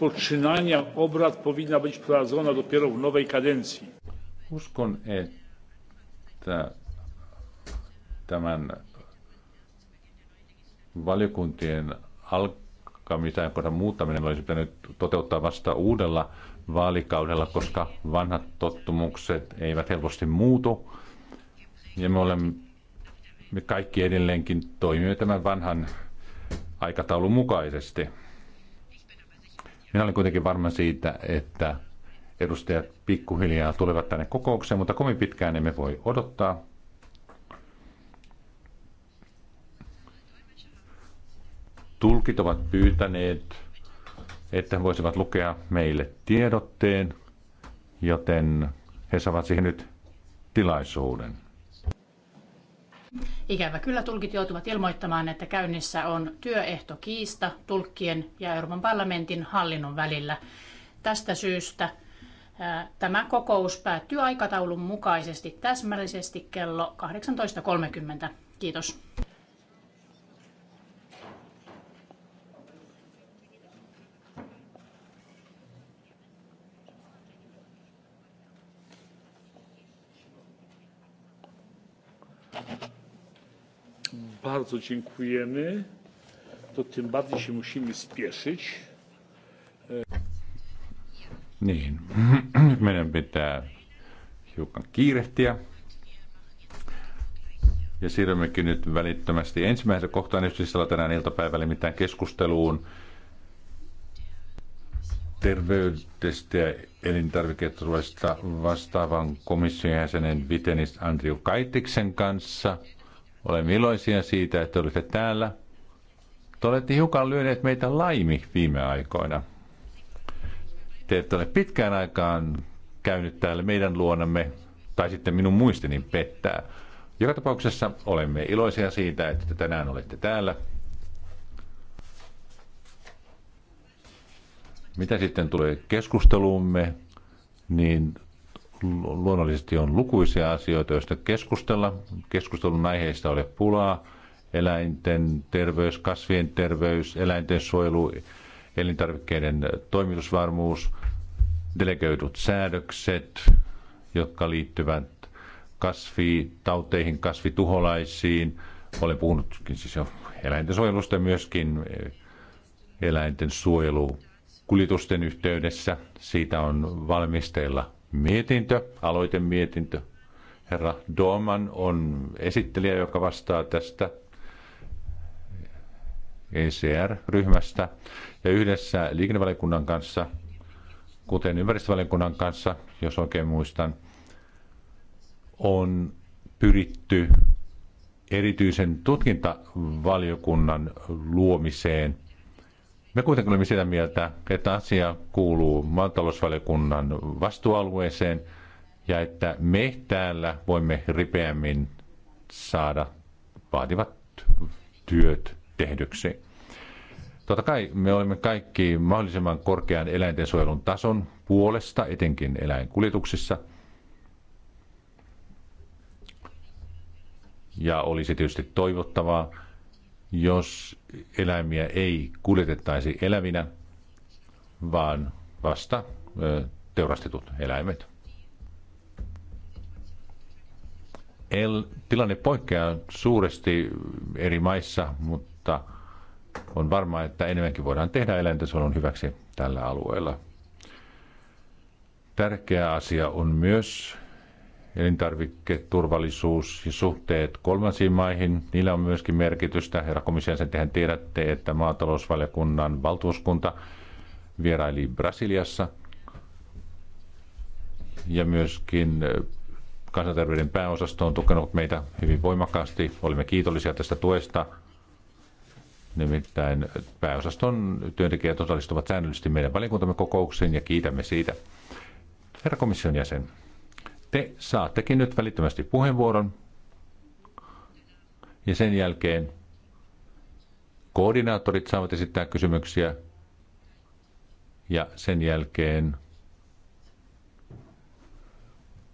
rozpoczynania obrad powinna być prowadzona dopiero w nowej kadencji. Uskon, että tämän valiokuntien kohdan muuttaminen olisi pitänyt toteuttaa vasta uudella vaalikaudella, koska vanhat tottumukset eivät helposti muutu. Ja me olemme me kaikki edelleenkin toimimme tämän vanhan aikataulun mukaisesti. Minä olen kuitenkin varma siitä, että edustajat pikkuhiljaa tulevat tänne kokoukseen, mutta kovin pitkään emme voi odottaa. Tulkit ovat pyytäneet, että he voisivat lukea meille tiedotteen, joten he saavat siihen nyt tilaisuuden. Ikävä kyllä tulkit joutuvat ilmoittamaan, että käynnissä on työehtokiista tulkkien ja Euroopan parlamentin hallinnon välillä. Tästä syystä tämä kokous päättyy aikataulun mukaisesti täsmällisesti kello 18.30. Kiitos. bardzo dziękujemy. To tym bardziej się musimy spieszyć. Niin, meidän pitää hiukan kiirehtiä. Ja siirrymmekin nyt välittömästi ensimmäisen kohtaan esityksellä tänään iltapäivällä mitään keskusteluun terveydestä ja elintarviketurvallisuudesta vastaavan komission jäsenen Vitenis Andriu Kaitiksen kanssa – Olemme iloisia siitä, että olette täällä. Te olette hiukan lyöneet meitä laimi viime aikoina. Te ette ole pitkään aikaan käynyt täällä meidän luonamme, tai sitten minun muistini pettää. Joka tapauksessa olemme iloisia siitä, että te tänään olette täällä. Mitä sitten tulee keskusteluumme, niin luonnollisesti on lukuisia asioita, joista keskustella. Keskustelun aiheista ole pulaa. Eläinten terveys, kasvien terveys, eläinten suojelu, elintarvikkeiden toimitusvarmuus, delegoidut säädökset, jotka liittyvät kasvitauteihin, kasvituholaisiin. Olen puhunutkin siis jo eläinten suojelusta myöskin eläinten suojelu kuljetusten yhteydessä. Siitä on valmisteilla mietintö, aloitemietintö. Herra Doman on esittelijä, joka vastaa tästä ECR-ryhmästä. Ja yhdessä liikennevaliokunnan kanssa, kuten ympäristövaliokunnan kanssa, jos oikein muistan, on pyritty erityisen tutkintavaliokunnan luomiseen me kuitenkin olemme sitä mieltä, että asia kuuluu maatalousvaliokunnan vastuualueeseen ja että me täällä voimme ripeämmin saada vaativat työt tehdyksi. Totta kai me olemme kaikki mahdollisimman korkean eläintensuojelun tason puolesta, etenkin eläinkuljetuksissa. Ja olisi tietysti toivottavaa, jos eläimiä ei kuljetettaisi elävinä, vaan vasta teurastetut eläimet. El, tilanne poikkeaa suuresti eri maissa, mutta on varmaa, että enemmänkin voidaan tehdä eläintensuojelun hyväksi tällä alueella. Tärkeä asia on myös elintarviketurvallisuus ja suhteet kolmansiin maihin, niillä on myöskin merkitystä. Herra komission sen tehän tiedätte, että maatalousvaliokunnan valtuuskunta vieraili Brasiliassa ja myöskin eh, kansanterveyden pääosasto on tukenut meitä hyvin voimakkaasti. Olimme kiitollisia tästä tuesta. Nimittäin pääosaston työntekijät osallistuvat säännöllisesti meidän valiokuntamme kokouksiin ja kiitämme siitä. Herra komission jäsen, te saattekin nyt välittömästi puheenvuoron ja sen jälkeen koordinaattorit saavat esittää kysymyksiä ja sen jälkeen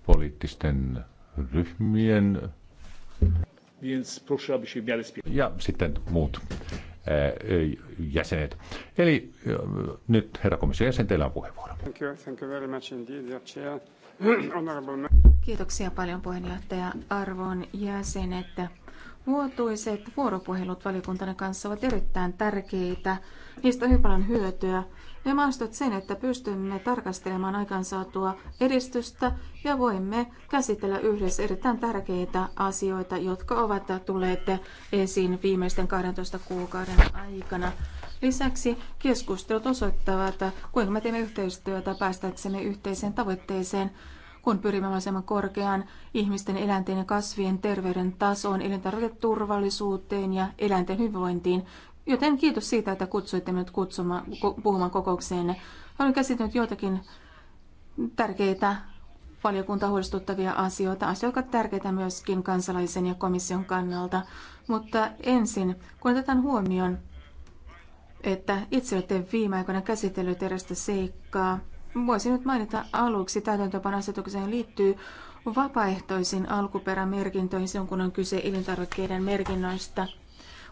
poliittisten ryhmien ja sitten muut jäsenet. Eli nyt herra komission jäsen, teillä on puheenvuoro. Thank you, thank you very much indeed, Kiitoksia paljon puheenjohtaja Arvon jäsenet. Vuotuiset vuoropuhelut valiokuntana kanssa ovat erittäin tärkeitä. Niistä on hyvin paljon hyötyä. Ne mahdollistavat sen, että pystymme tarkastelemaan aikaansaatua edistystä ja voimme käsitellä yhdessä erittäin tärkeitä asioita, jotka ovat tulleet esiin viimeisten 12 kuukauden aikana. Lisäksi keskustelut osoittavat, kuinka me teemme yhteistyötä päästäksemme yhteiseen tavoitteeseen, kun pyrimme mahdollisimman korkeaan ihmisten, eläinten ja kasvien terveyden tasoon, elintarviketurvallisuuteen ja eläinten hyvinvointiin. Joten kiitos siitä, että kutsuitte minut kutsumaan, puhumaan kokoukseen. Olen käsitellyt joitakin tärkeitä valiokunta huolestuttavia asioita, asioita, jotka ovat tärkeitä myöskin kansalaisen ja komission kannalta. Mutta ensin, kun otetaan huomioon että itse olette viime aikoina käsitellyt erästä seikkaa. Voisin nyt mainita aluksi asetukseen liittyy vapaaehtoisiin alkuperämerkintöihin, silloin kun on kyse elintarvikkeiden merkinnöistä.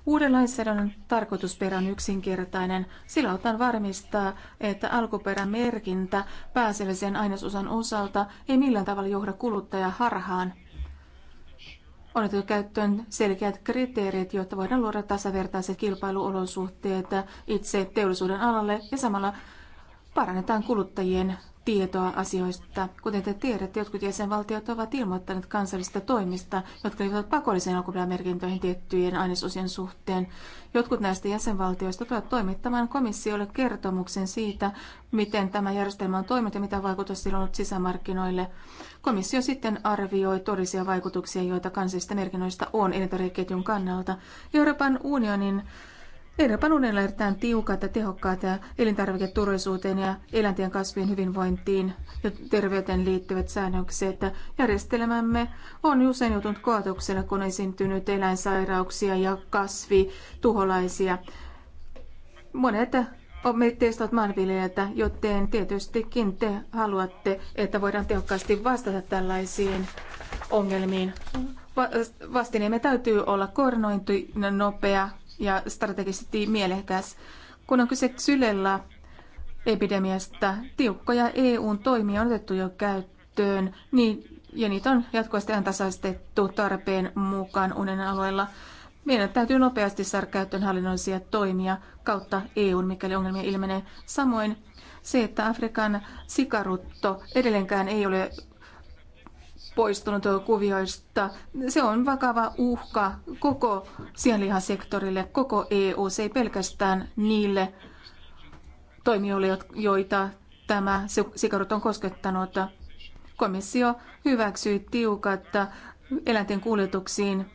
Uuden lainsäädännön tarkoitusperä on yksinkertainen. Sillä otan varmistaa, että alkuperämerkintä pääsellisen ainesosan osalta ei millään tavalla johda kuluttaja harhaan. On otettu käyttöön selkeät kriteerit, jotta voidaan luoda tasavertaiset kilpailuolosuhteet itse teollisuuden alalle ja samalla parannetaan kuluttajien tietoa asioista. Kuten te tiedätte, jotkut jäsenvaltiot ovat ilmoittaneet kansallisista toimista, jotka liittyvät pakollisiin alkuperämerkintöihin tiettyjen ainesosien suhteen. Jotkut näistä jäsenvaltioista tulevat toimittamaan komissiolle kertomuksen siitä, miten tämä järjestelmä on toiminut ja mitä vaikutus sillä on ollut sisämarkkinoille. Komissio sitten arvioi todellisia vaikutuksia, joita kansallisista merkinnöistä on elintarvikeketjun kannalta. Euroopan unionin Euroopan unionilla on erittäin tiukat ja tehokkaat ja elintarviketurvallisuuteen ja eläinten kasvien hyvinvointiin ja terveyteen liittyvät säännökset. Järjestelmämme on usein joutunut koetukselle, kun on esiintynyt eläinsairauksia ja kasvituholaisia. Monet me testaat maanviljelijöitä, joten tietystikin te haluatte, että voidaan tehokkaasti vastata tällaisiin ongelmiin. Vastineemme täytyy olla koordinointi nopea, ja strategisesti mielekäs. Kun on kyse sylellä epidemiasta, tiukkoja EU toimia on otettu jo käyttöön, niin, ja niitä on jatkuvasti antasaistettu tarpeen mukaan unen alueella. Meidän täytyy nopeasti saada käyttöön hallinnollisia toimia kautta eu mikäli ongelmia ilmenee. Samoin se, että Afrikan sikarutto edelleenkään ei ole poistunut kuvioista. Se on vakava uhka koko sienlihasektorille, koko EU, se ei pelkästään niille toimijoille, joita tämä sikarut on koskettanut. Komissio hyväksyi tiukat eläinten kuljetuksiin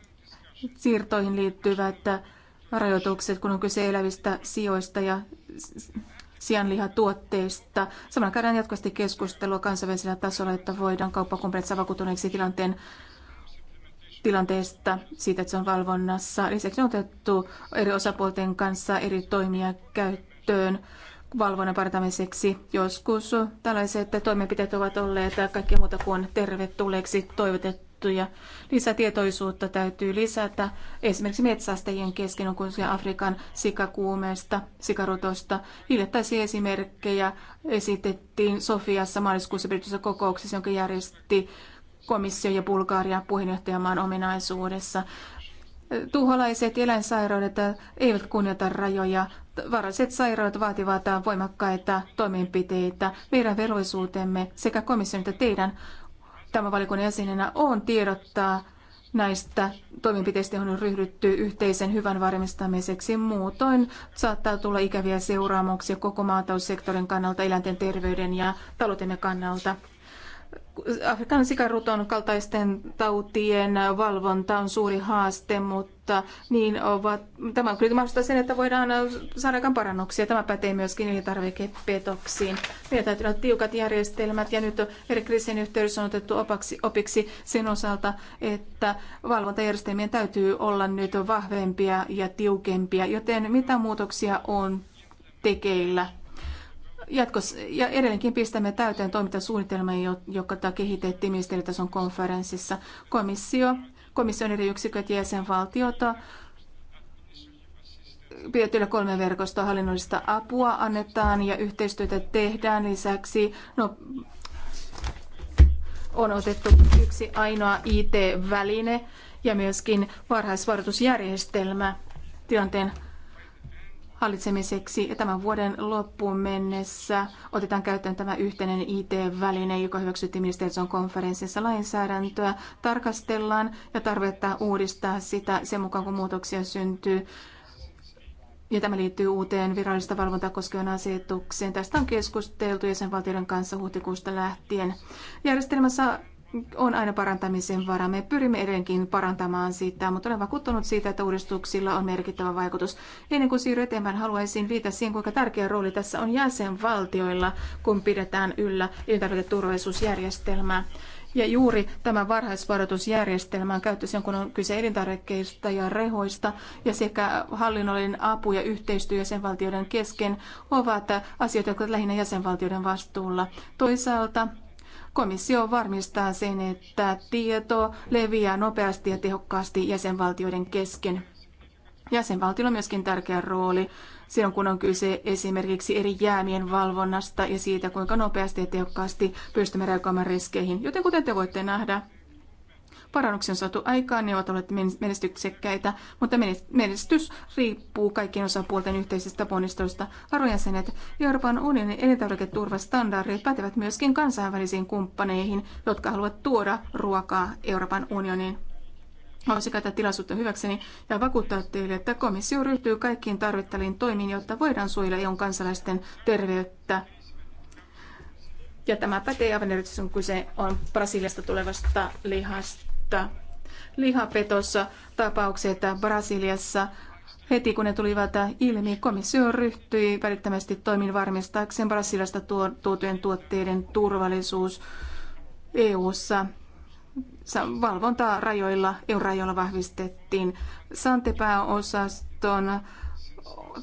siirtoihin liittyvät rajoitukset, kun on kyse elävistä sijoista ja sianlihatuotteista. Samalla käydään jatkuvasti keskustelua kansainvälisellä tasolla, että voidaan kauppakumppanit vakuuttuneeksi tilanteen tilanteesta, siitä, että se on valvonnassa. Lisäksi on otettu eri osapuolten kanssa eri toimia käyttöön valvonnan parantamiseksi. Joskus tällaiset toimenpiteet ovat olleet kaikki muuta kuin tervetulleeksi toivotettu juttuja. Lisätietoisuutta täytyy lisätä. Esimerkiksi metsästäjien kesken on kuin Afrikan sikakuumeesta, sikarutosta. Hiljattaisia esimerkkejä esitettiin Sofiassa maaliskuussa pidetyssä kokouksessa, jonka järjesti komissio ja Bulgaria puheenjohtajamaan ominaisuudessa. Tuholaiset eläinsairaudet eivät kunnioita rajoja. Varaiset sairaudet vaativat voimakkaita toimenpiteitä. Meidän velvollisuutemme sekä komission että teidän tämä valikon jäsenenä on tiedottaa näistä toimenpiteistä, joihin on ryhdytty yhteisen hyvän varmistamiseksi. Muutoin saattaa tulla ikäviä seuraamuksia koko maataloussektorin kannalta, eläinten terveyden ja taloutemme kannalta. Afrikan sikaruton kaltaisten tautien valvonta on suuri haaste, mutta niin ovat, tämä kyllä mahdollista sen, että voidaan saada parannuksia. Tämä pätee myöskin elintarvikepetoksiin. Meillä täytyy olla tiukat järjestelmät ja nyt eri kriisien yhteydessä on otettu opaksi, opiksi sen osalta, että valvontajärjestelmien täytyy olla nyt vahvempia ja tiukempia, joten mitä muutoksia on tekeillä jatkossa, ja edelleenkin pistämme täyteen toimintasuunnitelman, joka kehitettiin ministeritason konferenssissa. Komissio, komission eri yksiköt ja jäsenvaltiota Pidettyillä kolme verkostoa hallinnollista apua annetaan ja yhteistyötä tehdään. Lisäksi no, on otettu yksi ainoa IT-väline ja myöskin varhaisvaroitusjärjestelmä tilanteen hallitsemiseksi. Ja tämän vuoden loppuun mennessä otetaan käyttöön tämä yhteinen IT-väline, joka hyväksyttiin ministeriön konferenssissa lainsäädäntöä. Tarkastellaan ja tarvetta uudistaa sitä sen mukaan, kun muutoksia syntyy. Ja tämä liittyy uuteen virallista valvontaa koskevaan asetukseen. Tästä on keskusteltu jäsenvaltioiden kanssa huhtikuusta lähtien. Järjestelmässä on aina parantamisen vara, Me pyrimme edelleenkin parantamaan sitä, mutta olen vakuuttunut siitä, että uudistuksilla on merkittävä vaikutus. Ennen kuin siirryt eteenpäin, haluaisin viitata siihen, kuinka tärkeä rooli tässä on jäsenvaltioilla, kun pidetään yllä elintarviketurvallisuusjärjestelmää. Ja juuri tämä varhaisvaroitusjärjestelmä on käytössä, kun on kyse elintarvikkeista ja rehoista, ja sekä hallinnollinen apu ja yhteistyö jäsenvaltioiden kesken ovat asioita, jotka ovat lähinnä jäsenvaltioiden vastuulla. Toisaalta Komissio varmistaa sen, että tieto leviää nopeasti ja tehokkaasti jäsenvaltioiden kesken. Jäsenvaltiolla on myöskin tärkeä rooli silloin, kun on kyse esimerkiksi eri jäämien valvonnasta ja siitä, kuinka nopeasti ja tehokkaasti pystymme reagoimaan riskeihin. Joten kuten te voitte nähdä, parannuksen on saatu aikaan, ne ovat olleet menestyksekkäitä, mutta menestys riippuu kaikkien osapuolten yhteisistä ponnisteluista. Arvojen sen, että Euroopan unionin elintarviketurvastandardit pätevät myöskin kansainvälisiin kumppaneihin, jotka haluavat tuoda ruokaa Euroopan unioniin. Haluaisin käyttää tilaisuutta hyväkseni ja vakuuttaa teille, että komissio ryhtyy kaikkiin tarvittaviin toimiin, jotta voidaan suojella EUn kansalaisten terveyttä. Ja tämä pätee aivan erityisesti, kun se on Brasiliasta tulevasta lihasta että lihapetossa tapaukset Brasiliassa Heti kun ne tulivat ilmi, komissio ryhtyi välittömästi toimin varmistaakseen Brasiliasta tuotujen tuotteiden turvallisuus EU-ssa. Valvontaa rajoilla, EU-rajoilla vahvistettiin. Santepääosaston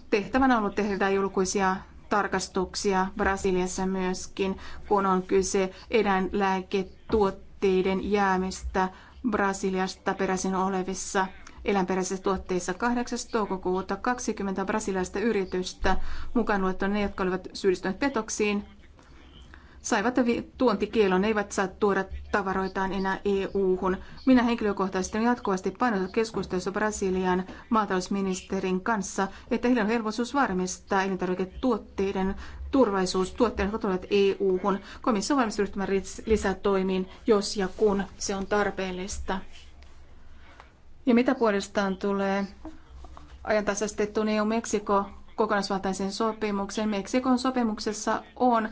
tehtävänä on ollut tehdä julkuisia tarkastuksia Brasiliassa myöskin, kun on kyse eläinlääketuotteiden jäämistä Brasiliasta peräisin olevissa eläinperäisissä tuotteissa 8. toukokuuta 20 brasilialaista yritystä, mukaan luettuna ne, jotka olivat syyllistyneet petoksiin, saivat tuontikielon, eivät saa tuoda tavaroitaan enää EU-hun. Minä henkilökohtaisesti jatkuvasti painotan keskustelussa Brasilian maatalousministerin kanssa, että heillä on velvollisuus varmistaa elintarviketuotteiden turvallisuustuotteet tulevat EU-hun. Komissio on valmis ryhtymään lisätoimiin, jos ja kun se on tarpeellista. Ja mitä puolestaan tulee ajantasaistettu EU-Meksiko kokonaisvaltaisen sopimuksen. Meksikon sopimuksessa on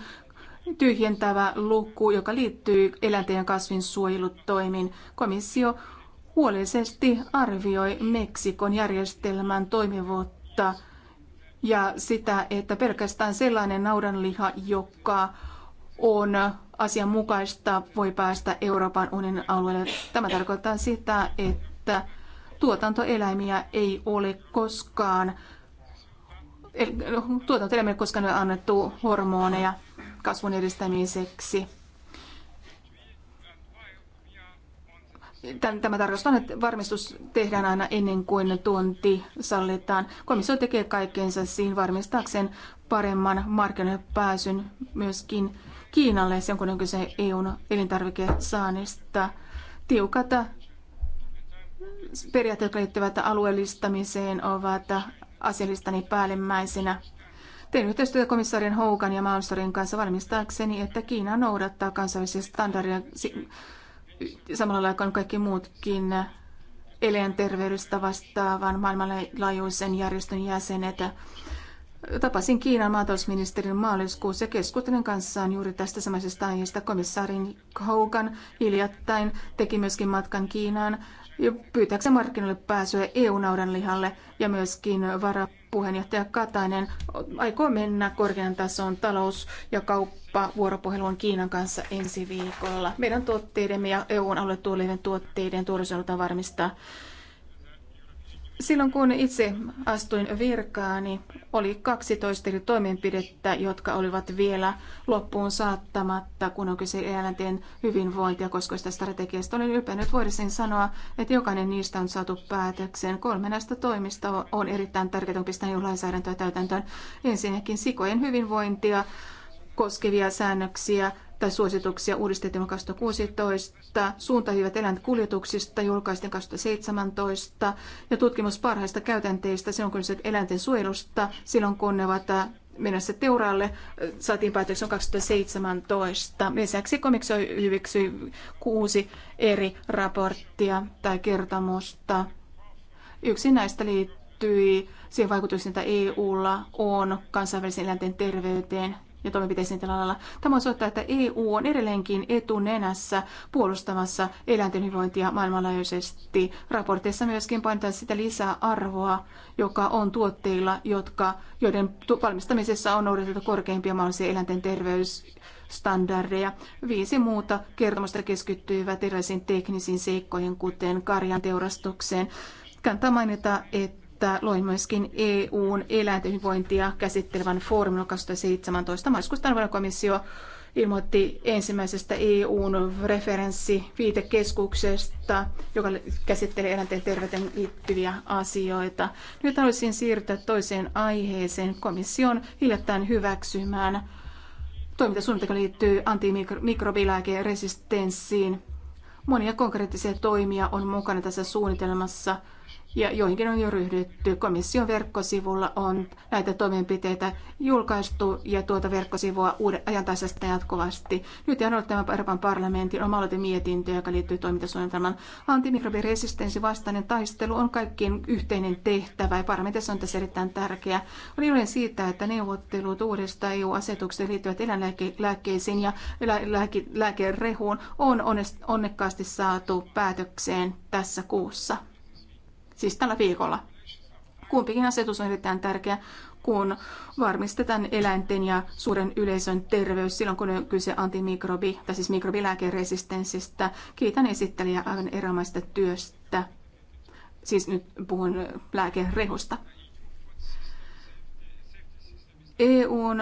tyhjentävä luku, joka liittyy eläinten ja kasvin suojelutoimiin. Komissio huolellisesti arvioi Meksikon järjestelmän toimivuutta ja sitä, että pelkästään sellainen naudanliha, joka on asianmukaista, voi päästä Euroopan unionin alueelle. Tämä tarkoittaa sitä, että tuotantoeläimiä ei ole koskaan tuotantoeläimille koskaan ei ole annettu hormoneja kasvun edistämiseksi. Tämä että varmistus tehdään aina ennen kuin tuonti sallitaan. Komissio tekee kaikkeensa siinä varmistaakseen paremman markkinoille pääsyn myöskin Kiinalle, sen kun on kyse EUn elintarvikesaannista. Tiukat periaatteet, jotka liittyvät alueellistamiseen, ovat asialistani päällimmäisenä. Tein yhteistyötä komissaarien Houkan ja Malmströmin kanssa varmistaakseni, että Kiina noudattaa kansainvälisiä standardeja samalla kuin kaikki muutkin eläinterveydestä vastaavan maailmanlaajuisen järjestön jäsenet. Tapasin Kiinan maatalousministerin maaliskuussa ja keskustelin kanssaan juuri tästä samaisesta aiheesta. Komissaarin Hogan hiljattain teki myöskin matkan Kiinaan pyytääkseen markkinoille pääsyä EU-naudanlihalle ja myöskin varapuolelle puheenjohtaja Katainen aikoo mennä korkean tason talous- ja kauppavuoropuheluun Kiinan kanssa ensi viikolla. Meidän tuotteidemme ja EUn aluetuolien tuotteiden turvallisuudelta varmistaa Silloin kun itse astuin virkaani, oli 12 eri toimenpidettä, jotka olivat vielä loppuun saattamatta, kun on kyse eläinten hyvinvointia sitä strategiasta. Olen ylpeänyt. nyt sanoa, että jokainen niistä on saatu päätökseen. Kolme näistä toimista on erittäin tärkeää, on pistää jo lainsäädäntöä täytäntöön. Ensinnäkin sikojen hyvinvointia koskevia säännöksiä tai suosituksia uudistettiin 2016, suuntahyvät kuljetuksista julkaistiin 2017 ja tutkimus parhaista käytänteistä silloin kun se eläinten suojelusta silloin kun ne ovat äh, mennessä teuraalle äh, saatiin päätöksen 2017. Lisäksi komiksoi hyväksyi kuusi eri raporttia tai kertomusta. Yksi näistä liittyi siihen vaikutuksiin, että EUlla on kansainvälisen eläinten terveyteen ja toimenpiteisiin tällä alalla. Tämä osoittaa, että EU on edelleenkin etunenässä puolustamassa eläinten hyvinvointia maailmanlaajuisesti. Raporteissa myöskin painetaan sitä lisää arvoa, joka on tuotteilla, jotka, joiden valmistamisessa on noudatettu korkeimpia mahdollisia eläinten terveys standardeja. Viisi muuta kertomusta keskittyivät erilaisiin teknisiin seikkoihin, kuten karjan teurastukseen. Kannattaa mainita, että että loin myöskin EUn eläinten hyvinvointia käsittelevän foorumin 2017. Maaliskuussa komissio ilmoitti ensimmäisestä EUn referenssiviitekeskuksesta, joka käsittelee eläinten terveyteen liittyviä asioita. Nyt haluaisin siirtyä toiseen aiheeseen komission hiljattain hyväksymään toimintasuunnitelma liittyy antimikrobilääkeresistenssiin. Monia konkreettisia toimia on mukana tässä suunnitelmassa – ja joihinkin on jo ryhdytty. Komission verkkosivulla on näitä toimenpiteitä julkaistu ja tuota verkkosivua uuden ajantasasta jatkuvasti. Nyt ollut tämä Euroopan parlamentin oma mietintö, joka liittyy toimintasuunnitelman. Antimikrobiresistenssi vastainen taistelu on kaikkien yhteinen tehtävä ja parlamentissa on tässä erittäin tärkeä. Olen iloinen siitä, että neuvottelut uudesta EU-asetuksesta liittyvät eläinlääkkeisiin ja lääkerehuun on onnekkaasti saatu päätökseen tässä kuussa siis tällä viikolla. Kumpikin asetus on erittäin tärkeä, kun varmistetaan eläinten ja suuren yleisön terveys silloin, kun on kyse antimikrobi- tai siis mikrobilääkeresistenssistä. Kiitän esittelijää aivan erämaista työstä. Siis nyt puhun lääkerehusta. EUn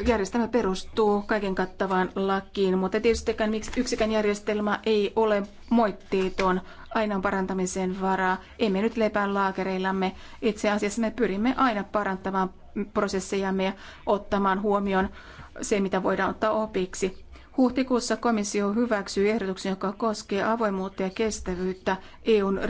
järjestelmä perustuu kaiken kattavaan lakiin, mutta tietysti miksi yksikään järjestelmä ei ole moitteeton, aina on parantamisen varaa. Emme nyt lepää laakereillamme. Itse asiassa me pyrimme aina parantamaan prosessejamme ja ottamaan huomioon se, mitä voidaan ottaa opiksi. Huhtikuussa komissio hyväksyy ehdotuksen, joka koskee avoimuutta ja kestävyyttä EUn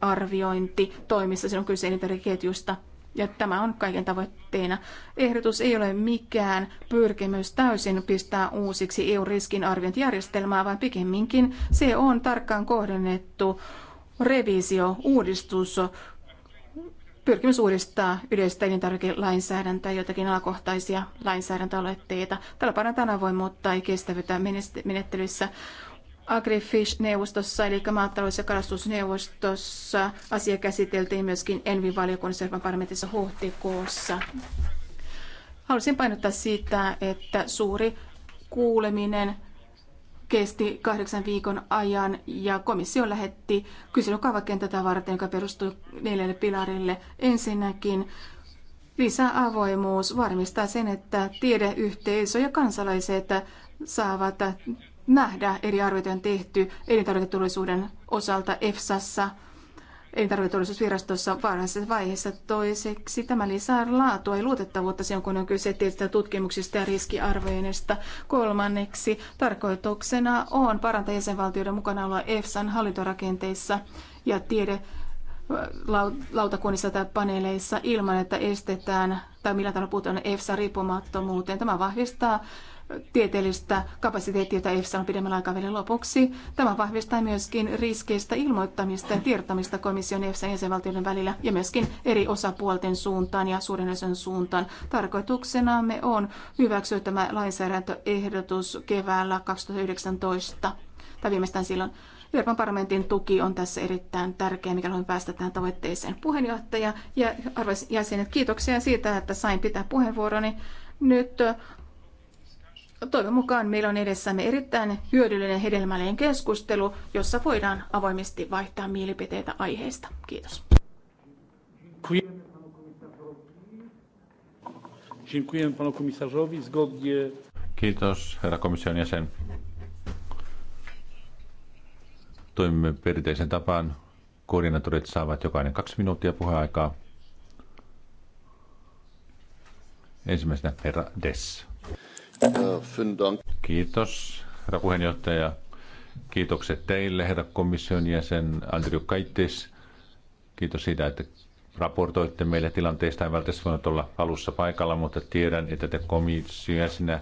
arviointi toimissa. Se on kyse elintarvikeketjusta. Ja tämä on kaiken tavoitteena. Ehdotus ei ole mikään pyrkimys täysin pistää uusiksi eu arviointijärjestelmää, vaan pikemminkin se on tarkkaan kohdennettu revisio, uudistus, pyrkimys uudistaa yleistä elintarvikelainsäädäntöä, jotakin alakohtaisia lainsäädäntöaloitteita. Tällä parantaa avoimuutta ja kestävyyttä menettelyissä Agrifish-neuvostossa, eli maatalous- ja kalastusneuvostossa. Asia käsiteltiin myöskin Envin valiokunnassa Euroopan parlamentissa huhtikuussa. Haluaisin painottaa sitä, että suuri kuuleminen kesti kahdeksan viikon ajan ja komissio lähetti kyselykaavakkeen tätä varten, joka perustui neljälle pilarille. Ensinnäkin lisää avoimuus varmistaa sen, että tiedeyhteisö ja kansalaiset saavat nähdä. Eri arvioita on tehty elintarviketurvallisuuden osalta EFSassa, elintarviketurvallisuusvirastossa varhaisessa vaiheessa. Toiseksi tämä lisää laatua ja luotettavuutta silloin, kun on kyse tietystä tutkimuksista ja riskiarvioinnista. Kolmanneksi tarkoituksena on parantaa jäsenvaltioiden mukanaoloa EFSAn hallintorakenteissa ja tiede lautakunnissa tai paneeleissa ilman, että estetään tai millä tavalla puututaan EFSA riippumattomuuteen. Tämä vahvistaa tieteellistä kapasiteettia, jota EFSA on pidemmällä aikavälillä lopuksi. Tämä vahvistaa myöskin riskeistä ilmoittamista ja tiedottamista komission EFSA jäsenvaltioiden välillä ja myöskin eri osapuolten suuntaan ja suurennäisen suuntaan. Tarkoituksenamme on hyväksyä tämä lainsäädäntöehdotus keväällä 2019 tai viimeistään silloin. Euroopan parlamentin tuki on tässä erittäin tärkeä, mikä haluan päästä tähän tavoitteeseen. Puheenjohtaja ja arvoisat jäsenet, kiitoksia siitä, että sain pitää puheenvuoroni. Nyt Toivon mukaan meillä on edessämme erittäin hyödyllinen hedelmällinen keskustelu, jossa voidaan avoimesti vaihtaa mielipiteitä aiheesta. Kiitos. Kiitos, herra komission jäsen. Toimimme perinteisen tapaan. Koordinaattorit saavat jokainen kaksi minuuttia puheaikaa. Ensimmäisenä herra Dess. Kiitos, herra puheenjohtaja. Kiitokset teille, herra komission jäsen Andrew Kaitis. Kiitos siitä, että raportoitte meille tilanteesta. En välttämättä voinut olla alussa paikalla, mutta tiedän, että te komission jäsenä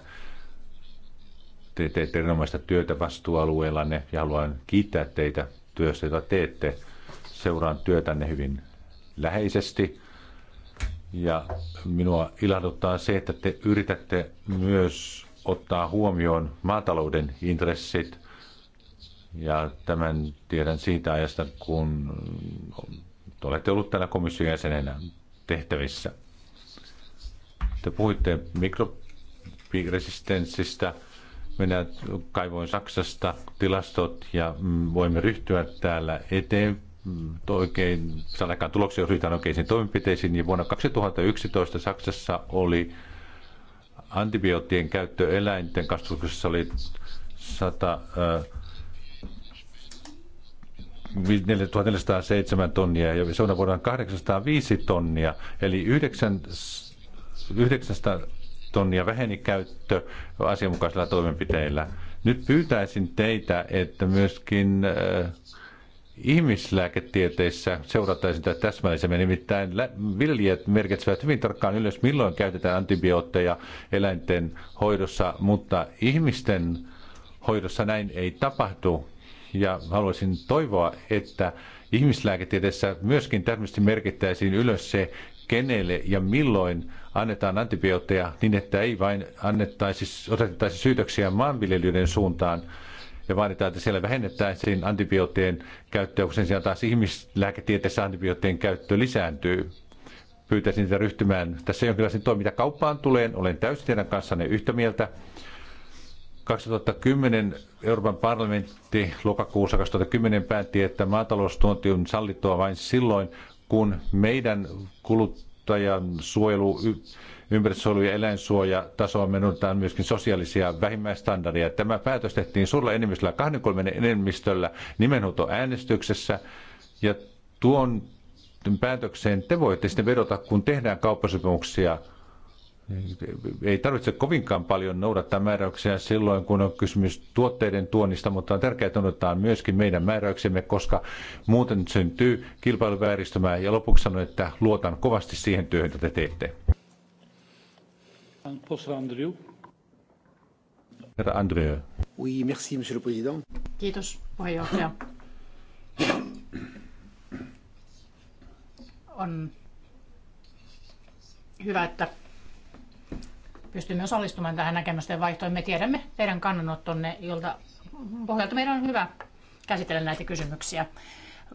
te teette erinomaista työtä vastuualueellanne ja haluan kiittää teitä työstä, jota teette. Seuraan työtänne hyvin läheisesti ja minua ilahduttaa se, että te yritätte myös ottaa huomioon maatalouden intressit. Ja tämän tiedän siitä ajasta, kun olette ollut täällä komission jäsenenä tehtävissä. Te puhuitte mikrobiresistenssistä. Minä kaivoin Saksasta tilastot ja mm, voimme ryhtyä täällä eteenpäin Mm. oikein sanakaan tuloksia, osuitaan oikeisiin toimenpiteisiin, niin vuonna 2011 Saksassa oli antibioottien käyttö eläinten kasvatuksessa oli 100, äh, 1407 tonnia ja on vuonna 805 tonnia, eli 9, 900 tonnia väheni käyttö asianmukaisilla toimenpiteillä. Nyt pyytäisin teitä, että myöskin äh, ihmislääketieteissä seurataan sitä täsmällisemmin. Nimittäin viljelijät merkitsevät hyvin tarkkaan ylös, milloin käytetään antibiootteja eläinten hoidossa, mutta ihmisten hoidossa näin ei tapahdu. Ja haluaisin toivoa, että ihmislääketieteessä myöskin tämmöisesti merkittäisiin ylös se, kenelle ja milloin annetaan antibiootteja niin, että ei vain annettaisi, otettaisi syytöksiä maanviljelijöiden suuntaan, ja vaaditaan, että siellä vähennettäisiin antibioottien käyttöä, kun sen sijaan taas ihmislääketieteessä antibioottien käyttö lisääntyy. Pyytäisin niitä ryhtymään tässä jonkinlaisen toiminta kauppaan tuleen. Olen täysin teidän kanssanne yhtä mieltä. 2010 Euroopan parlamentti lokakuussa 2010 päätti, että maataloustuonti on sallittua vain silloin, kun meidän kuluttajan suojelu ympäristösuojelu- ja eläinsuojatasoa menuntaan myöskin sosiaalisia vähimmäistandardeja. Tämä päätös tehtiin suurella enemmistöllä, 23 enemmistöllä äänestyksessä. Ja tuon päätökseen te voitte sitten vedota, kun tehdään kauppasopimuksia ei tarvitse kovinkaan paljon noudattaa määräyksiä silloin, kun on kysymys tuotteiden tuonnista, mutta on tärkeää, että noudatetaan myöskin meidän määräyksemme, koska muuten syntyy kilpailuvääristymää. Ja lopuksi sanon, että luotan kovasti siihen työhön, jota te teette. Andrew. Herra Andrew. Oui, merci, monsieur le président. Kiitos, puheenjohtaja. On hyvä, että pystymme osallistumaan tähän näkemysten vaihtoon. Me tiedämme teidän kannanottonne, jolta pohjalta meidän on hyvä käsitellä näitä kysymyksiä.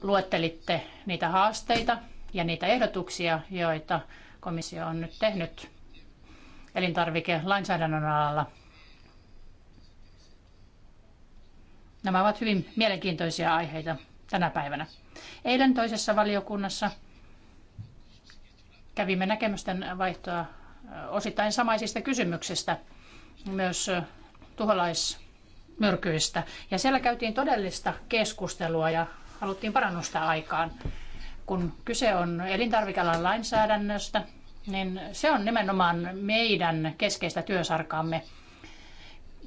Luettelitte niitä haasteita ja niitä ehdotuksia, joita komissio on nyt tehnyt elintarvikelainsäädännön alalla. Nämä ovat hyvin mielenkiintoisia aiheita tänä päivänä. Eilen toisessa valiokunnassa kävimme näkemysten vaihtoa osittain samaisista kysymyksistä, myös tuholaismyrkyistä. Ja siellä käytiin todellista keskustelua ja haluttiin parannusta aikaan. Kun kyse on elintarvikealan lainsäädännöstä, niin se on nimenomaan meidän keskeistä työsarkaamme.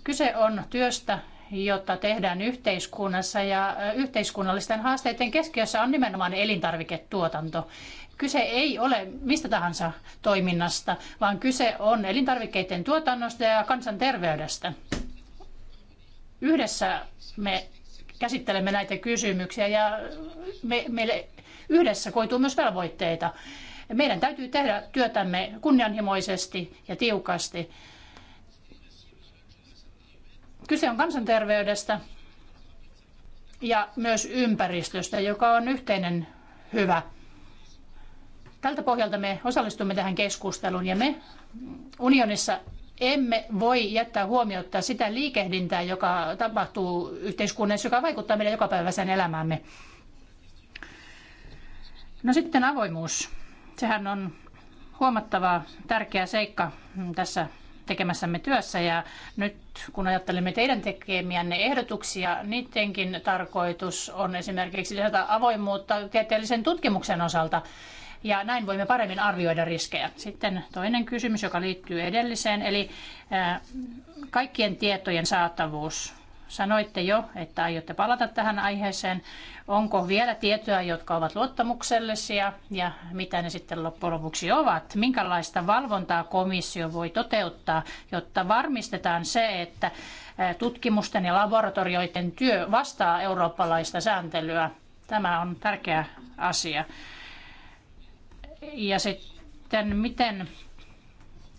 Kyse on työstä, jota tehdään yhteiskunnassa ja yhteiskunnallisten haasteiden keskiössä on nimenomaan elintarviketuotanto. Kyse ei ole mistä tahansa toiminnasta, vaan kyse on elintarvikkeiden tuotannosta ja kansanterveydestä. Yhdessä me käsittelemme näitä kysymyksiä ja me, meille yhdessä koituu myös velvoitteita. Meidän täytyy tehdä työtämme kunnianhimoisesti ja tiukasti. Kyse on kansanterveydestä ja myös ympäristöstä, joka on yhteinen hyvä. Tältä pohjalta me osallistumme tähän keskusteluun ja me unionissa emme voi jättää huomiota sitä liikehdintää, joka tapahtuu yhteiskunnassa, joka vaikuttaa meidän jokapäiväiseen elämäämme. No sitten avoimuus. Sehän on huomattava tärkeä seikka tässä tekemässämme työssä ja nyt kun ajattelemme teidän tekemiänne ehdotuksia, niidenkin tarkoitus on esimerkiksi lisätä avoimuutta tieteellisen tutkimuksen osalta ja näin voimme paremmin arvioida riskejä. Sitten toinen kysymys, joka liittyy edelliseen, eli kaikkien tietojen saatavuus Sanoitte jo, että aiotte palata tähän aiheeseen. Onko vielä tietoja, jotka ovat luottamuksellisia ja mitä ne sitten loppujen lopuksi ovat? Minkälaista valvontaa komissio voi toteuttaa, jotta varmistetaan se, että tutkimusten ja laboratorioiden työ vastaa eurooppalaista sääntelyä? Tämä on tärkeä asia. Ja sitten miten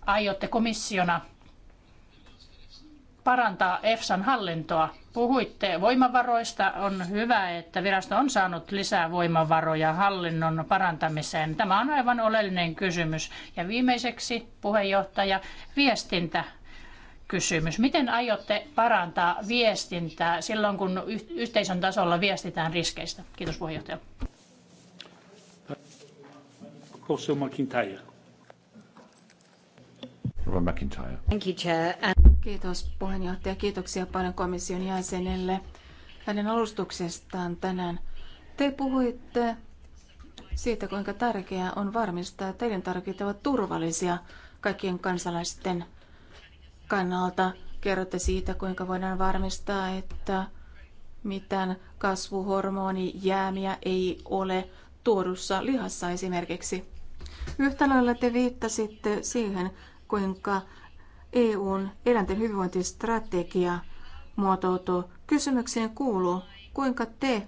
aiotte komissiona parantaa EFSAn hallintoa. Puhuitte voimavaroista. On hyvä, että virasto on saanut lisää voimavaroja hallinnon parantamiseen. Tämä on aivan oleellinen kysymys. Ja viimeiseksi puheenjohtaja, viestintä kysymys. Miten aiotte parantaa viestintää silloin, kun yhteisön tasolla viestitään riskeistä? Kiitos puheenjohtaja. Kosovo McIntyre. Rova McIntyre. Thank you, Chair. Kiitos puheenjohtaja. Kiitoksia paljon komission jäsenelle hänen alustuksestaan tänään. Te puhuitte siitä, kuinka tärkeää on varmistaa, että elintarvikkeet ovat turvallisia kaikkien kansalaisten kannalta. Kerrotte siitä, kuinka voidaan varmistaa, että mitään kasvuhormonijäämiä ei ole tuodussa lihassa esimerkiksi. Yhtä lailla te viittasitte siihen, kuinka EUn eläinten hyvinvointistrategia muotoutuu. Kysymykseen kuuluu, kuinka te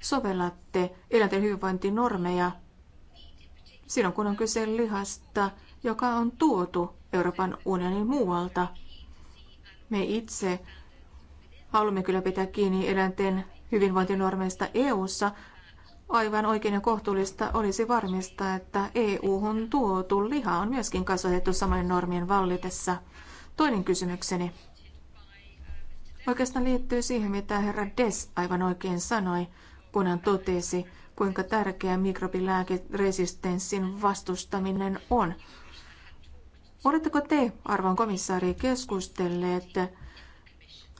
sovellatte eläinten hyvinvointinormeja silloin, kun on kyse lihasta, joka on tuotu Euroopan unionin muualta. Me itse haluamme kyllä pitää kiinni eläinten hyvinvointinormeista EU:ssa, aivan oikein ja kohtuullista olisi varmistaa, että EU-hun tuotu liha on myöskin kasvatettu samojen normien vallitessa. Toinen kysymykseni oikeastaan liittyy siihen, mitä herra Des aivan oikein sanoi, kun hän totesi, kuinka tärkeä mikrobilääkeresistenssin vastustaminen on. Oletteko te, arvon komissaari, keskustelleet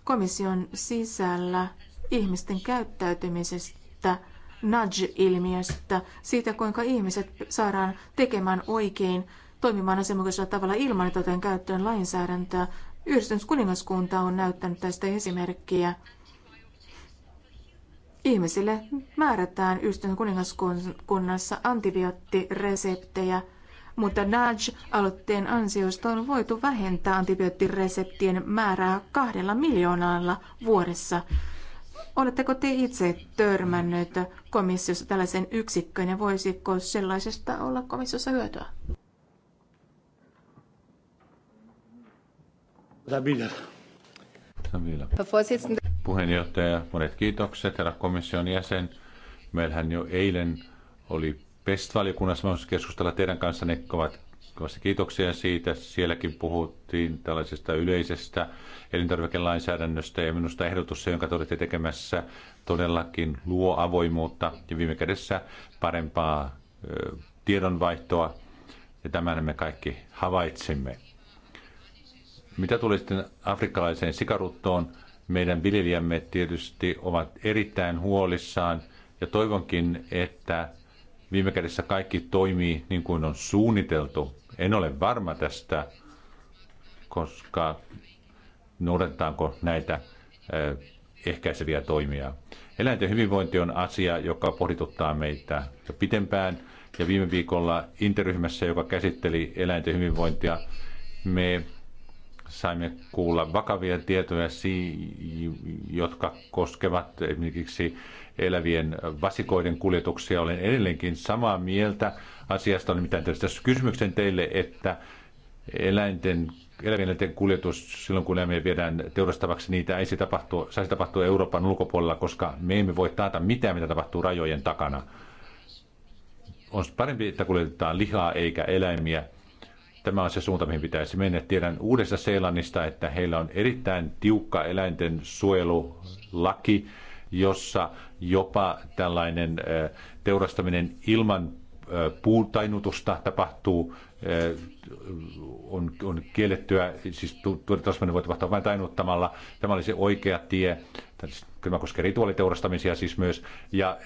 komission sisällä ihmisten käyttäytymisestä – nudge-ilmiöstä, siitä kuinka ihmiset saadaan tekemään oikein, toimimaan asianmukaisella tavalla ilman, että otetaan käyttöön lainsäädäntöä. Yhdistynyt kuningaskunta on näyttänyt tästä esimerkkiä. Ihmisille määrätään yhdistyneen kuningaskunnassa antibioottireseptejä, mutta Nudge-aloitteen ansiosta on voitu vähentää antibioottireseptien määrää kahdella miljoonalla vuodessa. Oletteko te itse törmännyt komissiossa tällaisen yksikköön ja voisiko sellaisesta olla komissiossa hyötyä? Puheenjohtaja, monet kiitokset, herra komission jäsen. Meillähän jo eilen oli PEST-valiokunnassa keskustella teidän kanssanne, ovat kanssa kiitoksia siitä. Sielläkin puhuttiin tällaisesta yleisestä elintarvikelainsäädännöstä ja minusta ehdotus, jonka te olette tekemässä, todellakin luo avoimuutta ja viime kädessä parempaa tiedonvaihtoa ja tämän me kaikki havaitsimme. Mitä tuli sitten afrikkalaiseen sikaruttoon, meidän viljelijämme tietysti ovat erittäin huolissaan ja toivonkin, että viime kädessä kaikki toimii niin kuin on suunniteltu. En ole varma tästä, koska noudatetaanko näitä eh, ehkäiseviä toimia. Eläinten hyvinvointi on asia, joka pohdituttaa meitä jo pitempään. Ja viime viikolla interryhmässä, joka käsitteli eläinten hyvinvointia, me saimme kuulla vakavia tietoja, jotka koskevat esimerkiksi elävien vasikoiden kuljetuksia. Olen edelleenkin samaa mieltä asiasta. on mitään tässä kysymyksen teille, että eläinten elävien eläinten kuljetus silloin, kun eläimiä viedään teurastavaksi, niitä ei se tapahtu, saisi tapahtua Euroopan ulkopuolella, koska me emme voi taata mitään, mitä tapahtuu rajojen takana. On parempi, että kuljetetaan lihaa eikä eläimiä. Tämä on se suunta, mihin pitäisi mennä. Tiedän Uudessa Seelannista, että heillä on erittäin tiukka eläinten suojelulaki, jossa jopa tällainen teurastaminen ilman puutainutusta tapahtuu, on, on kiellettyä, siis teurastaminen voi tapahtua vain tainuttamalla. Tämä oli se oikea tie. Siis, mä koskee rituaaliteurastamisia siis myös. Ja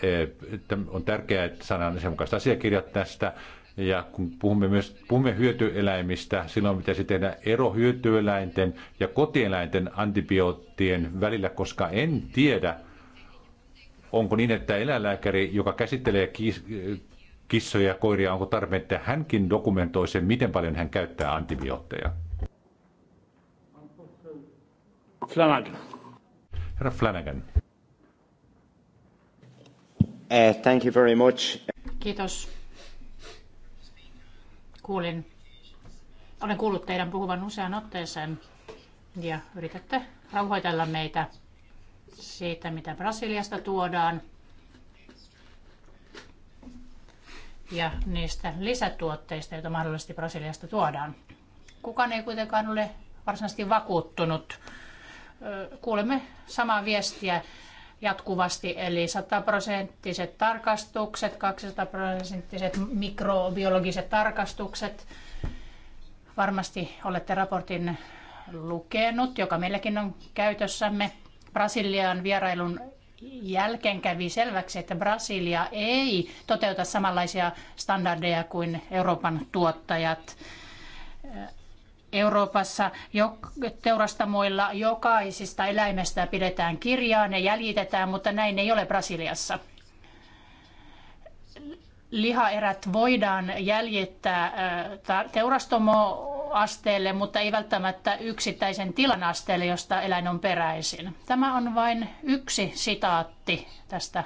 on tärkeää, että saadaan asianmukaiset asiakirjat tästä. Ja kun puhumme myös puhumme hyötyeläimistä, silloin pitäisi tehdä ero hyötyeläinten ja kotieläinten antibioottien välillä, koska en tiedä, Onko niin, että eläinlääkäri, joka käsittelee kissoja ja koiria, onko tarpeen, että hänkin dokumentoi sen, miten paljon hän käyttää antibiootteja? Flanagan. Herra Flanagan. Uh, thank you very much. Kiitos. Kuulin. Olen kuullut teidän puhuvan usean otteeseen ja yritätte rauhoitella meitä siitä, mitä Brasiliasta tuodaan ja niistä lisätuotteista, joita mahdollisesti Brasiliasta tuodaan. Kukaan ei kuitenkaan ole varsinaisesti vakuuttunut. Kuulemme samaa viestiä jatkuvasti, eli 100 prosenttiset tarkastukset, 200 prosenttiset mikrobiologiset tarkastukset. Varmasti olette raportin lukenut, joka meilläkin on käytössämme. Brasilian vierailun jälkeen kävi selväksi, että Brasilia ei toteuta samanlaisia standardeja kuin Euroopan tuottajat. Euroopassa teurastamoilla jokaisista eläimestä pidetään kirjaa, ne jäljitetään, mutta näin ei ole Brasiliassa. Lihaerät voidaan jäljittää teurastamo asteelle, mutta ei välttämättä yksittäisen tilan asteelle, josta eläin on peräisin. Tämä on vain yksi sitaatti tästä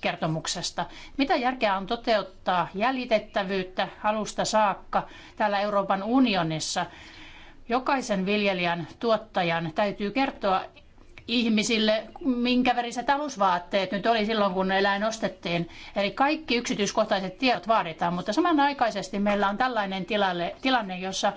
kertomuksesta. Mitä järkeä on toteuttaa jäljitettävyyttä alusta saakka täällä Euroopan unionissa? Jokaisen viljelijän, tuottajan täytyy kertoa ihmisille, minkä väriset alusvaatteet nyt oli silloin, kun eläin ostettiin. Eli kaikki yksityiskohtaiset tiedot vaaditaan, mutta samanaikaisesti meillä on tällainen tilanne, jossa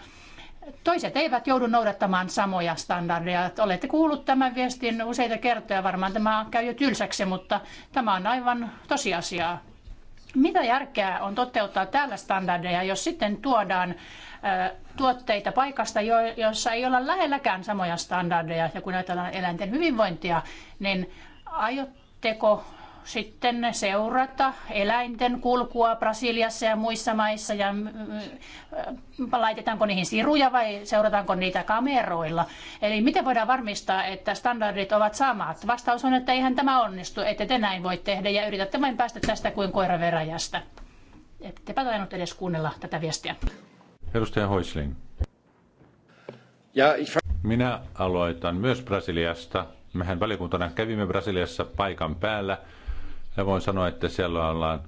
Toiset eivät joudu noudattamaan samoja standardeja. Olette kuullut tämän viestin useita kertoja, varmaan tämä käy jo tylsäksi, mutta tämä on aivan tosiasiaa. Mitä järkeä on toteuttaa täällä standardeja, jos sitten tuodaan äh, tuotteita paikasta, jossa ei olla lähelläkään samoja standardeja, ja kun ajatellaan eläinten hyvinvointia, niin aiotteko sitten seurata eläinten kulkua Brasiliassa ja muissa maissa ja mm, laitetaanko niihin siruja vai seurataanko niitä kameroilla. Eli miten voidaan varmistaa, että standardit ovat samat? Vastaus on, että eihän tämä onnistu, ette te näin voi tehdä ja yritätte vain päästä tästä kuin koira veräjästä. Ettepä tainnut edes kuunnella tätä viestiä. Edustaja Hoisling. Minä aloitan myös Brasiliasta. Mehän valiokuntana kävimme Brasiliassa paikan päällä – ja voin sanoa, että siellä ollaan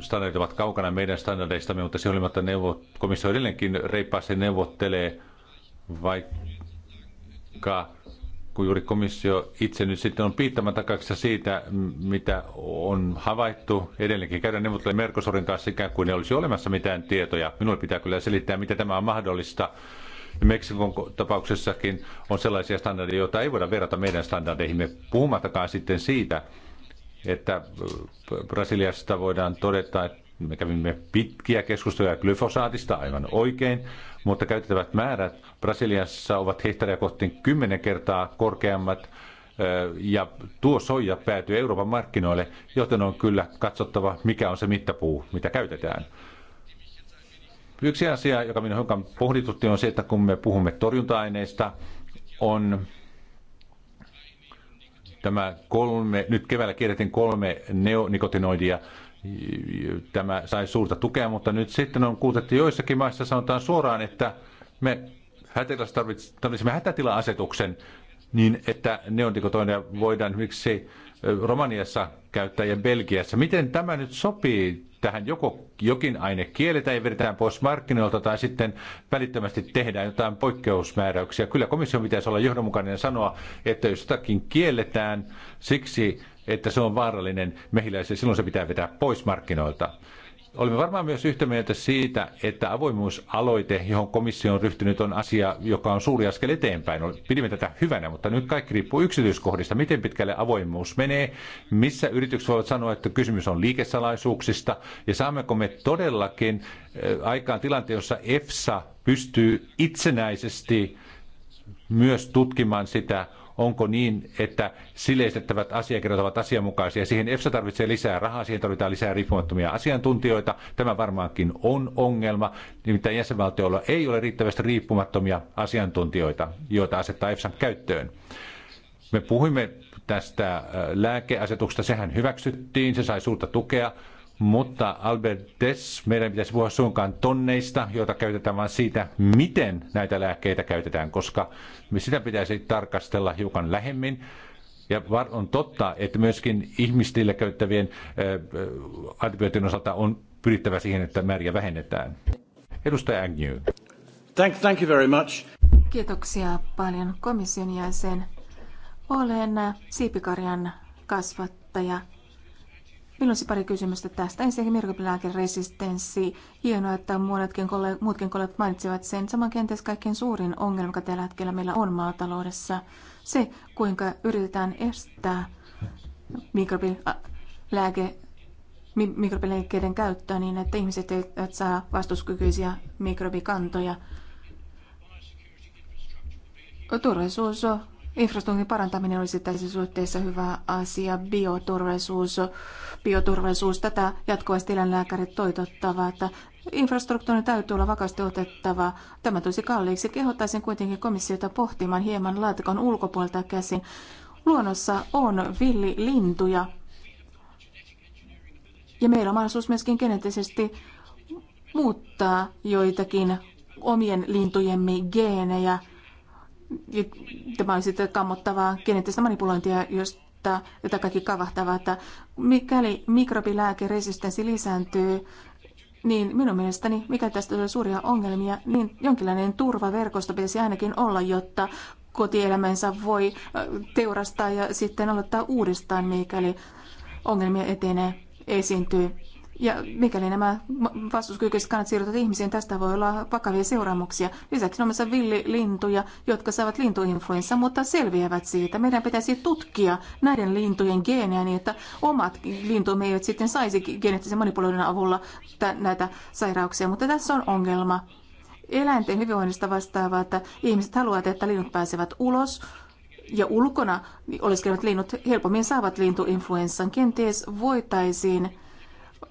standardit ovat kaukana meidän standardeistamme, mutta se olimatta neuvo, komissio edelleenkin reippaasti neuvottelee, vaikka kun juuri komissio itse nyt sitten on piittämään takaisin siitä, mitä on havaittu. Edelleenkin käydään neuvottelemaan Mercosurin kanssa ikään kuin ei olisi olemassa mitään tietoja. Minulle pitää kyllä selittää, mitä tämä on mahdollista. Meksikon tapauksessakin on sellaisia standardeja, joita ei voida verrata meidän standardeihimme, puhumattakaan sitten siitä, että äh, Brasiliasta voidaan todeta, että me kävimme pitkiä keskusteluja glyfosaatista aivan oikein, mutta käytettävät määrät Brasiliassa ovat hehtaaria kohti kymmenen kertaa korkeammat äh, ja tuo soija päätyy Euroopan markkinoille, joten on kyllä katsottava, mikä on se mittapuu, mitä käytetään. Yksi asia, joka minun hiukan pohditutti, on se, että kun me puhumme torjunta-aineista, on Tämä kolme, nyt keväällä kierrätin kolme neonikotinoidia. Tämä sai suurta tukea, mutta nyt sitten on että joissakin maissa sanotaan suoraan, että me tarvitsemme hätätila-asetuksen niin, että neonikotinoidia voidaan esimerkiksi Romaniassa käyttää ja Belgiassa. Miten tämä nyt sopii tähän joko jokin aine kielletään ja vedetään pois markkinoilta tai sitten välittömästi tehdään jotain poikkeusmääräyksiä. Kyllä komissio pitäisi olla johdonmukainen ja sanoa, että jos jotakin kielletään siksi, että se on vaarallinen mehiläiselle, silloin se pitää vetää pois markkinoilta. Olimme varmaan myös yhtä mieltä siitä, että avoimuusaloite, johon komissio on ryhtynyt, on asia, joka on suuri askel eteenpäin. Pidimme tätä hyvänä, mutta nyt kaikki riippuu yksityiskohdista, miten pitkälle avoimuus menee, missä yritykset voivat sanoa, että kysymys on liikesalaisuuksista, ja saammeko me todellakin eh, aikaan tilanteen, jossa EFSA pystyy itsenäisesti myös tutkimaan sitä, Onko niin, että sille esitettävät asiakirjat ovat asianmukaisia? Siihen EFSA tarvitsee lisää rahaa, siihen tarvitaan lisää riippumattomia asiantuntijoita. Tämä varmaankin on ongelma. Nimittäin jäsenvaltioilla ei ole riittävästi riippumattomia asiantuntijoita, joita asettaa EFSAn käyttöön. Me puhuimme tästä äh, lääkeasetuksesta, sehän hyväksyttiin, se sai suurta tukea, mutta Albert Dess, meidän pitäisi puhua suinkaan tonneista, joita käytetään, vaan siitä, miten näitä lääkkeitä käytetään, koska sitä pitäisi tarkastella hiukan lähemmin. Ja on totta, että myöskin ihmistille käyttävien antibiootin osalta on pyrittävä siihen, että määriä vähennetään. Edustaja Agnew. Thank, thank you very much. Kiitoksia paljon komission jäsen. Olen siipikarjan kasvattaja Minulla olisi pari kysymystä tästä. Ensinnäkin myrkypilääkeresistenssi. Hienoa, että muutkin kollegat, muutkin kollegat mainitsivat sen. Saman kenties kaikkein suurin ongelma, joka tällä hetkellä meillä on maataloudessa. Se, kuinka yritetään estää mikrobilääke, mikrobilääkkeiden käyttöä niin, että ihmiset eivät saa vastuskykyisiä mikrobikantoja. Turvallisuus Infrastruktuurin parantaminen olisi tässä suhteessa hyvä asia. Bioturvallisuus, bioturvallisuus tätä jatkuvasti eläinlääkärit toitottavat. Infrastruktuurin täytyy olla vakaasti otettava. Tämä tulisi kalliiksi. Kehottaisin kuitenkin komissiota pohtimaan hieman laatikon ulkopuolelta käsin. Luonnossa on villilintuja. Ja meillä on mahdollisuus myöskin geneettisesti muuttaa joitakin omien lintujemme geenejä – Tämä on sitten kammottavaa geneettistä manipulointia, josta, jota kaikki kavahtavat. Mikäli mikrobilääkeresistenssi lisääntyy, niin minun mielestäni, mikä tästä tulee suuria ongelmia, niin jonkinlainen turvaverkosto pitäisi ainakin olla, jotta kotielämänsä voi äh, teurastaa ja sitten aloittaa uudestaan, mikäli ongelmia etenee, esiintyy. Ja mikäli nämä vastuskykyiset kannat siirrytät ihmisiin, tästä voi olla vakavia seuraamuksia. Lisäksi on myös villilintuja, jotka saavat lintuinfluenssa, mutta selviävät siitä. Meidän pitäisi tutkia näiden lintujen geenejä niin, että omat lintumme eivät sitten saisi geneettisen manipuloinnin avulla näitä sairauksia. Mutta tässä on ongelma. Eläinten hyvinvoinnista vastaava, että ihmiset haluavat, että linnut pääsevät ulos, ja ulkona oleskelevat linnut helpommin saavat lintuinfluenssan. Kenties voitaisiin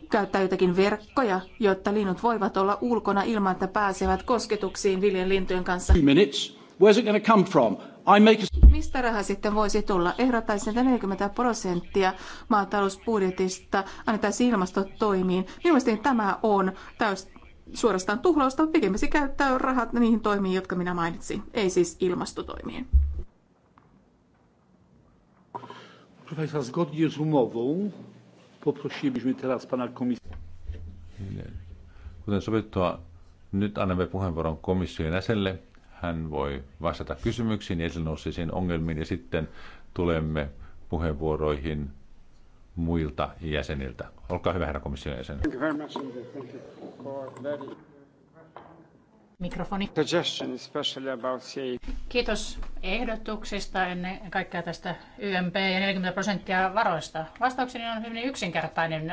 käyttää jotakin verkkoja, jotta linnut voivat olla ulkona ilman, että pääsevät kosketuksiin viljen lintujen kanssa. Where's it going to come from? I make a... Mistä raha sitten voisi tulla? Ehdottaisin, että 40 prosenttia maatalousbudjetista annetaan ilmastotoimiin. Mielestäni tämä on täys suorastaan tuhlausta, pikemmin käyttää rahat niihin toimiin, jotka minä mainitsin, ei siis ilmastotoimiin. Proszę Państwa, zgodnie z umową Poprosilibyśmy teraz pana komisarza. Niin. Kuten sovittua, nyt annamme puheenvuoron komission jäsenelle. Hän voi vastata kysymyksiin, esille nousseisiin ongelmiin ja sitten tulemme puheenvuoroihin muilta jäseniltä. Olkaa hyvä, herra komission jäsen. Mikrofoni. Kiitos ehdotuksista ennen kaikkea tästä YMP ja 40 prosenttia varoista. Vastaukseni on hyvin yksinkertainen.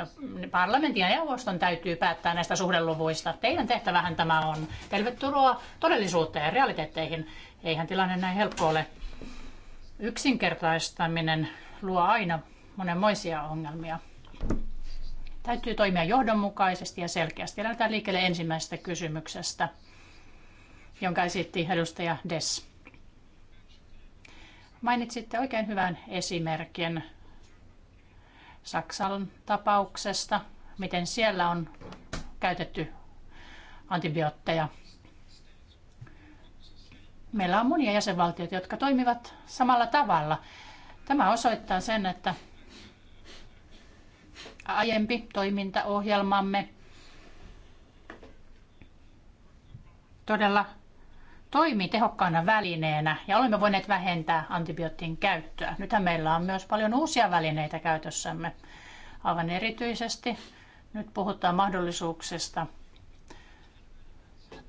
Parlamentin ja neuvoston täytyy päättää näistä suhdeluvuista. Teidän tehtävähän tämä on. Tervetuloa todellisuuteen ja realiteetteihin. Eihän tilanne näin helppo ole. Yksinkertaistaminen luo aina monenmoisia ongelmia. Täytyy toimia johdonmukaisesti ja selkeästi. Lähdetään liikkeelle ensimmäisestä kysymyksestä jonka esitti edustaja Des. Mainitsitte oikein hyvän esimerkin Saksan tapauksesta, miten siellä on käytetty antibiootteja. Meillä on monia jäsenvaltioita, jotka toimivat samalla tavalla. Tämä osoittaa sen, että aiempi toimintaohjelmamme todella toimii tehokkaana välineenä ja olemme voineet vähentää antibioottien käyttöä. Nythän meillä on myös paljon uusia välineitä käytössämme. Aivan erityisesti nyt puhutaan mahdollisuuksista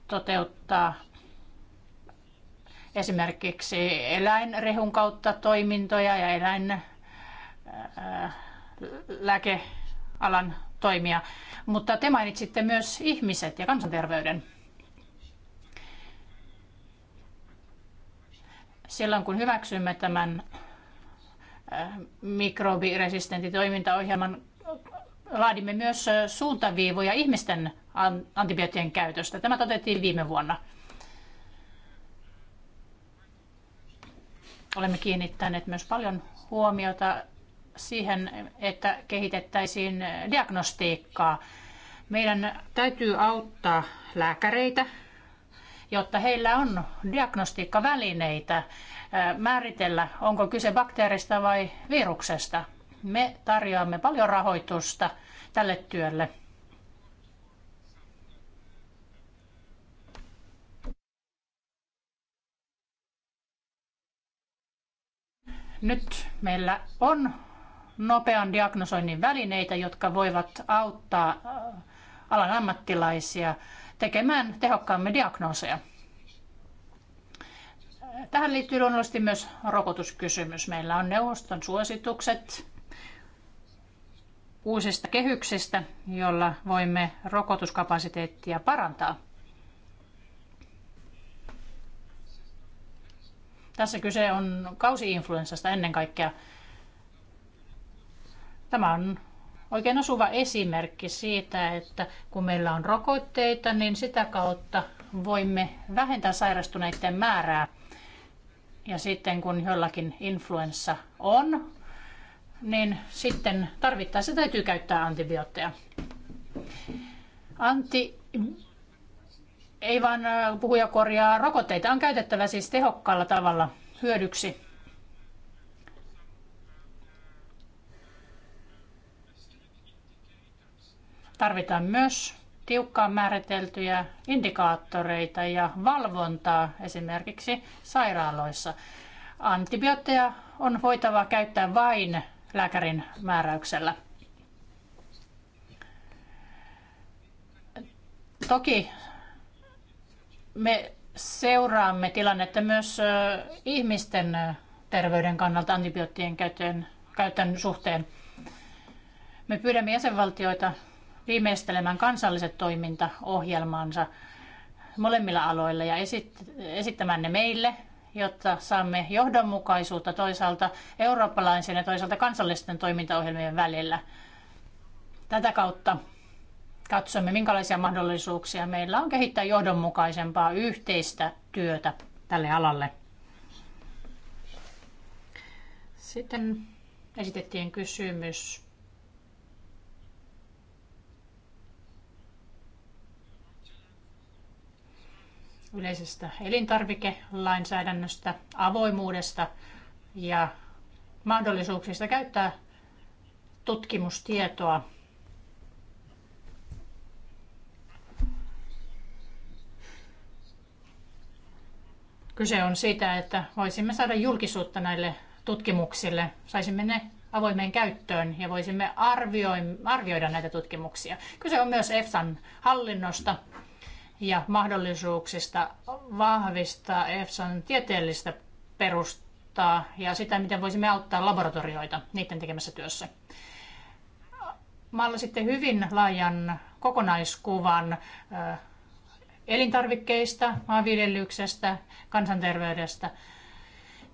toteuttaa esimerkiksi eläinrehun kautta toimintoja ja eläinlääkealan äh, toimia. Mutta te mainitsitte myös ihmiset ja kansanterveyden. silloin kun hyväksymme tämän äh, toimintaohjelman, laadimme myös äh, suuntaviivoja ihmisten antibioottien käytöstä. Tämä toteutettiin viime vuonna. Olemme kiinnittäneet myös paljon huomiota siihen, että kehitettäisiin äh, diagnostiikkaa. Meidän täytyy auttaa lääkäreitä jotta heillä on diagnostiikkavälineitä määritellä, onko kyse bakteerista vai viruksesta. Me tarjoamme paljon rahoitusta tälle työlle. Nyt meillä on nopean diagnosoinnin välineitä, jotka voivat auttaa alan ammattilaisia tekemään tehokkaammin diagnooseja. Tähän liittyy luonnollisesti myös rokotuskysymys. Meillä on neuvoston suositukset uusista kehyksistä, jolla voimme rokotuskapasiteettia parantaa. Tässä kyse on kausiinfluenssasta ennen kaikkea. Tämä on oikein osuva esimerkki siitä, että kun meillä on rokotteita, niin sitä kautta voimme vähentää sairastuneiden määrää. Ja sitten kun jollakin influenssa on, niin sitten tarvittaessa täytyy käyttää antibiootteja. Anti... Ei vaan äh, puhuja korjaa, rokotteita on käytettävä siis tehokkaalla tavalla hyödyksi. Tarvitaan myös tiukkaan määriteltyjä indikaattoreita ja valvontaa esimerkiksi sairaaloissa. Antibiootteja on voitava käyttää vain lääkärin määräyksellä. Toki me seuraamme tilannetta myös ihmisten terveyden kannalta antibioottien käytön, käytön suhteen. Me pyydämme jäsenvaltioita viimeistelemään kansalliset toimintaohjelmansa molemmilla aloilla ja esittämään ne meille, jotta saamme johdonmukaisuutta toisaalta eurooppalaisen ja toisaalta kansallisten toimintaohjelmien välillä. Tätä kautta katsomme, minkälaisia mahdollisuuksia meillä on kehittää johdonmukaisempaa yhteistä työtä tälle alalle. Sitten esitettiin kysymys yleisestä elintarvikelainsäädännöstä, avoimuudesta ja mahdollisuuksista käyttää tutkimustietoa Kyse on siitä, että voisimme saada julkisuutta näille tutkimuksille, saisimme ne avoimeen käyttöön ja voisimme arvioida näitä tutkimuksia. Kyse on myös EFSAn hallinnosta ja mahdollisuuksista vahvistaa EFSAn tieteellistä perustaa ja sitä, miten voisimme auttaa laboratorioita niiden tekemässä työssä. sitten hyvin laajan kokonaiskuvan eh, elintarvikkeista, maanviljelyksestä, kansanterveydestä.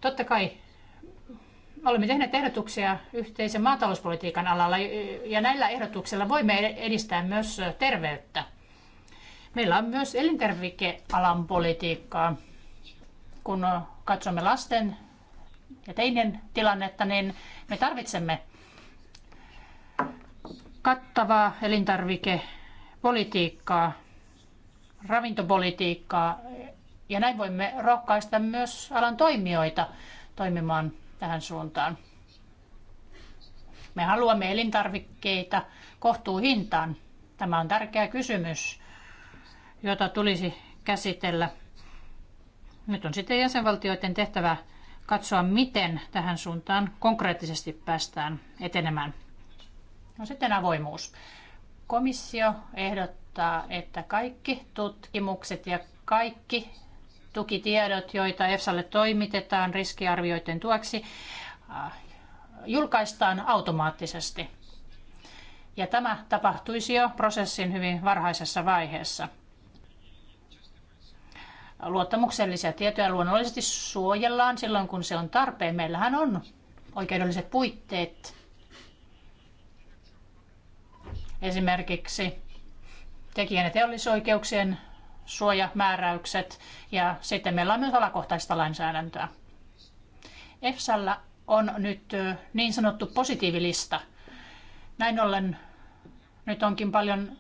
Totta kai olemme tehneet ehdotuksia yhteisen maatalouspolitiikan alalla eh, ja näillä ehdotuksilla voimme edistää myös terveyttä. Meillä on myös elintarvikealan politiikkaa. Kun katsomme lasten ja teinen tilannetta, niin me tarvitsemme kattavaa elintarvikepolitiikkaa, ravintopolitiikkaa ja näin voimme rohkaista myös alan toimijoita toimimaan tähän suuntaan. Me haluamme elintarvikkeita kohtuuhintaan. Tämä on tärkeä kysymys jota tulisi käsitellä. Nyt on sitten jäsenvaltioiden tehtävä katsoa, miten tähän suuntaan konkreettisesti päästään etenemään. No sitten avoimuus. Komissio ehdottaa, että kaikki tutkimukset ja kaikki tukitiedot, joita EFSAlle toimitetaan riskiarvioiden tueksi, äh, julkaistaan automaattisesti. Ja tämä tapahtuisi jo prosessin hyvin varhaisessa vaiheessa luottamuksellisia tietoja luonnollisesti suojellaan silloin, kun se on tarpeen. Meillähän on oikeudelliset puitteet. Esimerkiksi tekijän ja teollisoikeuksien suojamääräykset ja sitten meillä on myös alakohtaista lainsäädäntöä. EFSAlla on nyt niin sanottu positiivilista. Näin ollen nyt onkin paljon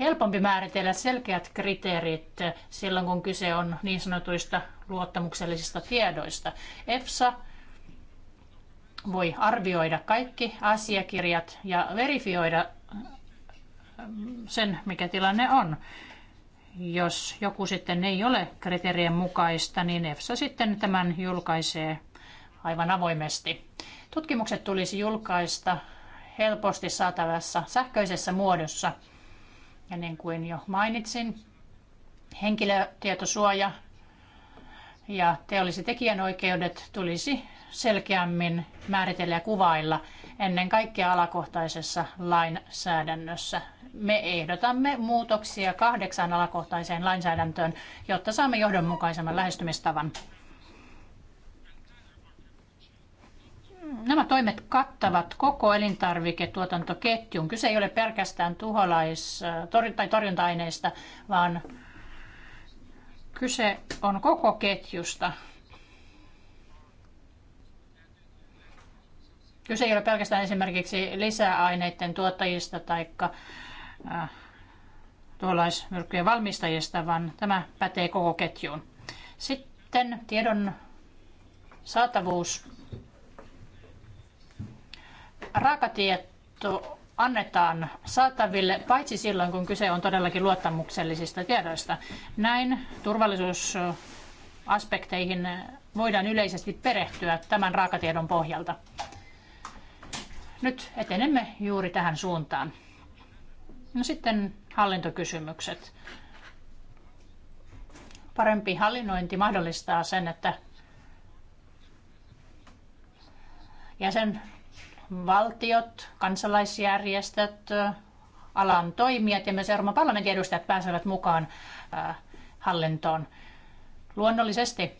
helpompi määritellä selkeät kriteerit silloin, kun kyse on niin sanotuista luottamuksellisista tiedoista. EFSA voi arvioida kaikki asiakirjat ja verifioida ähm, sen, mikä tilanne on. Jos joku sitten ei ole kriteerien mukaista, niin EFSA sitten tämän julkaisee aivan avoimesti. Tutkimukset tulisi julkaista helposti saatavassa sähköisessä muodossa – ja niin kuin jo mainitsin, henkilötietosuoja ja teolliset tekijänoikeudet tulisi selkeämmin määritellä ja kuvailla ennen kaikkea alakohtaisessa lainsäädännössä. Me ehdotamme muutoksia kahdeksaan alakohtaiseen lainsäädäntöön, jotta saamme johdonmukaisemman lähestymistavan. Nämä toimet kattavat koko elintarviketuotantoketjun. Kyse ei ole pelkästään tuholais- tai torjunta-aineista, vaan kyse on koko ketjusta. Kyse ei ole pelkästään esimerkiksi lisäaineiden tuottajista tai tuholaismyrkkyjen valmistajista, vaan tämä pätee koko ketjuun. Sitten tiedon saatavuus raakatieto annetaan saataville, paitsi silloin kun kyse on todellakin luottamuksellisista tiedoista. Näin turvallisuusaspekteihin voidaan yleisesti perehtyä tämän raakatiedon pohjalta. Nyt etenemme juuri tähän suuntaan. No sitten hallintokysymykset. Parempi hallinnointi mahdollistaa sen, että jäsen valtiot, kansalaisjärjestöt, äh, alan toimijat ja myös Euroopan parlamentin edustajat pääsevät mukaan äh, hallintoon. Luonnollisesti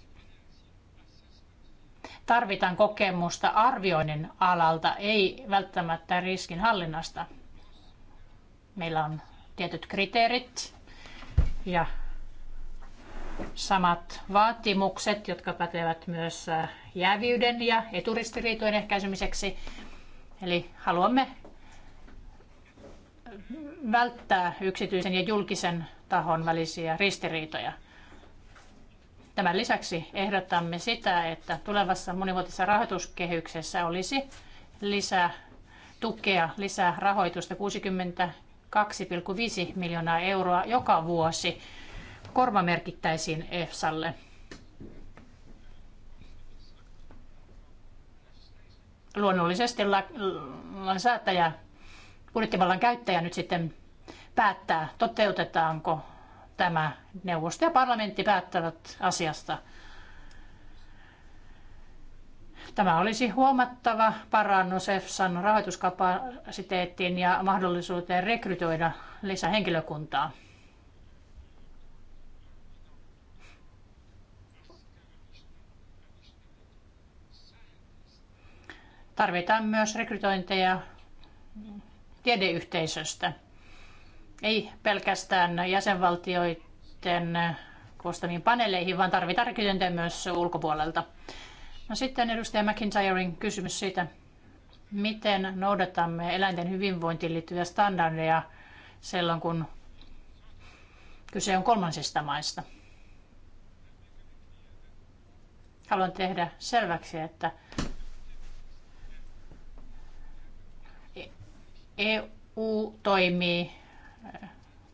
tarvitaan kokemusta arvioinnin alalta, ei välttämättä riskin hallinnasta. Meillä on tietyt kriteerit ja samat vaatimukset, jotka pätevät myös äh, jääviyden ja eturistiriitojen ehkäisemiseksi. Eli haluamme välttää yksityisen ja julkisen tahon välisiä ristiriitoja. Tämän lisäksi ehdotamme sitä, että tulevassa monivuotisessa rahoituskehyksessä olisi lisää tukea, lisää rahoitusta 62,5 miljoonaa euroa joka vuosi korvamerkittäisiin EFSAlle – luonnollisesti lainsäätäjä, budjettivallan käyttäjä nyt sitten päättää, toteutetaanko tämä neuvosto ja parlamentti päättävät asiasta. Tämä olisi huomattava parannus EFSAn rahoituskapasiteettiin ja mahdollisuuteen rekrytoida lisää henkilökuntaa. Tarvitaan myös rekrytointeja tiedeyhteisöstä. Ei pelkästään jäsenvaltioiden koostamiin paneeleihin, vaan tarvitaan rekrytointeja myös ulkopuolelta. No sitten edustaja McIntyren kysymys siitä, miten noudatamme eläinten hyvinvointiin liittyviä standardeja silloin, kun kyse on kolmansista maista. Haluan tehdä selväksi, että EU toimii äh,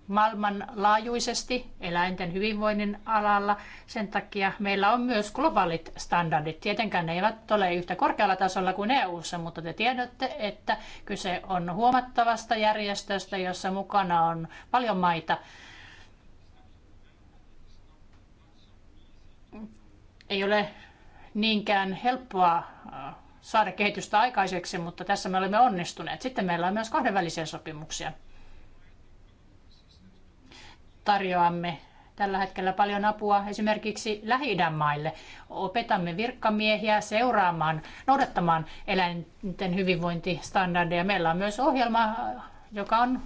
maailmanlaajuisesti eläinten hyvinvoinnin alalla. Sen takia meillä on myös globaalit standardit. Tietenkään ne eivät ole yhtä korkealla tasolla kuin EU:ssa, mutta te tiedätte, että kyse on huomattavasta järjestöstä, jossa mukana on paljon maita. Ei ole niinkään helppoa äh, saada kehitystä aikaiseksi, mutta tässä me olemme onnistuneet. Sitten meillä on myös kahdenvälisiä sopimuksia. Tarjoamme tällä hetkellä paljon apua esimerkiksi lähi maille. Opetamme virkamiehiä seuraamaan, noudattamaan eläinten hyvinvointistandardeja. Meillä on myös ohjelma, joka on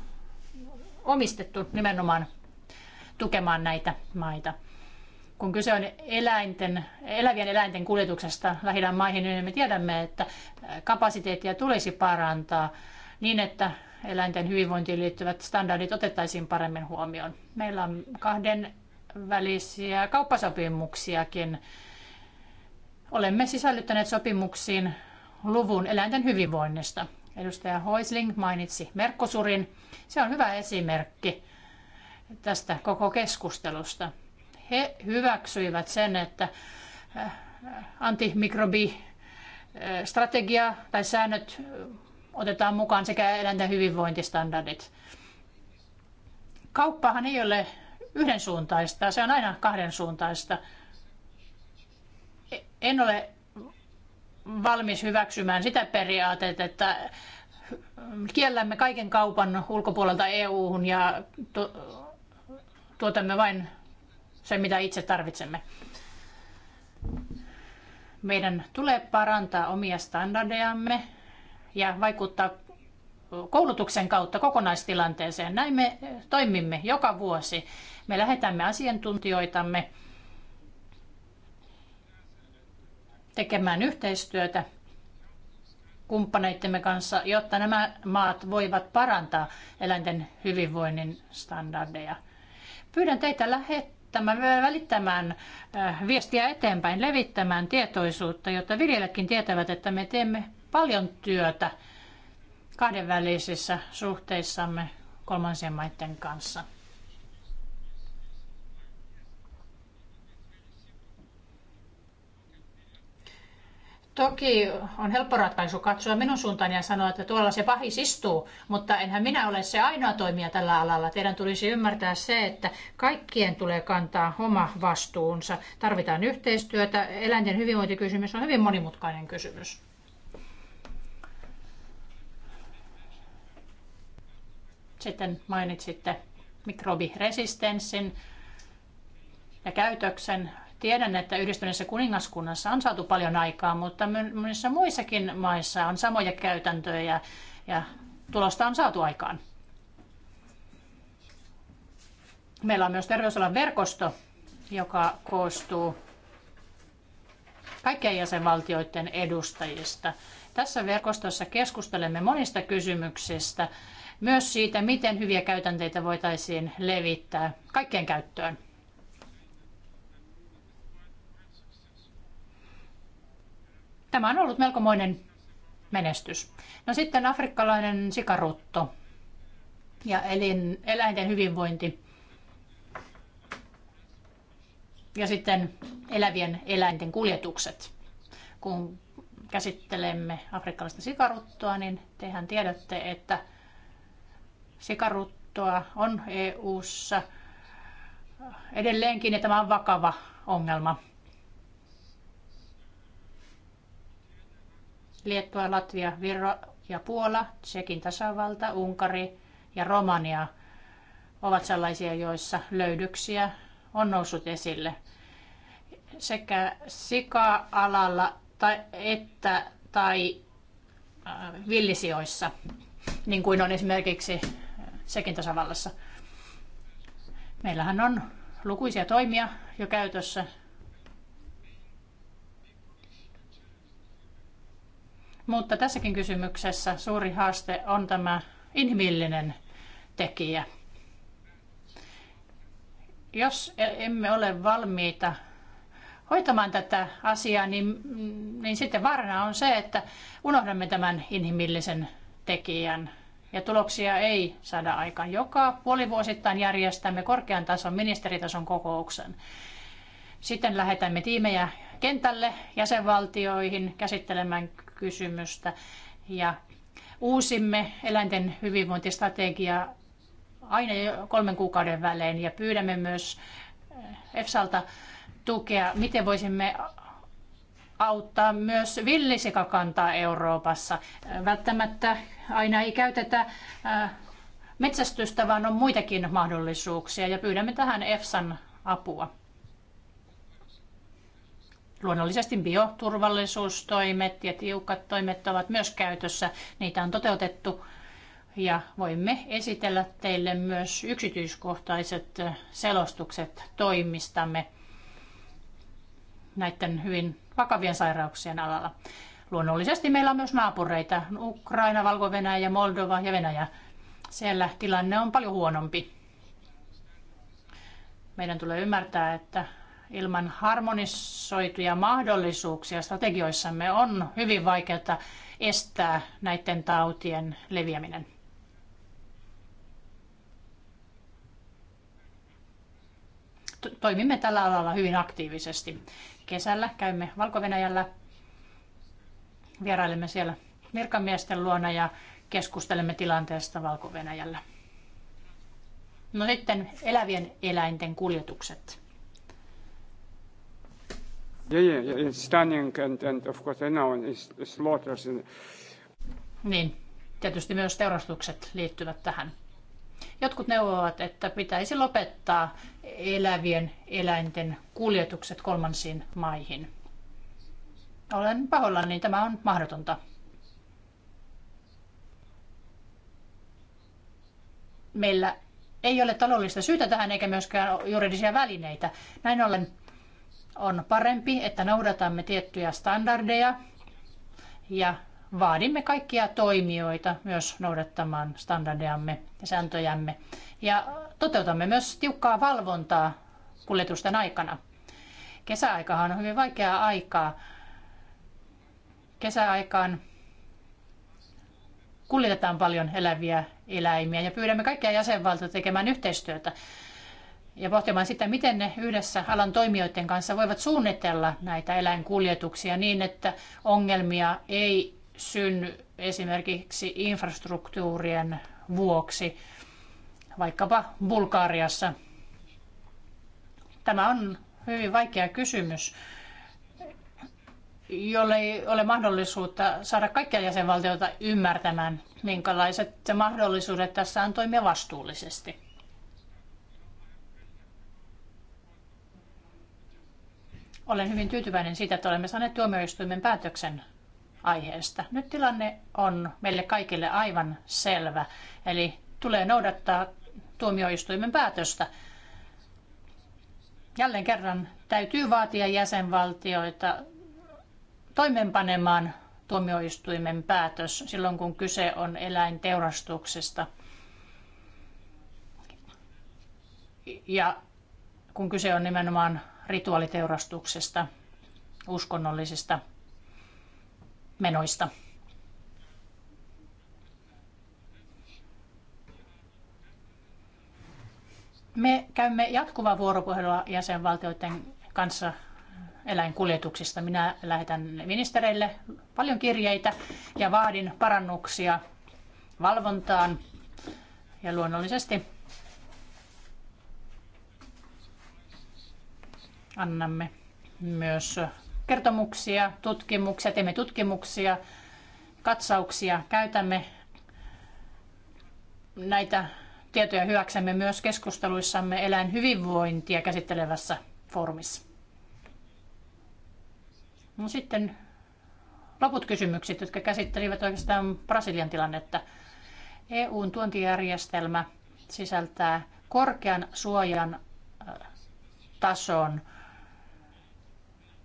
omistettu nimenomaan tukemaan näitä maita kun kyse on eläinten, elävien eläinten kuljetuksesta lähidän maihin, niin me tiedämme, että kapasiteettia tulisi parantaa niin, että eläinten hyvinvointiin liittyvät standardit otettaisiin paremmin huomioon. Meillä on kahden välisiä kauppasopimuksiakin. Olemme sisällyttäneet sopimuksiin luvun eläinten hyvinvoinnista. Edustaja Hoisling mainitsi Merkkosurin. Se on hyvä esimerkki tästä koko keskustelusta he hyväksyivät sen, että äh, antimikrobistrategia äh, tai säännöt äh, otetaan mukaan sekä eläinten hyvinvointistandardit. Kauppahan ei ole yhdensuuntaista, se on aina kahdensuuntaista. En ole valmis hyväksymään sitä periaatetta, että kiellämme kaiken kaupan ulkopuolelta EU-hun ja tuotamme vain se, mitä itse tarvitsemme. Meidän tulee parantaa omia standardejamme ja vaikuttaa koulutuksen kautta kokonaistilanteeseen. Näin me toimimme joka vuosi. Me lähetämme asiantuntijoitamme tekemään yhteistyötä kumppaneittemme kanssa, jotta nämä maat voivat parantaa eläinten hyvinvoinnin standardeja. Pyydän teitä lähettämään Tämä välittämään äh, viestiä eteenpäin, levittämään tietoisuutta, jotta viljelijätkin tietävät, että me teemme paljon työtä kahdenvälisissä suhteissamme kolmansien maiden kanssa. Toki on helppo ratkaisu katsoa minun suuntaani ja sanoa, että tuolla se pahis istuu, mutta enhän minä ole se ainoa toimija tällä alalla. Teidän tulisi ymmärtää se, että kaikkien tulee kantaa oma vastuunsa. Tarvitaan yhteistyötä. Eläinten hyvinvointikysymys on hyvin monimutkainen kysymys. Sitten mainitsitte mikrobiresistenssin ja käytöksen. Tiedän, että yhdistyneessä kuningaskunnassa on saatu paljon aikaa, mutta monissa muissakin maissa on samoja käytäntöjä ja tulosta on saatu aikaan. Meillä on myös terveysalan verkosto, joka koostuu kaikkien jäsenvaltioiden edustajista. Tässä verkostossa keskustelemme monista kysymyksistä, myös siitä, miten hyviä käytänteitä voitaisiin levittää kaikkien käyttöön. Tämä on ollut melkomoinen menestys. No sitten afrikkalainen sikarutto ja elin, eläinten hyvinvointi. Ja sitten elävien eläinten kuljetukset. Kun käsittelemme afrikkalaista sikaruttoa, niin tehän tiedätte, että sikaruttoa on EU:ssa edelleenkin ja tämä on vakava ongelma. Liettua, Latvia, Viro ja Puola, Tsekin tasavalta, Unkari ja Romania ovat sellaisia, joissa löydöksiä on noussut esille sekä sika-alalla tai, että tai äh, villisioissa, niin kuin on esimerkiksi sekin tasavallassa. Meillähän on lukuisia toimia jo käytössä Mutta tässäkin kysymyksessä suuri haaste on tämä inhimillinen tekijä. Jos emme ole valmiita hoitamaan tätä asiaa, niin, niin sitten varna on se, että unohdamme tämän inhimillisen tekijän ja tuloksia ei saada aikaan. Joka puolivuosittain järjestämme korkean tason ministeritason kokouksen. Sitten lähetämme tiimejä kentälle jäsenvaltioihin käsittelemään kysymystä ja uusimme eläinten hyvinvointistrategia aina jo kolmen kuukauden välein ja pyydämme myös eh, EFSAlta tukea, miten voisimme auttaa myös villisikakantaa Euroopassa. Välttämättä aina ei käytetä eh, metsästystä, vaan on muitakin mahdollisuuksia ja pyydämme tähän EFSAn apua. Luonnollisesti bioturvallisuustoimet ja tiukat toimet ovat myös käytössä. Niitä on toteutettu ja voimme esitellä teille myös yksityiskohtaiset selostukset toimistamme näiden hyvin vakavien sairauksien alalla. Luonnollisesti meillä on myös naapureita, Ukraina, Valko-Venäjä, Moldova ja Venäjä. Siellä tilanne on paljon huonompi. Meidän tulee ymmärtää, että ilman harmonisoituja mahdollisuuksia strategioissamme on hyvin vaikeaa estää näiden tautien leviäminen. Toimimme tällä alalla hyvin aktiivisesti. Kesällä käymme valko vierailemme siellä virkamiesten luona ja keskustelemme tilanteesta valko -Venäjällä. No sitten elävien eläinten kuljetukset. Yeah, yeah, yeah, it's stunning and, and of course I know it's slaughters. And... Niin, tietysti myös teurastukset liittyvät tähän. Jotkut neuvovat, että pitäisi lopettaa elävien eläinten kuljetukset kolmansiin maihin. Olen pahoillani, tämä on mahdotonta. Meillä ei ole taloudellista syytä tähän eikä myöskään juridisia välineitä. Näin ollen on parempi, että noudatamme tiettyjä standardeja ja vaadimme kaikkia toimijoita myös noudattamaan standardejamme ja sääntöjämme. Ja toteutamme myös tiukkaa valvontaa kuljetusten aikana. Kesäaikahan on hyvin vaikeaa aikaa. Kesäaikaan kuljetetaan paljon eläviä eläimiä ja pyydämme kaikkia jäsenvaltioita tekemään yhteistyötä ja pohtimaan sitä, miten ne yhdessä alan toimijoiden kanssa voivat suunnitella näitä eläinkuljetuksia niin, että ongelmia ei synny esimerkiksi infrastruktuurien vuoksi, vaikkapa Bulgaariassa. Tämä on hyvin vaikea kysymys, jolle ei ole mahdollisuutta saada kaikkia jäsenvaltioita ymmärtämään, minkälaiset mahdollisuudet tässä on toimia vastuullisesti. Olen hyvin tyytyväinen siitä, että olemme saaneet tuomioistuimen päätöksen aiheesta. Nyt tilanne on meille kaikille aivan selvä, eli tulee noudattaa tuomioistuimen päätöstä. Jälleen kerran täytyy vaatia jäsenvaltioita toimeenpanemaan tuomioistuimen päätös silloin, kun kyse on eläinteurastuksesta. Ja kun kyse on nimenomaan rituaaliteurastuksesta, uskonnollisista menoista. Me käymme jatkuvaa vuoropuhelua jäsenvaltioiden kanssa eläinkuljetuksista. Minä lähetän ministereille paljon kirjeitä ja vaadin parannuksia valvontaan ja luonnollisesti Annamme myös kertomuksia, tutkimuksia, teemme tutkimuksia, katsauksia, käytämme näitä tietoja hyväksemme myös keskusteluissamme hyvinvointia käsittelevässä foorumissa. No sitten loput kysymykset, jotka käsittelivät oikeastaan Brasilian tilannetta. EUn tuontijärjestelmä sisältää korkean suojan äh, tason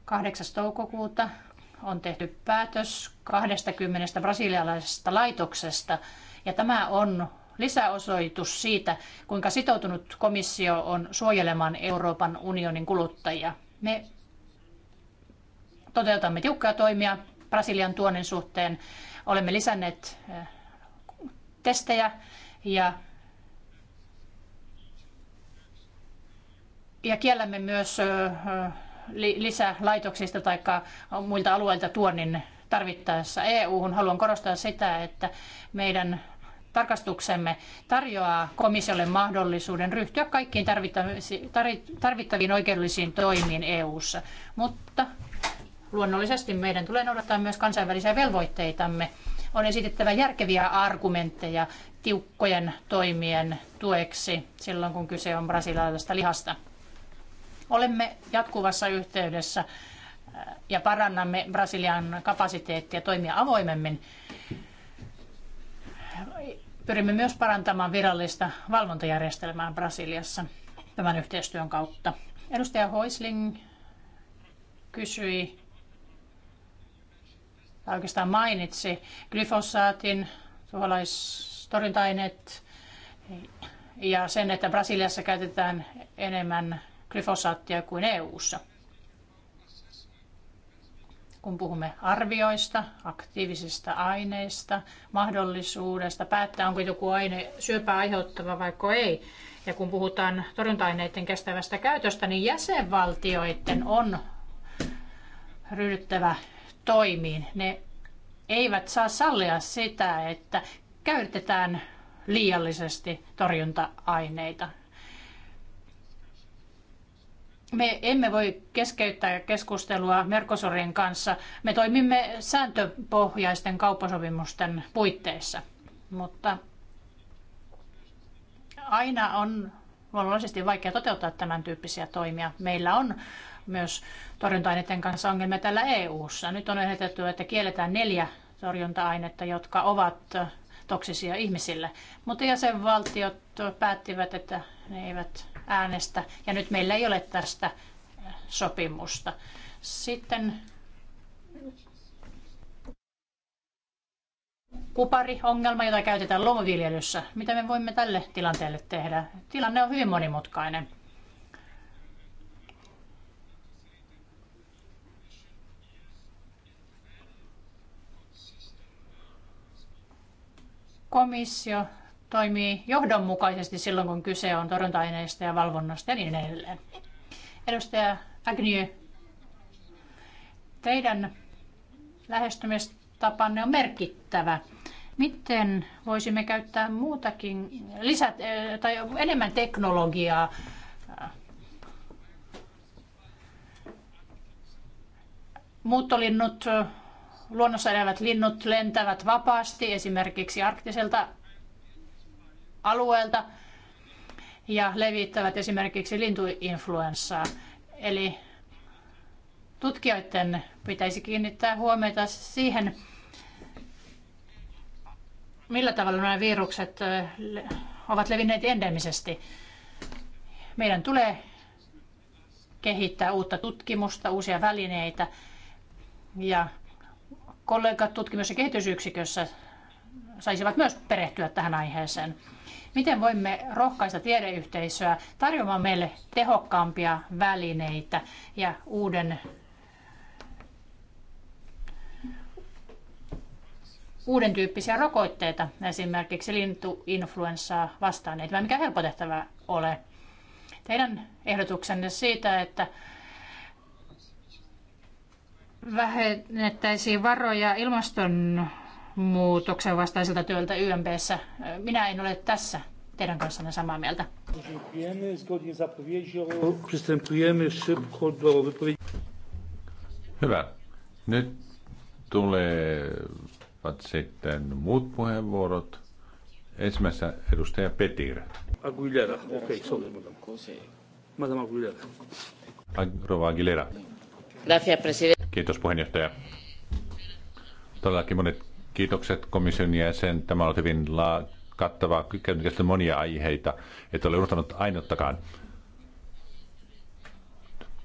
8. toukokuuta on tehty päätös 20 brasilialaisesta laitoksesta ja tämä on lisäosoitus siitä, kuinka sitoutunut komissio on suojelemaan Euroopan unionin kuluttajia. Me toteutamme tiukkoja toimia Brasilian tuonnin suhteen. Olemme lisänneet eh, testejä ja, ja kiellämme myös eh, lisälaitoksista tai muilta alueilta tuonnin tarvittaessa EU-hun. Haluan korostaa sitä, että meidän tarkastuksemme tarjoaa komissiolle mahdollisuuden ryhtyä kaikkiin tarvittaviin oikeudellisiin toimiin EU:ssa, mutta luonnollisesti meidän tulee noudattaa myös kansainvälisiä velvoitteitamme. On esitettävä järkeviä argumentteja tiukkojen toimien tueksi silloin, kun kyse on brasilialaisesta lihasta. Olemme jatkuvassa yhteydessä äh, ja parannamme Brasilian kapasiteettia toimia avoimemmin. Pyrimme myös parantamaan virallista valvontajärjestelmää Brasiliassa tämän yhteistyön kautta. Edustaja Hoisling kysyi, tai oikeastaan mainitsi, glyfosaatin, tuholaistorjunta-aineet ja sen, että Brasiliassa käytetään enemmän glyfosaattia kuin EU-ssa. Kun puhumme arvioista, aktiivisista aineista, mahdollisuudesta päättää, onko joku aine syöpää aiheuttava vai ei, ja kun puhutaan torjunta-aineiden kestävästä käytöstä, niin jäsenvaltioiden on ryhdyttävä toimiin. Ne eivät saa sallia sitä, että käytetään liiallisesti torjunta-aineita me emme voi keskeyttää keskustelua Mercosurin kanssa. Me toimimme sääntöpohjaisten kauppasopimusten puitteissa, mutta aina on luonnollisesti vaikea toteuttaa tämän tyyppisiä toimia. Meillä on myös torjunta-aineiden kanssa ongelmia täällä EU-ssa. Nyt on ehdotettu, että kielletään neljä torjunta-ainetta, jotka ovat toksisia ihmisille. Mutta jäsenvaltiot päättivät, että ne eivät äänestä ja nyt meillä ei ole tästä äh, sopimusta. Sitten kupariongelma, jota käytetään luomuviljelyssä. Mitä me voimme tälle tilanteelle tehdä? Tilanne on hyvin monimutkainen. Komissio toimii johdonmukaisesti silloin, kun kyse on torjunta-aineista ja valvonnasta ja niin edelleen. Edustaja Agnew, teidän lähestymistapanne on merkittävä. Miten voisimme käyttää muutakin, lisät, eh, tai enemmän teknologiaa muuttolinnut, luonnossa elävät linnut lentävät vapaasti esimerkiksi arktiselta alueelta ja levittävät esimerkiksi lintuinfluenssaa. Eli tutkijoiden pitäisi kiinnittää huomiota siihen, millä tavalla nämä virukset ovat levinneet endemisesti. Meidän tulee kehittää uutta tutkimusta, uusia välineitä ja kollegat tutkimus- ja kehitysyksikössä saisivat myös perehtyä tähän aiheeseen. Miten voimme rohkaista tiedeyhteisöä tarjoamaan meille tehokkaampia välineitä ja uuden uuden tyyppisiä rokotteita, esimerkiksi lintuinfluenssaa vastaan. Ei tämä mikään helppo tehtävä ole. Teidän ehdotuksenne siitä, että vähennettäisiin varoja ilmaston muutoksen vastaiselta työltä YMPssä. Minä en ole tässä teidän kanssanne samaa mieltä. Hyvä. Nyt tulevat sitten muut puheenvuorot. Ensimmäisenä edustaja Petir. Aguilera, okei, okay, Rova Aguilera. Gracias, Kiitos puheenjohtaja. Todellakin monet Kiitokset komission jäsen. Tämä on hyvin la- kattavaa, käynyt monia aiheita, että ole unohtanut ainuttakaan.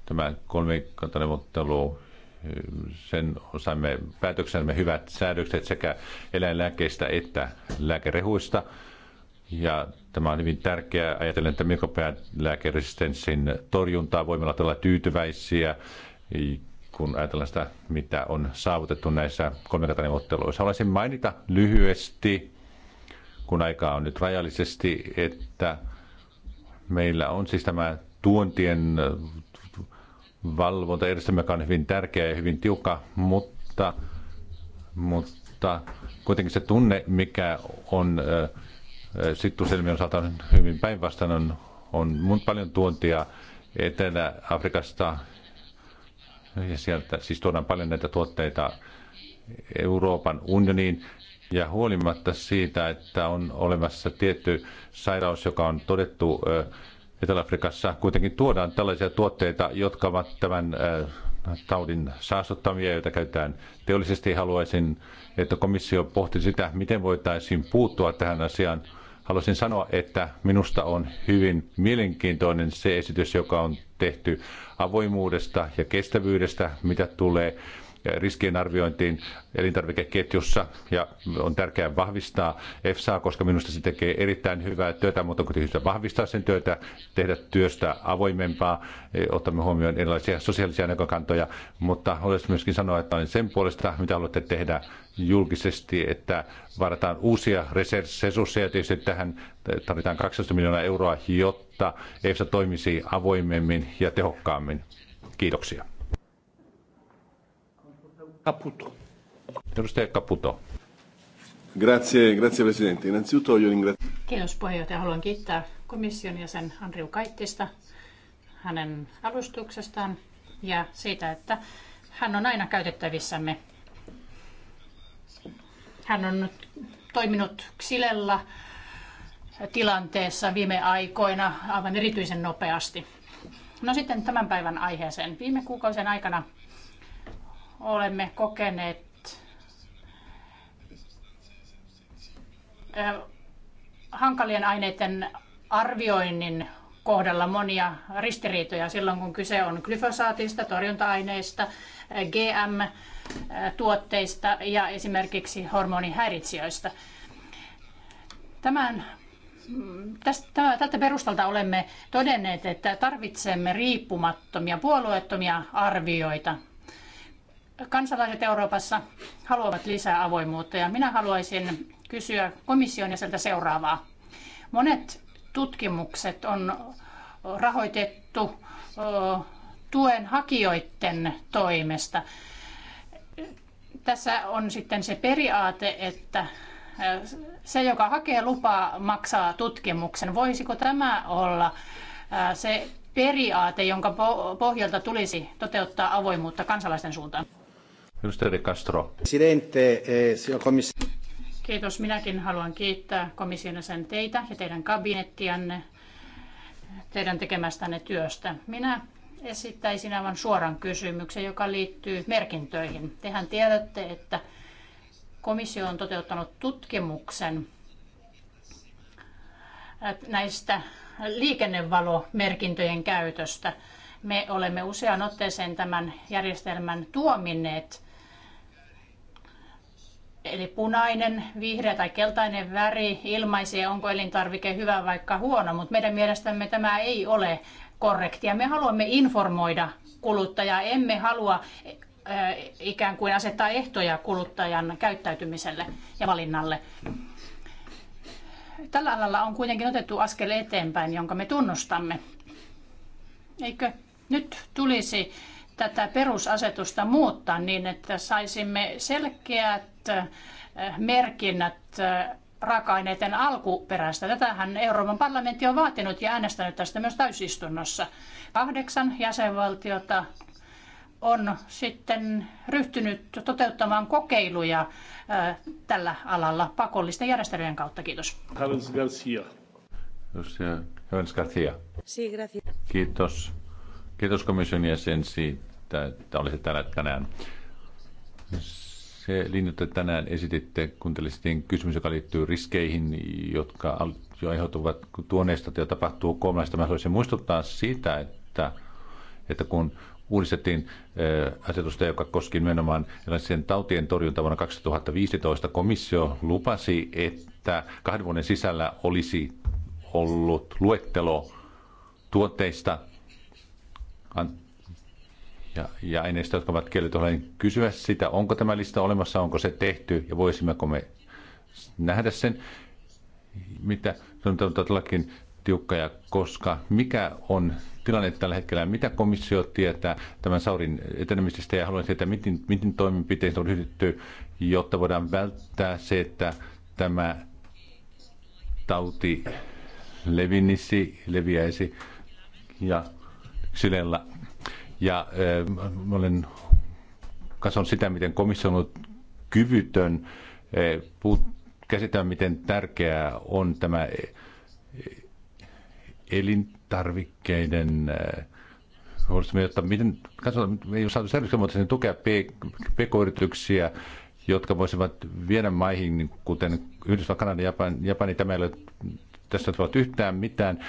Tämä kolmikantaneuvottelu, sen saimme päätöksemme hyvät säädökset sekä eläinlääkeistä että lääkerehuista. Ja tämä on hyvin tärkeää ajatellen, että mikropäätlääkeresistenssin torjuntaa voimme olla tyytyväisiä kun ajatellaan sitä, mitä on saavutettu näissä kolmikantaneuvotteluissa. Haluaisin mainita lyhyesti, kun aikaa on nyt rajallisesti, että meillä on siis tämä tuontien valvonta joka on hyvin tärkeä ja hyvin tiukka, mutta, mutta kuitenkin se tunne, mikä on sittuselmien osalta hyvin päinvastainen, on, on paljon tuontia Etelä-Afrikasta ja sieltä siis tuodaan paljon näitä tuotteita Euroopan unioniin. Ja huolimatta siitä, että on olemassa tietty sairaus, joka on todettu Etelä-Afrikassa, kuitenkin tuodaan tällaisia tuotteita, jotka ovat tämän taudin saastuttamia, joita käytetään teollisesti. Haluaisin, että komissio pohti sitä, miten voitaisiin puuttua tähän asiaan haluaisin sanoa, että minusta on hyvin mielenkiintoinen se esitys, joka on tehty avoimuudesta ja kestävyydestä, mitä tulee riskien arviointiin elintarvikeketjussa ja on tärkeää vahvistaa Efsa, koska minusta se tekee erittäin hyvää työtä, mutta kun vahvistaa sen työtä, tehdä työstä avoimempaa, eh, ottamme huomioon erilaisia sosiaalisia näkökantoja, mutta haluaisin myöskin sanoa, että olen sen puolesta, mitä haluatte tehdä julkisesti, että varataan uusia resursseja, tietysti tähän tarvitaan 12 miljoonaa euroa, jotta EFSA toimisi avoimemmin ja tehokkaammin. Kiitoksia. Caputo. Edustaja Caputo. Grazie, grazie presidente. Innanzitutto voglio ringraziare. Kiitos puheenjohtaja. Haluan kiittää komission jäsen Andriu Kaittista hänen alustuksestaan ja siitä, että hän on aina käytettävissämme. Hän on toiminut Xilella tilanteessa viime aikoina aivan erityisen nopeasti. No sitten tämän päivän aiheeseen. Viime kuukausien aikana olemme kokeneet eh, hankalien aineiden arvioinnin kohdalla monia ristiriitoja silloin, kun kyse on glyfosaatista, torjunta-aineista, GM-tuotteista ja esimerkiksi hormonihäiritsijöistä. Tämän Tästä, tältä perustalta olemme todenneet, että tarvitsemme riippumattomia, puolueettomia arvioita kansalaiset Euroopassa haluavat lisää avoimuutta ja minä haluaisin kysyä komission jäseltä seuraavaa. Monet tutkimukset on rahoitettu tuen hakijoiden toimesta. Tässä on sitten se periaate, että se, joka hakee lupaa, maksaa tutkimuksen. Voisiko tämä olla se periaate, jonka pohjalta tulisi toteuttaa avoimuutta kansalaisten suuntaan? Ministeri Castro. Eh, Kiitos. Minäkin haluan kiittää komission sen teitä ja teidän kabinettianne teidän tekemästänne työstä. Minä esittäisin aivan suoran kysymyksen, joka liittyy merkintöihin. Tehän tiedätte, että komissio on toteuttanut tutkimuksen näistä liikennevalomerkintöjen käytöstä. Me olemme useaan otteeseen tämän järjestelmän tuominneet – Eli punainen, vihreä tai keltainen väri ilmaisee, onko elintarvike hyvä vai huono, mutta meidän mielestämme tämä ei ole korrektia. Me haluamme informoida kuluttajaa, emme halua eh, ikään kuin asettaa ehtoja kuluttajan käyttäytymiselle ja valinnalle. Tällä alalla on kuitenkin otettu askel eteenpäin, jonka me tunnustamme. Eikö nyt tulisi tätä perusasetusta muuttaa niin, että saisimme selkeät eh, merkinnät eh, raaka-aineiden alkuperästä. Tätähän Euroopan parlamentti on vaatinut ja äänestänyt tästä myös täysistunnossa. Kahdeksan jäsenvaltiota on sitten ryhtynyt toteuttamaan kokeiluja eh, tällä alalla pakollisten järjestelyjen kautta. Kiitos. Garcia. Garcia. Kiitos. Kiitos komission jäsen siitä että olisit täällä tänään. Se linja, että tänään esititte, kuuntelisitin kysymys, joka liittyy riskeihin, jotka jo aiheutuvat tuoneista jo tapahtuu kolmesta. Mä haluaisin muistuttaa siitä, että, että kun uudistettiin eh, asetusta, joka koski nimenomaan erilaisen tautien torjunta vuonna 2015. Komissio lupasi, että kahden vuoden sisällä olisi ollut luettelo tuotteista, ja, ja aineista, jotka ovat kielletyllä, niin kysyä sitä, onko tämä lista olemassa, onko se tehty ja voisimmeko me nähdä sen, mitä on todellakin tiukka ja koska, mikä on tilanne tällä hetkellä, mitä komissio tietää tämän Saurin etenemisestä ja haluaisin tietää, miten, miten toimenpiteet on ryhdytty, jotta voidaan välttää se, että tämä tauti levinisi, leviäisi ja sillä. Ja äh, olen katsonut sitä, miten komissio on ollut kyvytön äh, käsitellä, miten tärkeää on tämä eh, elintarvikkeiden äh, jotta miten, katsotaan, ei ole saatu selvästi, mutta tukea pk-yrityksiä, jotka voisivat viedä maihin, kuten Yhdysvallat, Kanada, Japan, Japani, tämä ei ole, tästä ei yhtään mitään,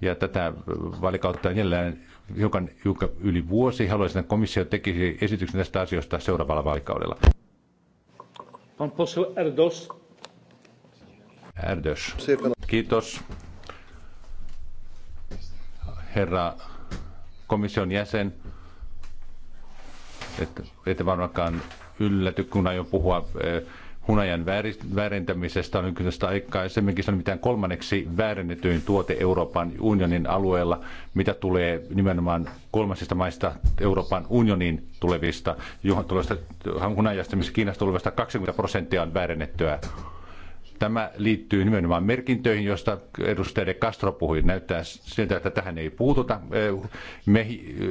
ja tätä valikautta jälleen hiukan, hiukan yli vuosi. Haluaisin, että komissio tekisi esityksen tästä asiasta seuraavalla vaalikaudella. Erdos. Erdos. Kiitos. Herra komission jäsen, että ette varmaankaan ylläty, kun aion puhua eh, hunajan väärentämisestä on nykyisestä aikaisemminkin. Se on mitään kolmanneksi väärennetyin tuote Euroopan unionin alueella, mitä tulee nimenomaan kolmansista maista Euroopan unionin tulevista tulevista hunajasta, missä Kiinasta tulevista 20 prosenttia on väärennettyä. Tämä liittyy nimenomaan merkintöihin, joista edustaja De Castro puhui. Näyttää siltä, että tähän ei puututa. Eh, Me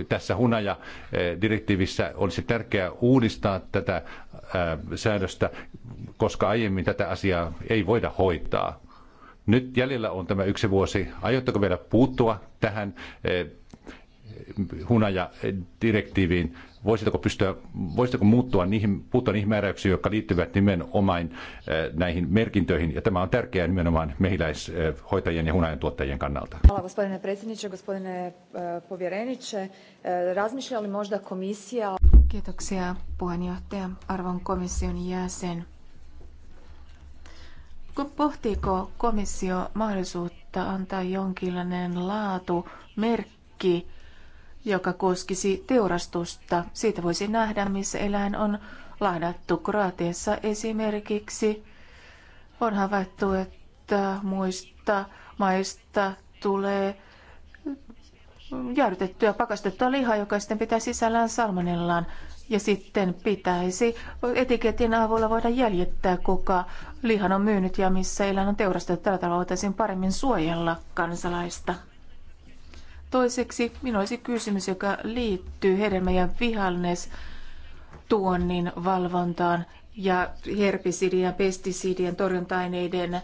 tässä hunaja-direktiivissä eh, olisi tärkeää uudistaa tätä Äh, säädöstä, koska aiemmin tätä asiaa ei voida hoitaa. Nyt jäljellä on tämä yksi vuosi. Aiotteko vielä puuttua tähän äh, hunaja-direktiiviin voisitteko pystyä, voisitteko muuttua niihin, puuttua niihin määräyksiin, jotka liittyvät nimenomaan eh, näihin merkintöihin, ja tämä on tärkeää nimenomaan mehiläishoitajien ja hunajan tuottajien kannalta. Hvala gospodine predsjedniče, gospodine eh, povjereniče. Eh, razmišlja li možda komisija... Kiitoksia puheenjohtaja, arvon komission jäsen. Kun pohtiiko komissio mahdollisuutta antaa jonkinlainen laatu, merkki, joka koskisi teurastusta. Siitä voisi nähdä, missä eläin on lahdattu. Kroatiassa esimerkiksi on havaittu, että muista maista tulee jäädytettyä pakastettua lihaa, joka sitten pitää sisällään salmonellaan. Ja sitten pitäisi etiketin avulla voida jäljittää, kuka lihan on myynyt ja missä eläin on teurastettu. Tällä tavalla voitaisiin paremmin suojella kansalaista. Toiseksi minulla olisi kysymys, joka liittyy hedelmä- ja vihannes tuonnin valvontaan ja herbisidien ja pestisidien torjunta-aineiden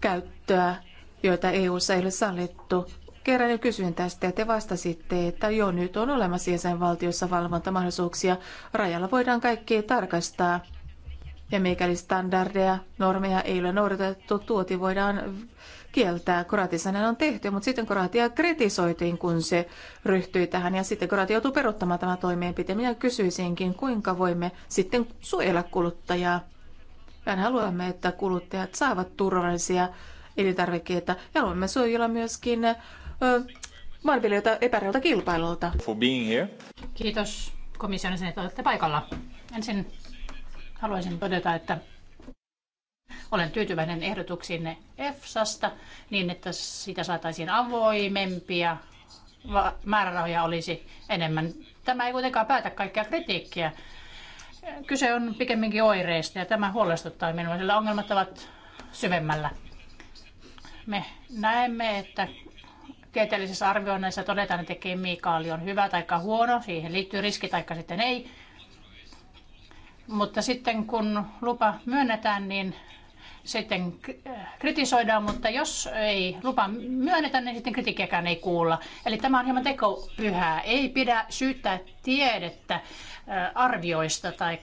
käyttöä, joita EU:ssa ei ole sallittu. Kerran jo kysyin tästä ja te vastasitte, että jo nyt on olemassa jäsenvaltiossa valvontamahdollisuuksia. Rajalla voidaan kaikki tarkastaa. Ja mikäli standardeja, normeja ei ole noudatettu, tuoti voidaan kieltää Kroatisanen on tehty, mutta sitten Kroatia kritisoitiin, kun se ryhtyi tähän ja sitten Kroatia joutui peruuttamaan tämä toimeenpite. Minä kysyisinkin, kuinka voimme sitten suojella kuluttajaa. Mehän haluamme, että kuluttajat saavat turvallisia elintarvikkeita ja haluamme suojella myöskin ö, maanviljelijöitä epäreilta kilpailulta. For being here. Kiitos komission että olette paikalla. Ensin haluaisin todeta, että olen tyytyväinen ehdotuksiinne EFSAsta niin, että sitä saataisiin avoimempia määrärahoja olisi enemmän. Tämä ei kuitenkaan päätä kaikkea kritiikkiä. Kyse on pikemminkin oireista ja tämä huolestuttaa minua, sillä ongelmat ovat syvemmällä. Me näemme, että tieteellisissä arvioinneissa todetaan, että kemikaali on hyvä tai huono, siihen liittyy riski tai sitten ei. Mutta sitten kun lupa myönnetään, niin sitten kritisoidaan, mutta jos ei lupa myönnetä, niin sitten kritiikkiäkään ei kuulla. Eli tämä on hieman tekopyhää. Ei pidä syyttää tiedettä arvioista tai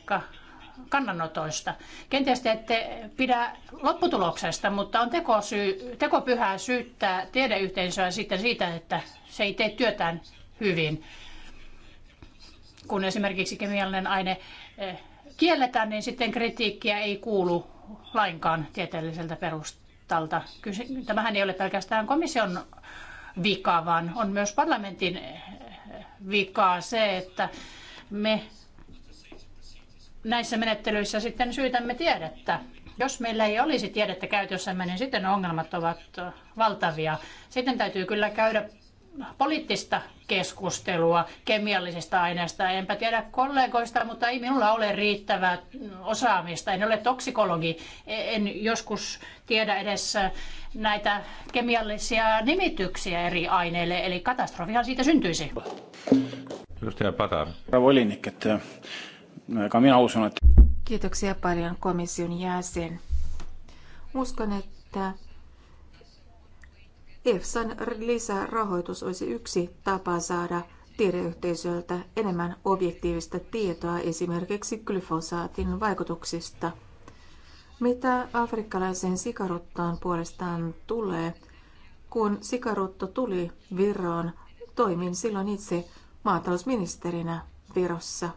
kannanotoista. Kenties te ette pidä lopputuloksesta, mutta on tekosyy, tekopyhää syyttää tiedeyhteisöä sitten siitä, että se ei tee työtään hyvin. Kun esimerkiksi kemiallinen aine kielletään, niin sitten kritiikkiä ei kuulu lainkaan tieteelliseltä perustalta. Tämähän ei ole pelkästään komission vika, vaan on myös parlamentin vikaa se, että me näissä menettelyissä sitten syytämme tiedettä. Jos meillä ei olisi tiedettä käytössämme, niin sitten ongelmat ovat valtavia. Sitten täytyy kyllä käydä poliittista keskustelua kemiallisista aineista. Enpä tiedä kollegoista, mutta ei minulla ole riittävää osaamista. En ole toksikologi, en joskus tiedä edes näitä kemiallisia nimityksiä eri aineille, eli katastrofihan siitä syntyisi. Edustaja Patar. Olinik, että minä uskon, että... Kiitoksia paljon komission jäsen. Uskon, että EFSAn lisärahoitus olisi yksi tapa saada tiedeyhteisöltä enemmän objektiivista tietoa esimerkiksi glyfosaatin vaikutuksista. Mitä afrikkalaiseen sikaruttoon puolestaan tulee, kun sikarutto tuli Viroon, toimin silloin itse maatalousministerinä Virossa.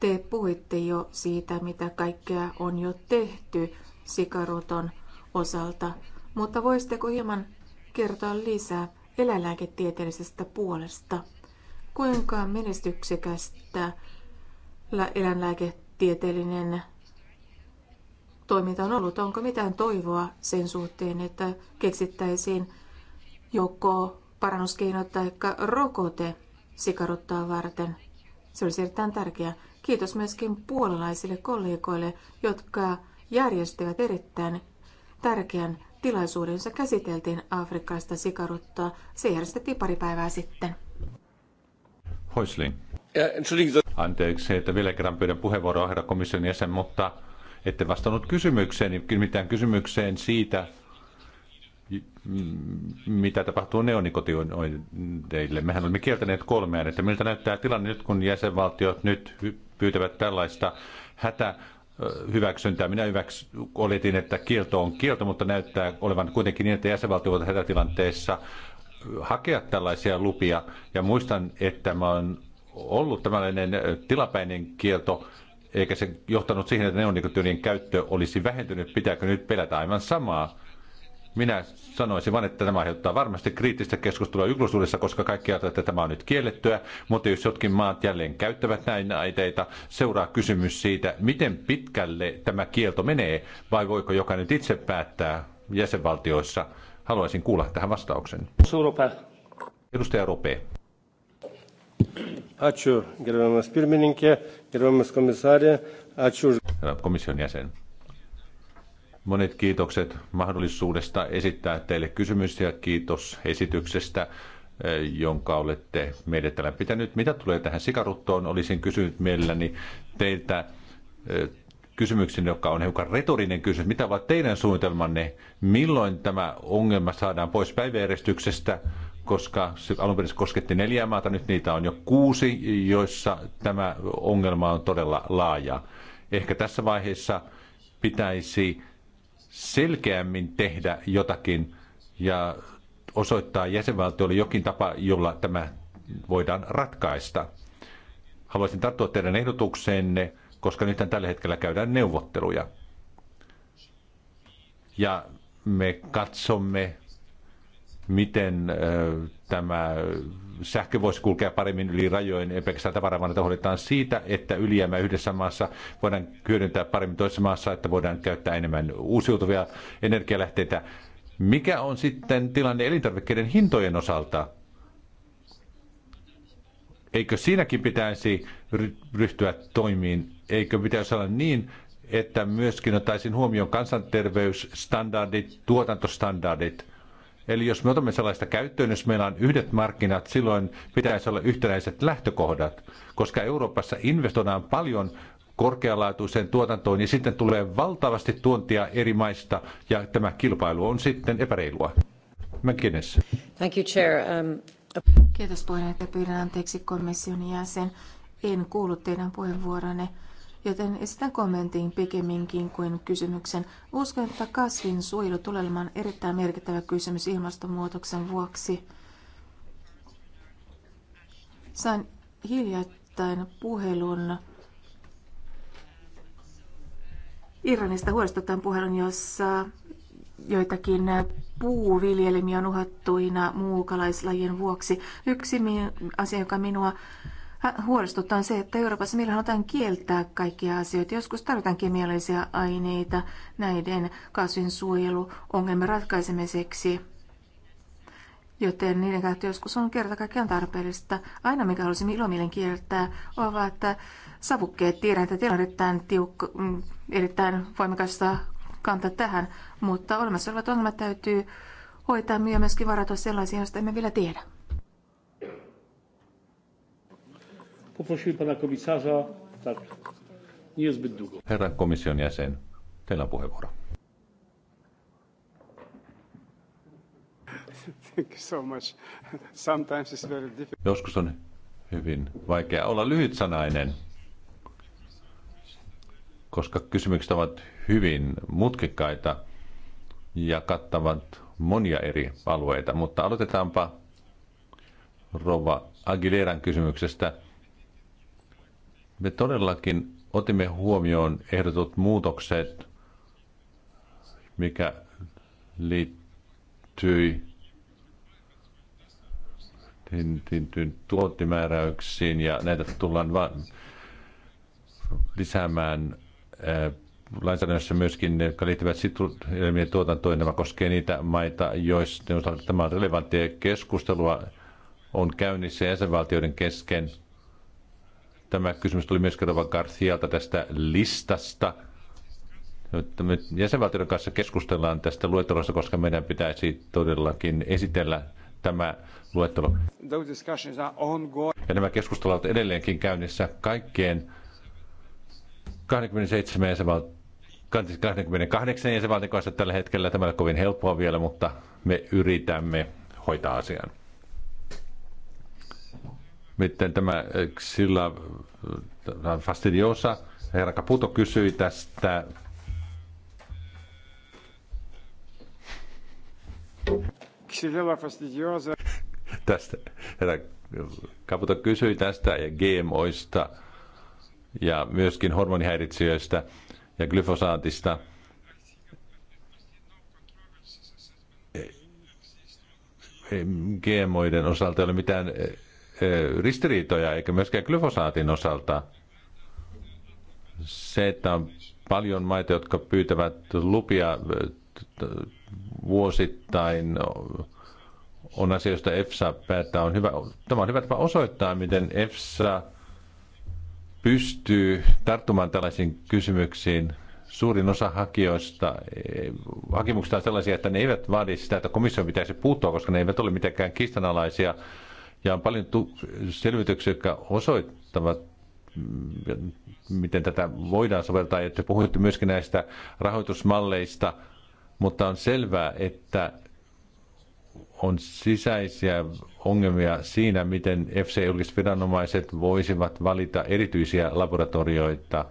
Te puhuitte jo siitä, mitä kaikkea on jo tehty sikaruton osalta. Mutta voisitteko hieman kertoa lisää eläinlääketieteellisestä puolesta? Kuinka menestyksekästä eläinlääketieteellinen toiminta on ollut? Onko mitään toivoa sen suhteen, että keksittäisiin joko parannuskeino tai rokote sikaruttaa varten? Se olisi erittäin tärkeää. Kiitos myöskin puolalaisille kollegoille, jotka järjestävät erittäin tärkeän tilaisuuden, jossa käsiteltiin Afrikkaista sikaruttoa. Se järjestettiin pari päivää sitten. Hoisling. Anteeksi, että vielä kerran pyydän puheenvuoroa, herra komission jäsen, mutta ette vastannut kysymykseen, niin mitään kysymykseen siitä, mm, mitä tapahtuu neonikotioideille. Mehän olemme kieltäneet kolmea, että miltä näyttää tilanne nyt, kun jäsenvaltiot nyt pyytävät tällaista hätä hyväksyntää. Minä hyväks, oletin, että kielto on kielto, mutta näyttää olevan kuitenkin niin, että jäsenvaltiot hätätilanteessa hakea tällaisia lupia. Ja muistan, että mä on ollut tämmöinen tilapäinen kielto, eikä se johtanut siihen, että neonikotyylien käyttö olisi vähentynyt. Pitääkö nyt pelätä aivan samaa? Minä sanoisin vain, että tämä aiheuttaa varmasti kriittistä keskustelua julkisuudessa, koska kaikki ajattelevat, että tämä on nyt kiellettyä, mutta jos jotkin maat jälleen käyttävät näin aiteita, seuraa kysymys siitä, miten pitkälle tämä kielto menee, vai voiko jokainen itse päättää jäsenvaltioissa. Haluaisin kuulla tähän vastauksen. Surupe. Edustaja Rope. Ačiū, gerbiamas pirmininkė, gerbiamas komisarė, ačiū. Komission jäsen. Monet kiitokset mahdollisuudesta esittää teille kysymyksiä. Kiitos esityksestä, eh, jonka olette meidät täällä pitänyt. Mitä tulee tähän sikaruttoon, olisin kysynyt mielelläni teiltä eh, kysymyksen, joka on hiukan retorinen kysymys. Mitä ovat teidän suunnitelmanne? Milloin tämä ongelma saadaan pois päiväjärjestyksestä? Koska se alun perin kosketti neljää maata, nyt niitä on jo kuusi, joissa tämä ongelma on todella laaja. Ehkä tässä vaiheessa pitäisi selkeämmin tehdä jotakin ja osoittaa jäsenvaltiolle jokin tapa, jolla tämä voidaan ratkaista. Haluaisin tarttua teidän ehdotukseenne, koska nyt tällä hetkellä käydään neuvotteluja. Ja me katsomme, miten tämä sähkö voisi kulkea paremmin yli rajojen, ei pelkästään tavaravannetta huolehditaan siitä, että ylijäämä yhdessä maassa voidaan hyödyntää paremmin toisessa maassa, että voidaan käyttää enemmän uusiutuvia energialähteitä. Mikä on sitten tilanne elintarvikkeiden hintojen osalta? Eikö siinäkin pitäisi ryhtyä toimiin? Eikö pitäisi olla niin, että myöskin ottaisin huomioon kansanterveysstandardit, tuotantostandardit – Eli jos me otamme sellaista käyttöön, jos meillä on yhdet markkinat, silloin pitäisi olla yhtenäiset lähtökohdat, koska Euroopassa investoidaan paljon korkealaatuiseen tuotantoon ja sitten tulee valtavasti tuontia eri maista ja tämä kilpailu on sitten epäreilua. McGuinness. Thank you, Chair. Um... Kiitos puheenjohtaja. Pyydän anteeksi komission jäsen. En kuullut teidän puheenvuoronne joten esitän kommentin pikemminkin kuin kysymyksen. Uskon, että kasvin suojelu tulee olemaan erittäin merkittävä kysymys ilmastonmuutoksen vuoksi. Sain hiljattain puhelun irranista huolestuttavan puhelun, jossa joitakin puuviljelmiä on uhattuina muukalaislajien vuoksi. Yksi asia, joka minua Huolestuttaa on se, että Euroopassa meillä halutaan kieltää kaikkia asioita. Joskus tarvitaan kemiallisia aineita näiden kasvin suojeluongelman ratkaisemiseksi, joten niiden käyttö joskus on kerta kaikkiaan tarpeellista. Aina mikä haluaisimme ilomielen kieltää ovat savukkeet. Tiedän, että teillä on erittäin, tiukka, mm, erittäin voimakasta kanta tähän, mutta olemassa olevat ongelmat täytyy hoitaa myöskin varautua sellaisia, joista emme vielä tiedä. Poprosimy pana komisarza, tak, nie jest zbyt długo. Herra komission jäsen, teillä on puheenvuoro. Thank you so much. Sometimes it's very difficult. Joskus on hyvin vaikea olla lyhytsanainen, koska kysymykset ovat hyvin mutkikkaita ja kattavat monia eri alueita. Mutta aloitetaanpa Rova Aguileran kysymyksestä – me todellakin otimme huomioon ehdotut muutokset, mikä liittyi tuottimääräyksiin ja näitä tullaan vaan lisäämään äh, lainsäädännössä myöskin, jotka liittyvät sitruelmien tuotantoon. Nämä koskee niitä maita, joissa tämä on relevanttia keskustelua on käynnissä jäsenvaltioiden kesken – Tämä kysymys tuli myös Katova Garcialta tästä listasta. me jäsenvaltioiden kanssa keskustellaan tästä luettelosta, koska meidän pitäisi todellakin esitellä tämä luettelo. Ja nämä keskustelut ovat edelleenkin käynnissä kaikkien 27 jäsenvaltioiden 28 jäsenvaltion kanssa tällä hetkellä. Tämä ei ole kovin helppoa vielä, mutta me yritämme hoitaa asian miten tämä eh, sillä eh, fastidiosa, herra Caputo kysyi tästä. Xylella fastidiosa. Tästä, herra Caputo kysyi tästä ja GMOista ja myöskin hormonihäiritsijöistä ja glyfosaatista. GMOiden osalta ei ole mitään eh, Eh, ristiriitoja, eikä myöskään glyfosaatin osalta. Se, että on paljon maita, jotka pyytävät lupia eh, vuosittain, on asia, josta EFSA päättää. On hyvä, tämä on hyvä tapa osoittaa, miten EFSA pystyy tarttumaan tällaisiin kysymyksiin. Suurin osa hakijoista, eh, hakemuksista on sellaisia, että ne eivät vaadi sitä, että komissio pitäisi puuttua, koska ne eivät ole mitenkään kiistanalaisia ja on paljon selvityksiä, jotka osoittavat, mm, miten tätä voidaan soveltaa. Ja te puhuitte myöskin näistä rahoitusmalleista, mutta on selvää, että on sisäisiä ongelmia siinä, miten FC-julkiset viranomaiset voisivat valita erityisiä laboratorioita.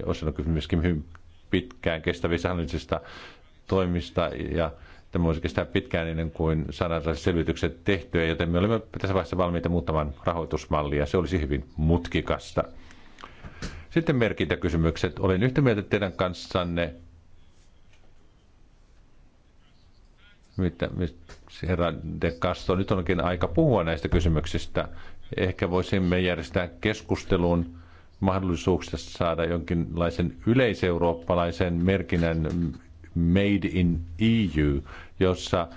Ja osin on kysymys myöskin hyvin pitkään kestävissä hallinnollisista toimista ja Tämä voisi kestää pitkään ennen kuin saadaan tällaiset selvitykset tehtyä, joten me olemme tässä vaiheessa valmiita muuttamaan rahoitusmallia. Se olisi hyvin mutkikasta. Sitten merkintäkysymykset. Olen yhtä mieltä teidän kanssanne. Mitä, herra De Castro, nyt onkin aika puhua näistä kysymyksistä. Ehkä voisimme järjestää keskustelun mahdollisuuksista saada jonkinlaisen yleiseurooppalaisen merkinnän Made in EU, jossa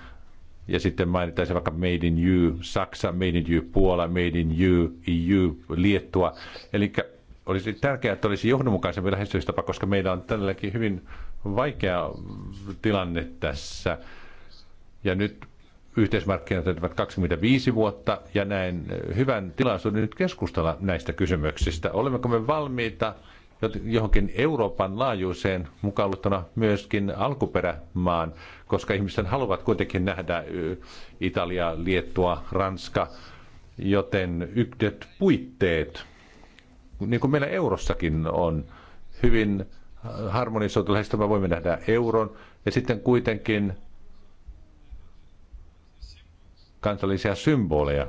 ja sitten mainittaisiin vaikka Made in EU, Saksa, Made in EU, Puola, Made in EU, EU, Liettua. Eli olisi tärkeää, että olisi johdonmukaisempi lähestymistapa, koska meillä on tälläkin hyvin vaikea tilanne tässä. Ja nyt yhteismarkkinat ovat 25 vuotta ja näin hyvän tilaisuuden nyt keskustella näistä kysymyksistä. Olemmeko me valmiita johonkin Euroopan laajuiseen mukaan myöskin alkuperämaan, koska ihmisten haluavat kuitenkin nähdä Italia, Liettua, Ranska, joten yhdet puitteet, niin kuin meillä eurossakin on, hyvin harmonisoitu me voimme nähdä euron, ja sitten kuitenkin kansallisia symboleja,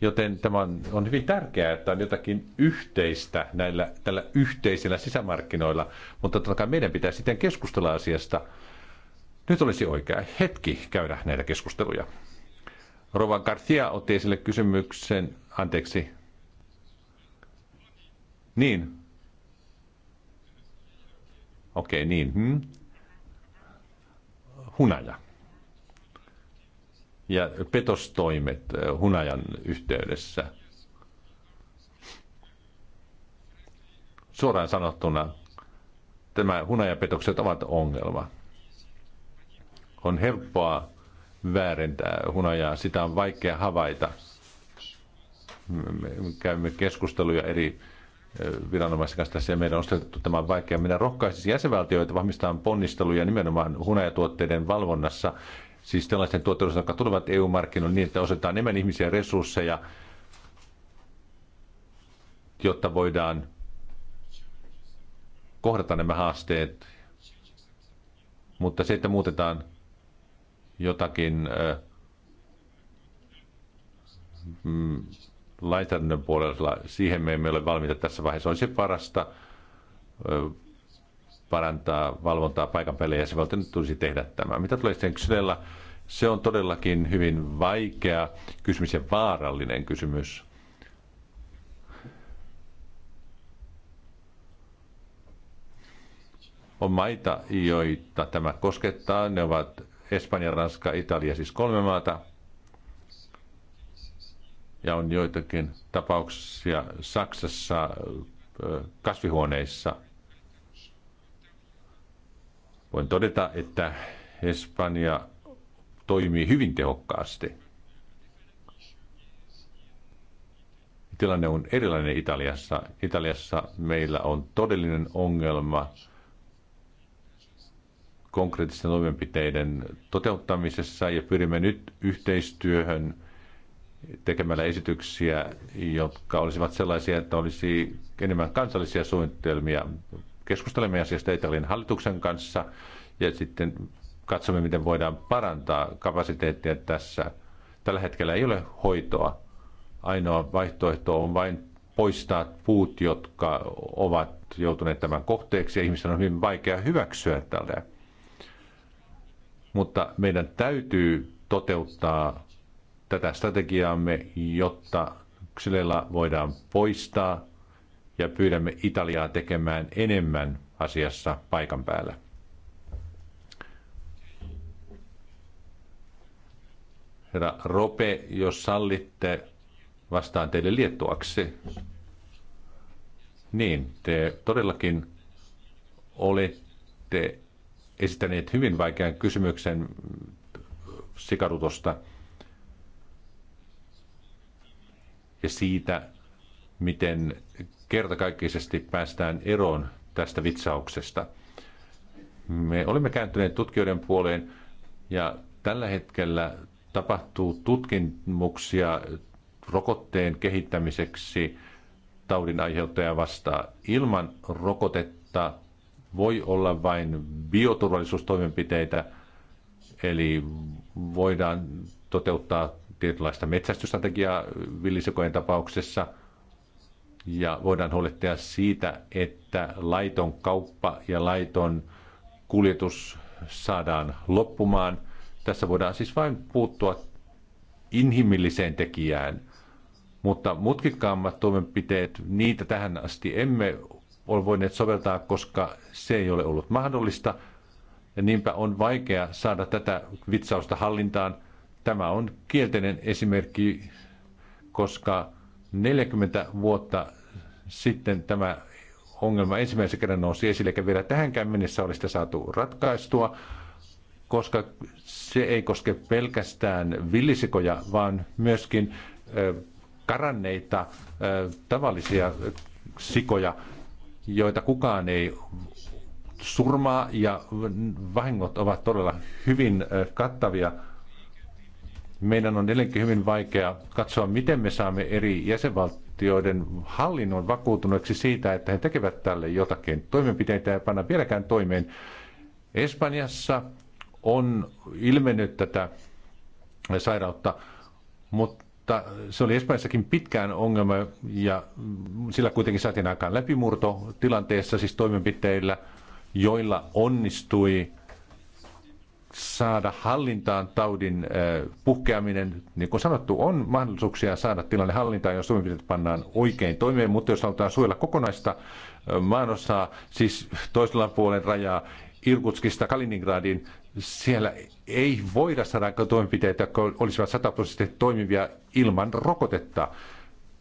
Joten tämä on, on hyvin tärkeää, että on jotakin yhteistä näillä tällä yhteisillä sisämarkkinoilla, mutta totta kai meidän pitää sitten keskustella asiasta. Nyt olisi oikea hetki käydä näitä keskusteluja. Rovan Garcia otti esille kysymyksen, anteeksi. Niin. Okei, okay, niin. Hmm. Hunaja ja petostoimet eh, hunajan yhteydessä. Suoraan sanottuna tämä hunajapetokset ovat ongelma. On helppoa väärentää hunajaa, sitä on vaikea havaita. Me käymme keskusteluja eri eh, viranomaisten kanssa tässä ja meidän on ostettu tämä vaikea. Minä rohkaisisin jäsenvaltioita vahvistamaan ponnisteluja nimenomaan hunajatuotteiden valvonnassa siis tällaisten tuotteiden, jotka tulevat EU-markkinoille niin, että osataan enemmän ihmisiä resursseja, jotta voidaan kohdata nämä haasteet. Mutta se, että muutetaan jotakin äh, mm, lainsäädännön puolella, siihen me emme ole valmiita tässä vaiheessa. Olisi parasta äh, parantaa valvontaa paikan päälle ja jäsenvaltion tulisi tehdä tämä. Mitä tulee sitten Xylella, se on todellakin hyvin vaikea kysymys ja vaarallinen kysymys. On maita, joita tämä koskettaa. Ne ovat Espanja, Ranska, Italia, siis kolme maata. Ja on joitakin tapauksia Saksassa kasvihuoneissa – Voin todeta, että Espanja toimii hyvin tehokkaasti. Tilanne on erilainen Italiassa. Italiassa meillä on todellinen ongelma konkreettisten toimenpiteiden toteuttamisessa ja pyrimme nyt yhteistyöhön tekemällä esityksiä, jotka olisivat sellaisia, että olisi enemmän kansallisia suunnitelmia keskustelemme asiasta Italian hallituksen kanssa ja sitten katsomme, miten voidaan parantaa kapasiteettia tässä. Tällä hetkellä ei ole hoitoa. Ainoa vaihtoehto on vain poistaa puut, jotka ovat joutuneet tämän kohteeksi. Ja ihmisten on hyvin vaikea hyväksyä tällä. Mutta meidän täytyy toteuttaa tätä strategiaamme, jotta yksilöillä voidaan poistaa ja pyydämme Italiaa tekemään enemmän asiassa paikan päällä. Herra Rope, jos sallitte, vastaan teille liettuaksi. Niin, te todellakin olette esittäneet hyvin vaikean kysymyksen sikarutosta ja siitä, miten kertakaikkisesti päästään eroon tästä vitsauksesta. Me olemme kääntyneet tutkijoiden puoleen ja tällä hetkellä tapahtuu tutkimuksia rokotteen kehittämiseksi taudin aiheuttaja vastaan. Ilman rokotetta voi olla vain bioturvallisuustoimenpiteitä, eli voidaan toteuttaa tietynlaista metsästysstrategiaa villisekojen tapauksessa – ja voidaan huolehtia siitä, että laiton kauppa ja laiton kuljetus saadaan loppumaan. Tässä voidaan siis vain puuttua inhimilliseen tekijään, mutta mutkikkaammat toimenpiteet, niitä tähän asti emme ole voineet soveltaa, koska se ei ole ollut mahdollista. Ja niinpä on vaikea saada tätä vitsausta hallintaan. Tämä on kielteinen esimerkki, koska 40 vuotta sitten tämä ongelma ensimmäisen kerran nousi esille, eikä vielä tähänkään mennessä olisi sitä saatu ratkaistua, koska se ei koske pelkästään villisikoja, vaan myöskin karanneita tavallisia sikoja, joita kukaan ei surmaa ja vahingot ovat todella hyvin kattavia. Meidän on edelleenkin hyvin vaikea katsoa, miten me saamme eri jäsenvaltioita jäsenvaltioiden hallinnon vakuutuneeksi siitä, että he tekevät tälle jotakin toimenpiteitä ja panna vieläkään toimeen. Espanjassa on ilmennyt tätä sairautta, mutta se oli Espanjassakin pitkään ongelma ja sillä kuitenkin saatiin aikaan läpimurto tilanteessa, siis toimenpiteillä, joilla onnistui saada hallintaan taudin äh, puhkeaminen. Niin kuin sanottu, on mahdollisuuksia saada tilanne hallintaan, jos toimenpiteet pannaan oikein toimeen, mutta jos halutaan suojella kokonaista äh, maanosaa, siis toisella puolen rajaa Irkutskista Kaliningradiin, siellä ei voida saada toimenpiteitä, jotka olisivat sataprosenttisesti toimivia ilman rokotetta.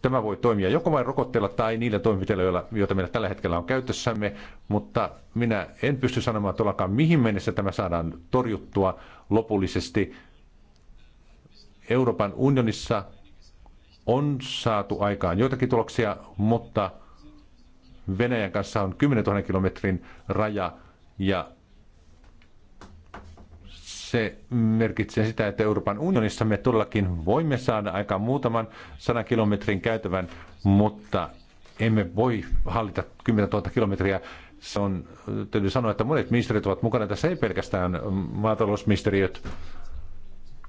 Tämä voi toimia joko vain rokotteilla tai niillä toimenpiteillä, joita meillä tällä hetkellä on käytössämme, mutta minä en pysty sanomaan todellakaan, mihin mennessä tämä saadaan torjuttua lopullisesti. Euroopan unionissa on saatu aikaan joitakin tuloksia, mutta Venäjän kanssa on 10 000 kilometrin raja ja se merkitsee sitä, että Euroopan unionissa me todellakin voimme saada aika muutaman sadan kilometrin käytävän, mutta emme voi hallita 10 000 kilometriä. Se on, täytyy sanoa, että monet ministerit ovat mukana tässä, ei pelkästään maatalousministeriöt.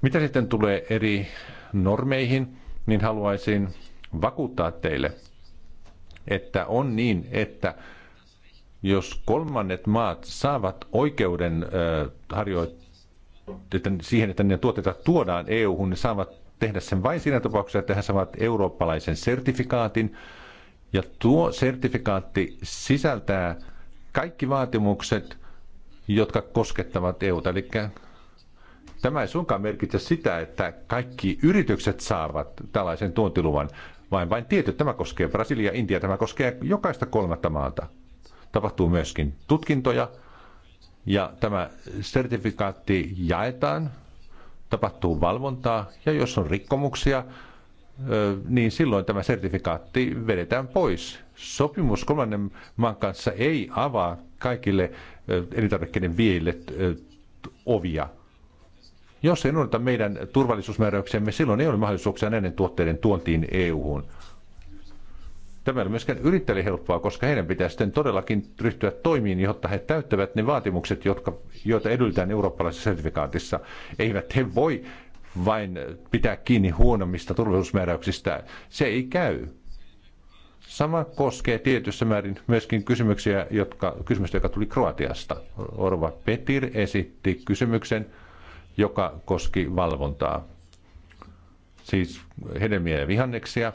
Mitä sitten tulee eri normeihin, niin haluaisin vakuuttaa teille, että on niin, että jos kolmannet maat saavat oikeuden harjoittaa että siihen, että ne tuotteita tuodaan EU-hun, ne saavat tehdä sen vain siinä tapauksessa, että he saavat eurooppalaisen sertifikaatin. Ja tuo sertifikaatti sisältää kaikki vaatimukset, jotka koskettavat EUta. Eli tämä ei suinkaan merkitse sitä, että kaikki yritykset saavat tällaisen tuontiluvan, vaan vain tietyt. Tämä koskee Brasilia, Intia, tämä koskee jokaista kolmatta maata. Tapahtuu myöskin tutkintoja, ja tämä sertifikaatti jaetaan, tapahtuu valvontaa ja jos on rikkomuksia, niin silloin tämä sertifikaatti vedetään pois. Sopimus kolmannen maan kanssa ei avaa kaikille elintarvikkeiden viejille ovia. Jos ei noudata meidän turvallisuusmääräyksiämme, silloin ei ole mahdollisuuksia näiden tuotteiden tuontiin EU-hun. Tämä ei ole myöskään yrittäjille helppoa, koska heidän pitää sitten todellakin ryhtyä toimiin, jotta he täyttävät ne vaatimukset, jotka, joita edellytään eurooppalaisessa sertifikaatissa. Eivät he voi vain pitää kiinni huonommista turvallisuusmääräyksistä. Se ei käy. Sama koskee tietyssä määrin myöskin kysymyksiä, jotka, kysymystä, joka tuli Kroatiasta. Orva Petir esitti kysymyksen, joka koski valvontaa. Siis hedelmiä ja vihanneksia.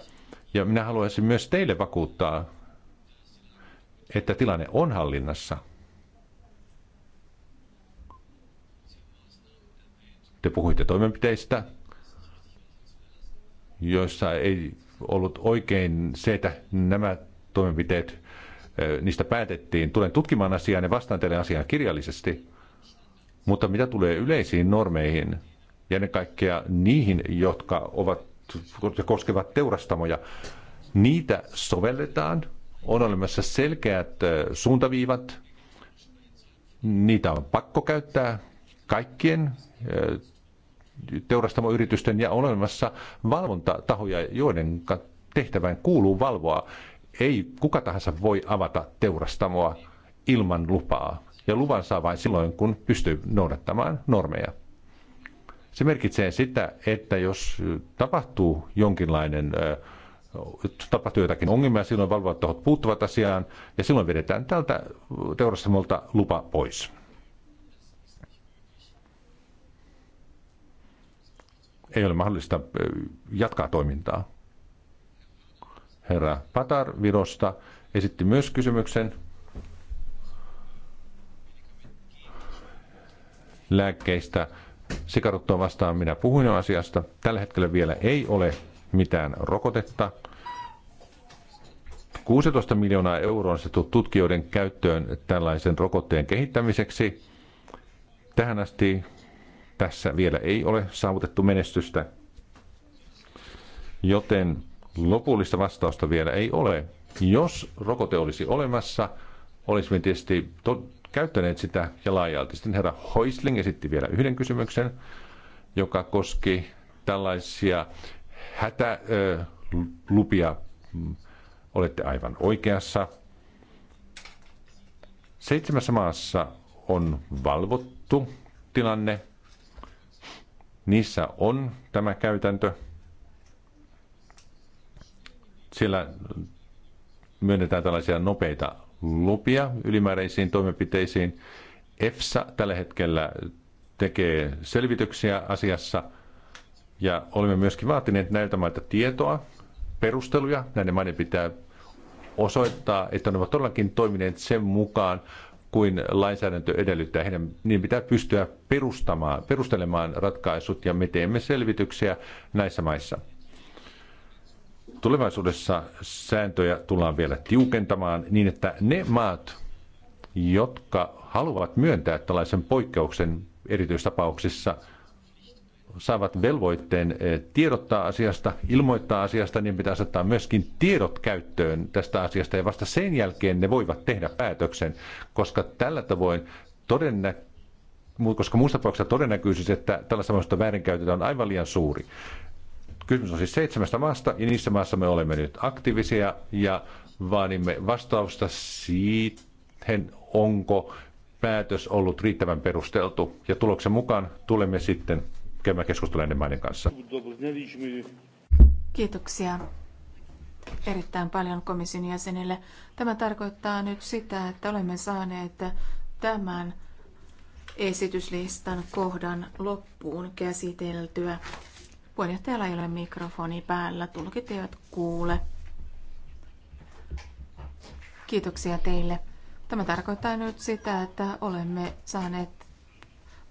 Ja minä haluaisin myös teille vakuuttaa, että tilanne on hallinnassa. Te puhuitte toimenpiteistä, joissa ei ollut oikein se, että nämä toimenpiteet, eh, niistä päätettiin. Tulen tutkimaan asiaa ja vastaan teille asiaa kirjallisesti. Mutta mitä tulee yleisiin normeihin ja ennen kaikkea niihin, jotka ovat koskevat teurastamoja, niitä sovelletaan. On olemassa selkeät suuntaviivat. Niitä on pakko käyttää kaikkien teurastamoyritysten ja on olemassa valvontatahoja, joiden tehtävään kuuluu valvoa. Ei kuka tahansa voi avata teurastamoa ilman lupaa. Ja luvan saa vain silloin, kun pystyy noudattamaan normeja. Se merkitsee sitä, että jos tapahtuu jonkinlainen tapahtuu jotakin ongelmia, silloin valvovat tahot puuttuvat asiaan ja silloin vedetään tältä teurastamolta lupa pois. Ei ole mahdollista jatkaa toimintaa. Herra Patar Virosta esitti myös kysymyksen lääkkeistä sikaruttoa vastaan minä puhuin asiasta. Tällä hetkellä vielä ei ole mitään rokotetta. 16 miljoonaa euroa on asetettu tutkijoiden käyttöön tällaisen rokotteen kehittämiseksi. Tähän asti tässä vielä ei ole saavutettu menestystä, joten lopullista vastausta vielä ei ole. Jos rokote olisi olemassa, olisimme tietysti käyttäneet sitä ja laajalti. Sitten herra Hoisling esitti vielä yhden kysymyksen, joka koski tällaisia hätälupia. Olette aivan oikeassa. Seitsemässä maassa on valvottu tilanne. Niissä on tämä käytäntö. Siellä myönnetään tällaisia nopeita lupia ylimääräisiin toimenpiteisiin. EFSA tällä hetkellä tekee selvityksiä asiassa ja olemme myöskin vaatineet näiltä mailta tietoa, perusteluja. Näiden maiden pitää osoittaa, että ne ovat todellakin toimineet sen mukaan, kuin lainsäädäntö edellyttää. Heidän niin pitää pystyä perustamaan, perustelemaan ratkaisut ja me teemme selvityksiä näissä maissa. Tulevaisuudessa sääntöjä tullaan vielä tiukentamaan niin, että ne maat, jotka haluavat myöntää tällaisen poikkeuksen erityistapauksissa, saavat velvoitteen eh, tiedottaa asiasta, ilmoittaa asiasta, niin pitää asettaa myöskin tiedot käyttöön tästä asiasta ja vasta sen jälkeen ne voivat tehdä päätöksen, koska tällä tavoin todennä, koska muussa tapauksessa todennäköisyys, että tällaista väärinkäytöstä on aivan liian suuri. Kysymys on siis seitsemästä maasta ja niissä maassa me olemme nyt aktiivisia ja vaadimme vastausta siihen, onko päätös ollut riittävän perusteltu. Ja tuloksen mukaan tulemme sitten käymään keskustelua maiden kanssa. Kiitoksia erittäin paljon komission jäsenille. Tämä tarkoittaa nyt sitä, että olemme saaneet tämän esityslistan kohdan loppuun käsiteltyä. Puheenjohtajalla ei ole mikrofoni päällä, tulkit eivät kuule. Kiitoksia teille. Tämä tarkoittaa nyt sitä, että olemme saaneet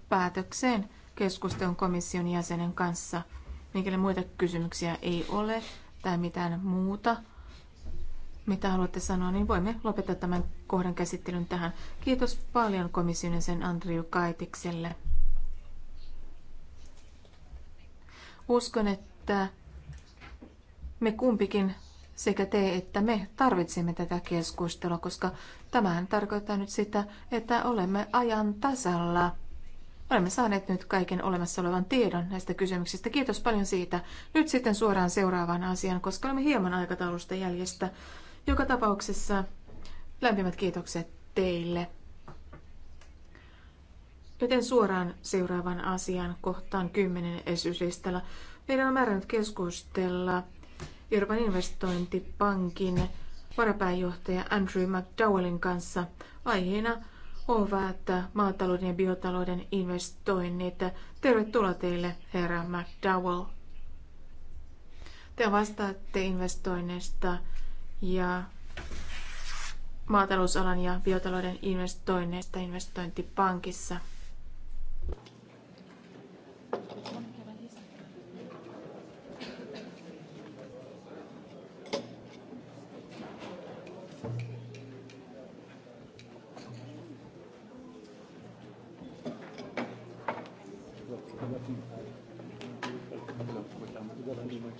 päätökseen keskustelun komission jäsenen kanssa. Mikäli muita kysymyksiä ei ole tai mitään muuta, mitä haluatte sanoa, niin voimme lopettaa tämän kohdan käsittelyn tähän. Kiitos paljon komission jäsen Andriu Kaitikselle. Uskon, että me kumpikin sekä te että me tarvitsemme tätä keskustelua, koska tämähän tarkoittaa nyt sitä, että olemme ajan tasalla. Olemme saaneet nyt kaiken olemassa olevan tiedon näistä kysymyksistä. Kiitos paljon siitä. Nyt sitten suoraan seuraavaan asiaan, koska olemme hieman aikataulusta jäljestä. Joka tapauksessa lämpimät kiitokset teille. Joten suoraan seuraavan asian kohtaan 10 esityslistalla. Meidän on määrännyt keskustella Euroopan investointipankin varapääjohtaja Andrew McDowellin kanssa. Aiheena että maatalouden ja biotalouden investoinnit. Tervetuloa teille, herra McDowell. Te vastaatte investoinneista ja maatalousalan ja biotalouden investoinneista investointipankissa –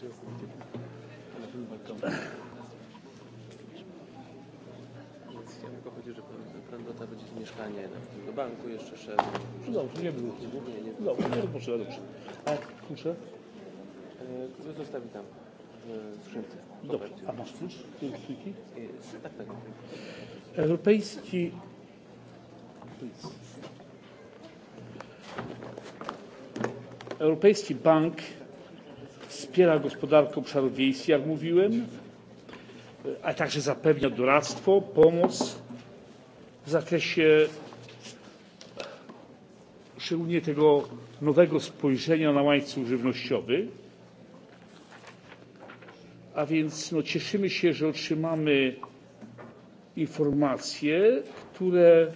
tylko do banku jeszcze szedł. No dobrze, nie było. Nie, nie. Dobrze, nie potrzeba, dobrze. A klucze? E, zostawi tam w skrzynce. Dobrze. A masz klucz? Kluczyki? E, tak, tak. Europejski... Europejski Bank wspiera gospodarkę obszarów wiejskich jak mówiłem a także zapewnia doradztwo pomoc w zakresie szczególnie tego nowego spojrzenia na łańcuch żywnościowy a więc no cieszymy się że otrzymamy informacje które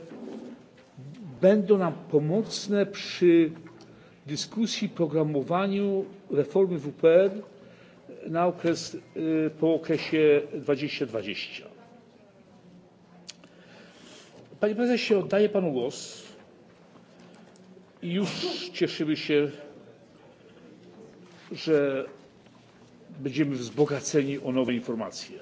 będą nam pomocne przy dyskusji programowaniu reformy WPR na okres, po okresie 2020. Panie prezesie, oddaję panu głos. I już cieszymy się, że będziemy wzbogaceni o nowe informacje.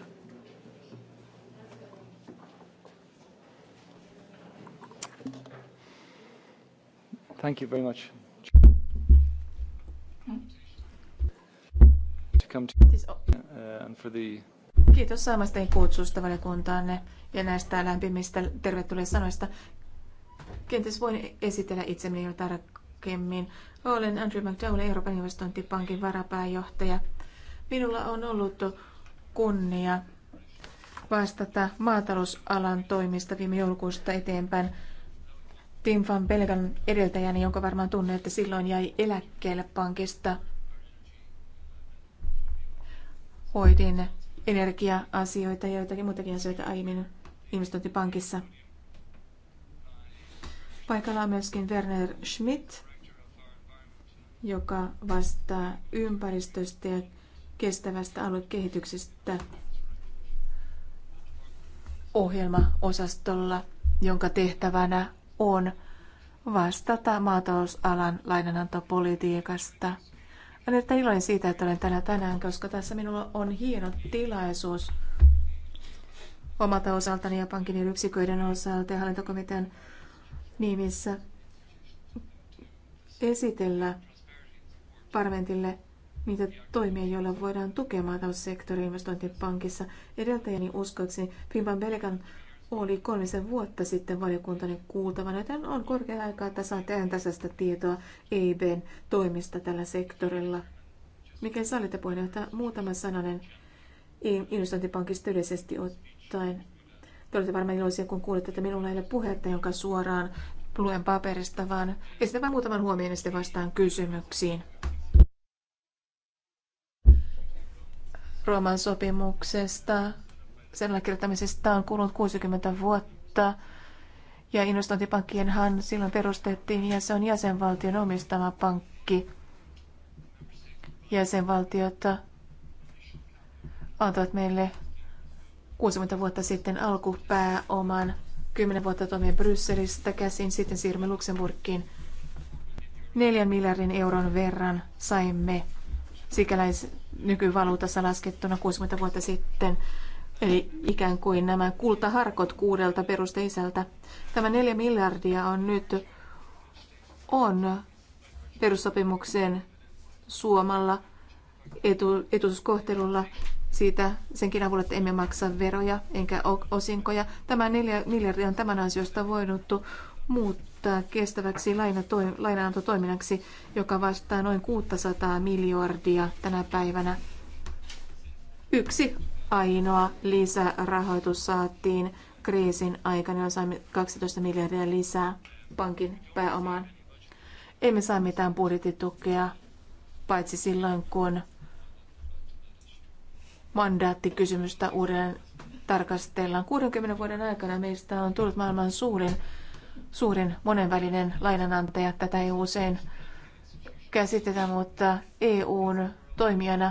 Thank you very much. come to... Siis uh, and for the... Kiitos saamastani kutsusta valiokuntaanne ja näistä lämpimistä tervetulleista sanoista. Kenties voin esitellä itseni jo tarkemmin. Olen Andrew McDowell, Euroopan investointipankin varapääjohtaja. Minulla on ollut kunnia vastata maatalousalan toimista viime joulukuusta eteenpäin. Tim van Belgan edeltäjäni, jonka varmaan tunnette, silloin jäi eläkkeelle pankista – hoidin energia-asioita ja joitakin muitakin asioita aiemmin investointipankissa. Paikalla on myöskin Werner Schmidt, joka vastaa ympäristöstä ja kestävästä aluekehityksestä ohjelmaosastolla, jonka tehtävänä on vastata maatalousalan lainanantopolitiikasta – olen erittäin iloinen siitä, että olen täällä tänään, koska tässä minulla on hieno tilaisuus omalta osaltani ja pankin yksiköiden osalta ja hallintokomitean nimissä esitellä parlamentille niitä toimia, joilla voidaan tukea maataloussektorin investointipankissa. Edeltäjäni uskoakseni Finban Belgan oli kolmisen vuotta sitten valiokuntani kuultavana, joten on korkea aika, että saa tehdä tasaista tietoa EIBn toimista tällä sektorilla. Mikä sallitte puheenjohtaja, muutama sananen investointipankista yleisesti ottaen. Te olette varmaan iloisia, kun kuulette, että minulla ei ole puhetta, jonka suoraan luen paperista, vaan esitän vain muutaman huomioon ja sitten vastaan kysymyksiin. Rooman sopimuksesta sen allekirjoittamisesta on kulunut 60 vuotta ja investointipankkienhan silloin perustettiin ja se on jäsenvaltion omistama pankki. Jäsenvaltiot antoivat meille 60 vuotta sitten alkupääoman. 10 vuotta toimii Brysselistä käsin, sitten siirrymme Luxemburgiin. 4 miljardin euron verran saimme sikäläis nykyvaluutassa laskettuna 60 vuotta sitten Eli ikään kuin nämä kultaharkot kuudelta perusteiseltä. Tämä neljä miljardia on nyt on perussopimuksen suomalla etu, etuskohtelulla siitä senkin avulla, että emme maksa veroja enkä osinkoja. Tämä neljä miljardia on tämän ansiosta voinut muuttaa kestäväksi lainanantotoiminnaksi, joka vastaa noin 600 miljardia tänä päivänä. Yksi ainoa lisärahoitus saatiin kriisin aikana, jolloin saimme 12 miljardia lisää pankin pääomaan. Emme saa mitään budjettitukea, paitsi silloin, kun mandaattikysymystä uudelleen tarkastellaan. 60 vuoden aikana meistä on tullut maailman suurin, suurin monenvälinen lainanantaja. Tätä ei usein käsitetä, mutta EUn toimijana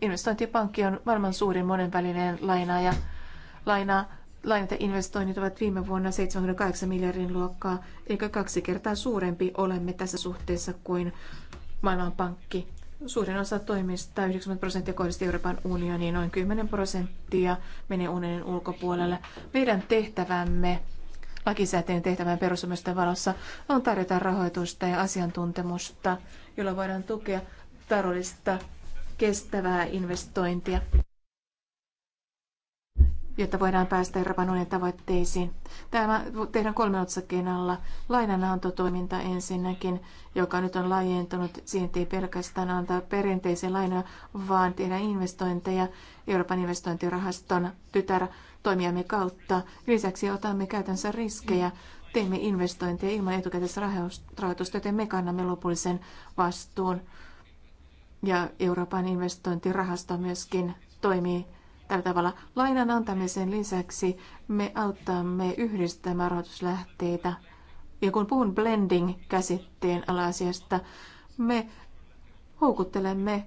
Investointipankki on maailman suurin monenvälinen ja Laina, lainat ja investoinnit ovat viime vuonna 78 miljardin luokkaa, eikä kaksi kertaa suurempi olemme tässä suhteessa kuin Maailmanpankki. Suurin osa toimista, 90 prosenttia kohdistuu Euroopan unioniin, noin 10 prosenttia menee unionin ulkopuolelle. Meidän tehtävämme lakisääteinen tehtävän perussopimusten valossa on tarjota rahoitusta ja asiantuntemusta, jolla voidaan tukea taloudellista kestävää investointia, jotta voidaan päästä Euroopan unionin tavoitteisiin. Tämä tehdään kolmen otsakkeen alla. Lainanantotoiminta ensinnäkin, joka nyt on laajentunut. Siihen ei pelkästään antaa perinteisiä lainoja, vaan tehdään investointeja Euroopan investointirahaston tytärtoimijamme kautta. Lisäksi otamme käytännössä riskejä teemme investointeja ilman etukäteisrahoitusta, joten me kannamme lopullisen vastuun ja Euroopan investointirahasto myöskin toimii tällä tavalla. Lainan antamisen lisäksi me auttamme yhdistämään rahoituslähteitä. Ja kun puhun blending-käsitteen alasiasta, me houkuttelemme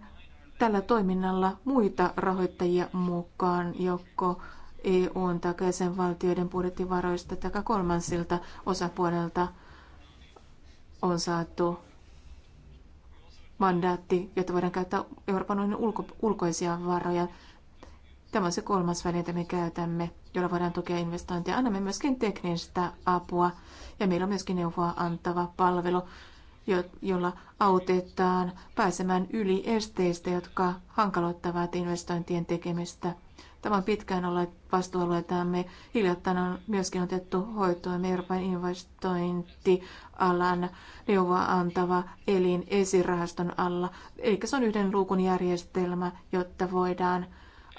tällä toiminnalla muita rahoittajia mukaan, joko EUn tai valtioiden budjettivaroista tai kolmansilta osapuolelta on saatu mandaatti, jotta voidaan käyttää Euroopan unionin ulko- ulkoisia varoja. Tämä on se kolmas väline, jota me käytämme, jolla voidaan tukea investointeja. Annamme myöskin teknistä apua ja meillä on myöskin neuvoa antava palvelu, jo- jolla autetaan pääsemään yli esteistä, jotka hankaloittavat investointien tekemistä – Tämä on pitkään ollut vastuualueitamme. Hiljattain on myöskin otettu hoitoon Euroopan investointialan neuvoa antava elin esirahaston alla. Eli se on yhden luukun järjestelmä, jotta voidaan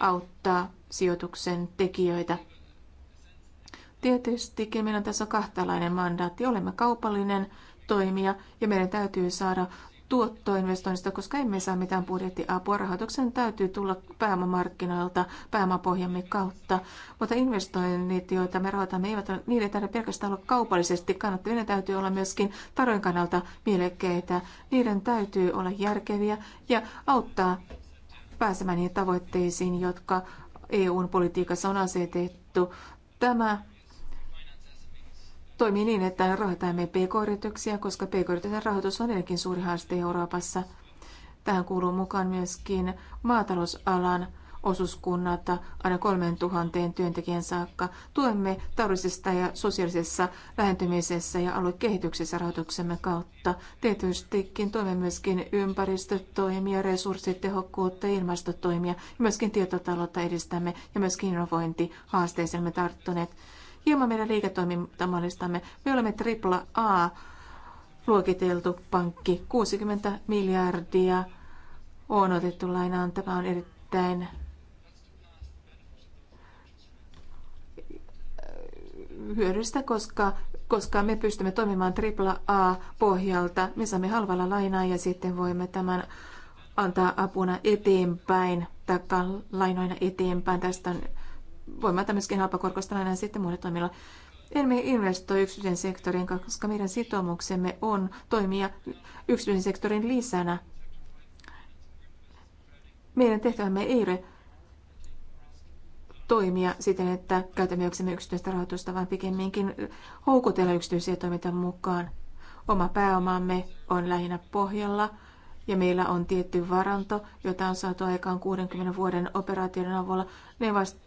auttaa sijoituksen tekijöitä. Tietystikin meillä on tässä kahtalainen mandaatti. Olemme kaupallinen toimija ja meidän täytyy saada tuottoinvestoinnista, koska emme saa mitään budjettiapua. Rahoituksen täytyy tulla pääomamarkkinoilta, pääomapohjamme kautta. Mutta investoinnit, joita me rahoitamme, eivät ole, niiden täytyy pelkästään olla kaupallisesti kannattavia. Ne täytyy olla myöskin tarojen kannalta mielekkäitä. Niiden täytyy olla järkeviä ja auttaa pääsemään niihin tavoitteisiin, jotka EUn politiikassa on asetettu. Tämä toimii niin, että rahoitetaan me pk-yrityksiä, koska pk-yritysten rahoitus on edelleenkin suuri haaste Euroopassa. Tähän kuuluu mukaan myöskin maatalousalan osuuskunnat aina 3000 työntekijän saakka. Tuemme taloudellisessa ja sosiaalisessa lähentymisessä ja aluekehityksessä rahoituksemme kautta. Tietystikin tuemme myöskin ympäristötoimia, resurssitehokkuutta, ilmastotoimia, myöskin tietotaloutta edistämme ja myöskin innovointihaasteeseen me tarttuneet. Ilman meidän liiketoimintamallistamme me olemme tripla A luokiteltu pankki. 60 miljardia on otettu lainaan. Tämä on erittäin äh, hyödyllistä, koska, koska me pystymme toimimaan AAA-pohjalta. Me saamme halvalla lainaa ja sitten voimme tämän antaa apuna eteenpäin tai lainoina eteenpäin. Tästä on voin mä myöskin halpakorkoista näin sitten muille toimilla. Emme investoi yksityisen sektorin, koska meidän sitoumuksemme on toimia yksityisen sektorin lisänä. Meidän tehtävämme ei ole toimia siten, että käytämme yksemme yksityistä rahoitusta, vaan pikemminkin houkutella yksityisiä toimintaan mukaan. Oma pääomamme on lähinnä pohjalla – ja meillä on tietty varanto, jota on saatu aikaan 60 vuoden operaatioiden avulla. Ne vasta,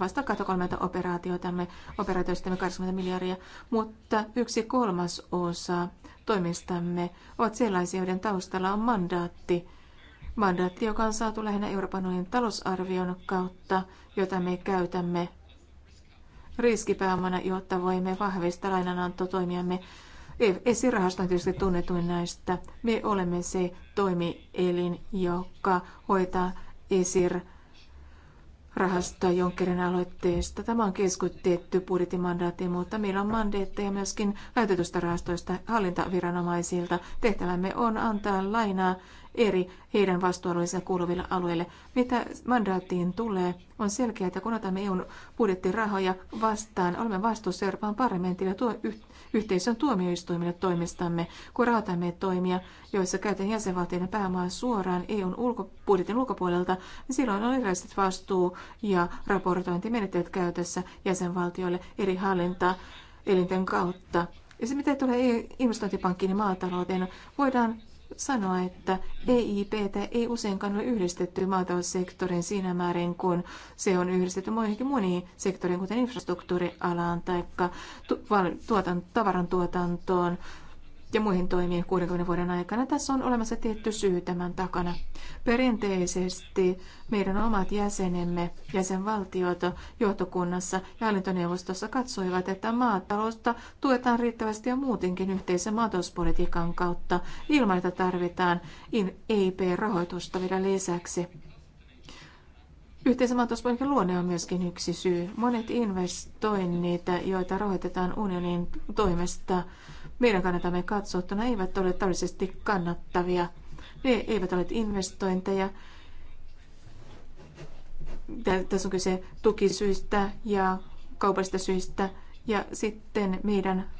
vasta 23 operaatioitamme, operaatioistamme 80 miljardia, mutta yksi kolmas osa toimistamme ovat sellaisia, joiden taustalla on mandaatti. Mandaatti, joka on saatu lähinnä Euroopan unionin talousarvion kautta, jota me käytämme riskipääomana, jotta voimme vahvistaa lainanantotoimiamme E, ESI-rahasto on tietysti tunnetuin näistä. Me olemme se toimielin, joka hoitaa ESIR rahasta Junckerin aloitteesta. Tämä on keskutettu budjettimandaatti, mutta meillä on mandeetteja myöskin käytetystä rahastoista hallintaviranomaisilta. Tehtävämme on antaa lainaa eri heidän vastuualueensa kuuluville alueille. Mitä mandaattiin tulee, on selkeää, että kun otamme EUn budjettirahoja vastaan, olemme vastuussa Euroopan parlamentille ja tuo yh- yhteisön tuomioistuimille toimistamme, kun rahoitamme toimia, joissa käytetään jäsenvaltioiden pääomaa suoraan EUn ulko- budjetin ulkopuolelta, niin silloin on erilaiset vastuu- ja raportointimenettelyt käytössä jäsenvaltioille eri hallinta elinten kautta. Ja se, mitä tulee e-, investointipankkiin ja maatalouteen, voidaan sanoa, että EIPtä ei useinkaan ole yhdistetty maataloussektorin siinä määrin, kun se on yhdistetty muihinkin moniin sektoriin, kuten infrastruktuurialaan tai tavarantuotantoon, ja muihin toimiin 60 vuoden aikana. Tässä on olemassa tietty syy tämän takana. Perinteisesti meidän omat jäsenemme, jäsenvaltiot johtokunnassa ja hallintoneuvostossa katsoivat, että maataloutta tuetaan riittävästi ja muutenkin yhteisen maatalouspolitiikan kautta ilman, että tarvitaan EIP-rahoitusta vielä lisäksi. Yhteisen maatalouspolitiikan luonne on myöskin yksi syy. Monet investoinnit, joita rahoitetaan unionin toimesta, meidän kannatamme katsottuna eivät ole taloudellisesti kannattavia. Ne eivät ole investointeja. Tässä on kyse tukisyistä ja kaupallisista syistä. Ja sitten meidän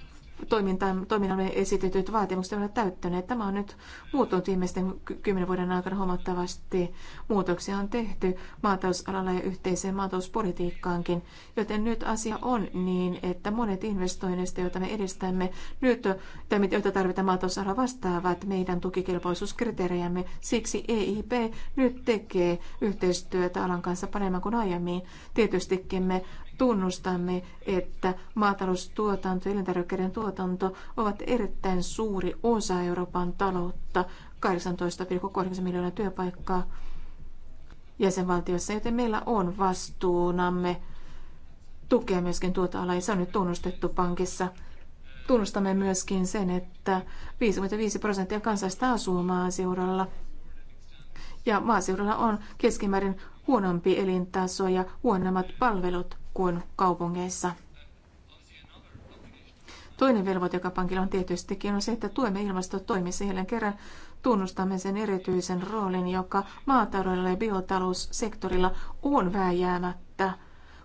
toiminnalle esitetyt vaatimukset ovat täyttäneet. Tämä on nyt muuttunut viimeisten kymmenen vuoden aikana huomattavasti. Muutoksia on tehty maatalousalalla ja yhteiseen maatalouspolitiikkaankin, joten nyt asia on niin, että monet investoinneista, joita me edistämme nyt, tai joita tarvitaan maatalousalalla vastaavat meidän tukikelpoisuuskriteerejämme. Siksi EIP nyt tekee yhteistyötä alan kanssa paremmin kuin aiemmin. Tietystikin me tunnustamme, että maataloustuotanto ja elintarvikkeiden tuotanto ovat erittäin suuri osa Euroopan taloutta, 18,3 miljoonaa työpaikkaa jäsenvaltiossa, joten meillä on vastuunamme tukea myöskin tuota alaa, ja se on nyt tunnustettu pankissa. Tunnustamme myöskin sen, että 55 prosenttia kansaista asuu maaseudulla, ja maaseudulla on keskimäärin huonompi elintaso ja huonommat palvelut kuin kaupungeissa. Toinen velvoite, joka pankilla on tietystikin, on se, että tuemme ilmastotoimissa jälleen kerran tunnustamme sen erityisen roolin, joka maataloudella ja biotaloussektorilla on vääjäämättä,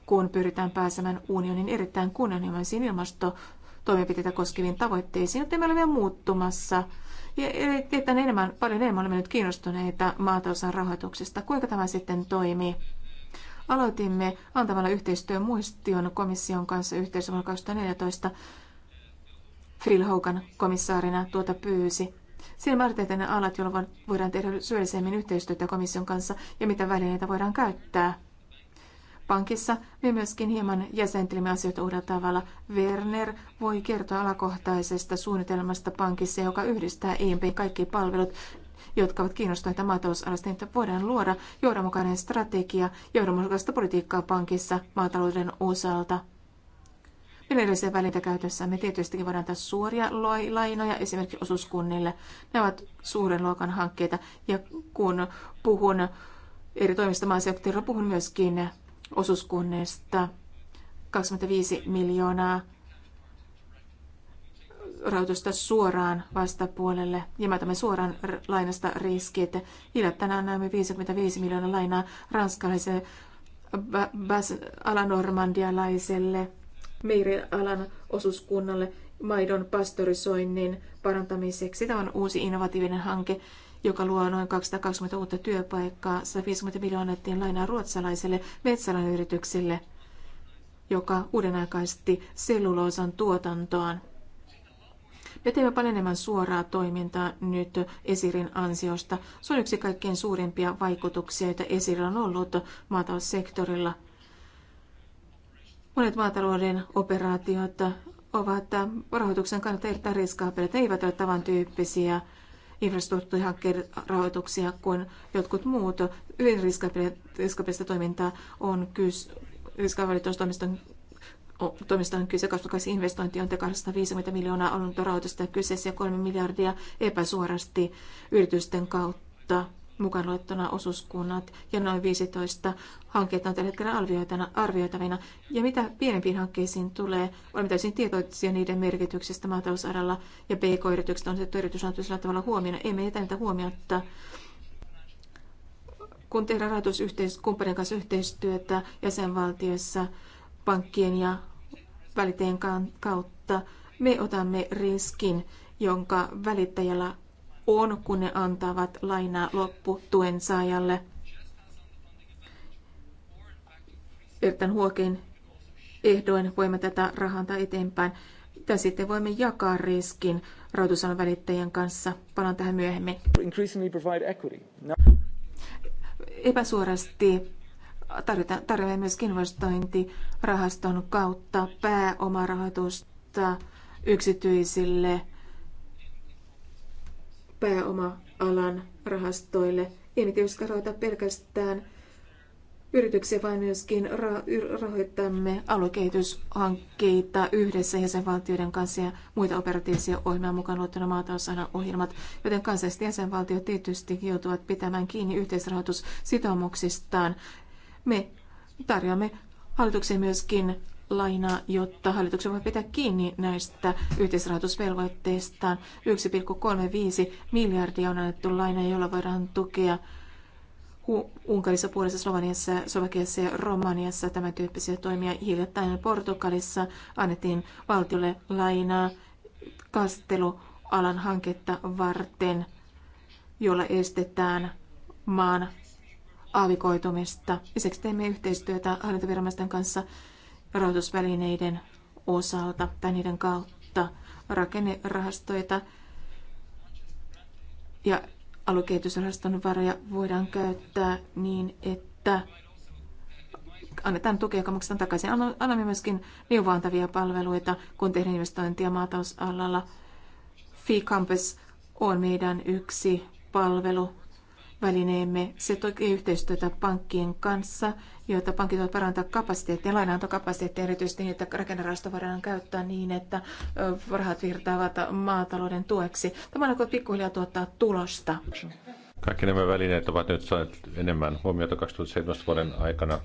kun pyritään pääsemään unionin erittäin kunnianhimoisiin ilmastotoimenpiteitä koskeviin tavoitteisiin, joten me olemme muuttumassa. Ja tietää e, enemmän, paljon enemmän olemme nyt kiinnostuneita maatalousan rahoituksesta. Kuinka tämä sitten toimii? Aloitimme antamalla yhteistyön muistion komission kanssa yhteensä vuonna 2014. Phil Hogan komissaarina tuota pyysi. Siinä määritetään ne alat, joilla voidaan tehdä syöllisemmin yhteistyötä komission kanssa ja mitä välineitä voidaan käyttää. Pankissa me myöskin hieman jäsentelimme asioita uudella tavalla. Werner voi kertoa alakohtaisesta suunnitelmasta pankissa, joka yhdistää EMP kaikki palvelut jotka ovat kiinnostuneita maatalousalasta, niin että voidaan luoda johdonmukainen strategia johdonmukaista politiikkaa pankissa maatalouden osalta. Millaisia välineitä Me tietysti voidaan antaa suoria lainoja esimerkiksi osuuskunnille. Ne ovat suuren luokan hankkeita ja kun puhun eri toimista maaseutuilla, puhun myöskin osuuskunnista 25 miljoonaa rahoitusta suoraan vastapuolelle ja me otamme suoraan lainasta riskit. Hiljattain annamme 55 miljoonaa lainaa ranskalaiselle Bas alanormandialaiselle alan osuuskunnalle maidon pastorisoinnin parantamiseksi. Tämä on uusi innovatiivinen hanke, joka luo noin 220 uutta työpaikkaa. 150 miljoonaa lainaa ruotsalaiselle metsäalan yritykselle, joka uudenaikaisti selluloosan tuotantoon. Me teemme paljon enemmän suoraa toimintaa nyt Esirin ansiosta. Se on yksi kaikkein suurimpia vaikutuksia, joita Esir on ollut maataloussektorilla. Monet maatalouden operaatiot ovat rahoituksen kannalta erittäin riskaapeleita, ne eivät ole tavan tyyppisiä infrastruktuurirahoituksia kuin jotkut muut. Hyvin riskaapelista toimintaa on kyse, riskaapelitoimistoon toimista on kyse, koska investointi on 250 miljoonaa aluntarahoitusta kyseessä ja 3 miljardia epäsuorasti yritysten kautta mukaan luettuna osuuskunnat ja noin 15 hankkeita on tällä hetkellä arvioitavina. Ja mitä pienempiin hankkeisiin tulee, olemme täysin tietoisia niiden merkityksestä maatalousaralla ja PK-yritykset on otettu yritysrahoitusella tavalla huomioon. Emme jätä niitä huomiota kun tehdään rahoituskumppanin kanssa yhteistyötä jäsenvaltiossa pankkien ja väliteen kautta me otamme riskin, jonka välittäjällä on, kun ne antavat lainaa lopputuen saajalle. Erittäin huokin ehdoin voimme tätä rahanta eteenpäin. Tai sitten voimme jakaa riskin rahoitusalan välittäjän kanssa. Palaan tähän myöhemmin. Epäsuorasti tarjotaan, myös investointirahaston kautta pääomarahoitusta yksityisille pääoma-alan rahastoille. Ei niitä rahoita pelkästään yrityksiä, vaan myöskin ra- rahoitamme aluekehityshankkeita yhdessä jäsenvaltioiden kanssa ja muita operatiivisia ohjelmia mukaan luettuna maatalousana ohjelmat, joten kansalliset jäsenvaltiot tietysti joutuvat pitämään kiinni yhteisrahoitussitoumuksistaan me tarjoamme hallitukseen myöskin lainaa, jotta hallituksen voi pitää kiinni näistä yhteisrahoitusvelvoitteistaan. 1,35 miljardia on annettu laina, jolla voidaan tukea Unkarissa, Puolassa, Sloveniassa, Slovakiassa ja Romaniassa tämän tyyppisiä toimia. Hiljattain Portugalissa annettiin valtiolle lainaa kastelualan hanketta varten, jolla estetään maan aavikoitumista. Lisäksi teemme yhteistyötä hallintoviranomaisten kanssa rahoitusvälineiden osalta tai niiden kautta rakennerahastoita ja aluekehitysrahaston varoja voidaan käyttää niin, että annetaan tukea, joka maksetaan takaisin. Annamme myöskin neuvoantavia palveluita, kun tehdään investointia maatalousalalla. Fee Campus on meidän yksi palvelu välineemme. Se tekee yhteistyötä pankkien kanssa, joita pankit voivat parantaa kapasiteettia, lainantokapasiteettia erityisesti niin, että rakennerahasto voidaan käyttää niin, että rahat virtaavat maatalouden tueksi. Tämä alkoi pikkuhiljaa tuottaa tulosta. Kaikki nämä välineet ovat nyt saaneet enemmän huomiota 2017 vuoden aikana.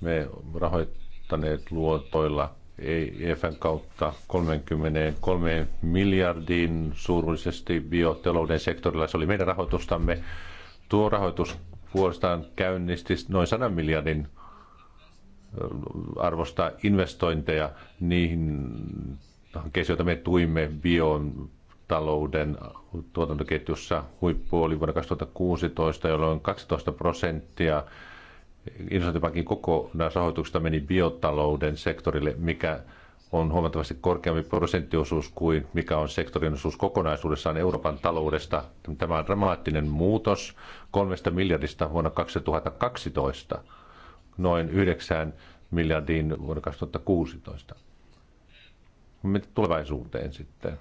Me rahoittaneet luotoilla EFN e kautta 33 miljardin suuruisesti biotalouden sektorilla. Se oli meidän rahoitustamme. Tuo rahoitus puolestaan käynnisti noin 100 miljardin äh, arvosta investointeja niihin hankkeisiin, joita me tuimme bion talouden tuotantoketjussa. Huippu oli vuonna 2016, jolloin 12 prosenttia investointipankin kokonaisrahoituksesta meni biotalouden sektorille, mikä on huomattavasti korkeampi prosenttiosuus kuin mikä on sektorin osuus kokonaisuudessaan Euroopan taloudesta. Tämä on dramaattinen muutos kolmesta miljardista vuonna 2012 noin 9 miljardiin vuonna 2016. Mitä tulevaisuuteen sitten?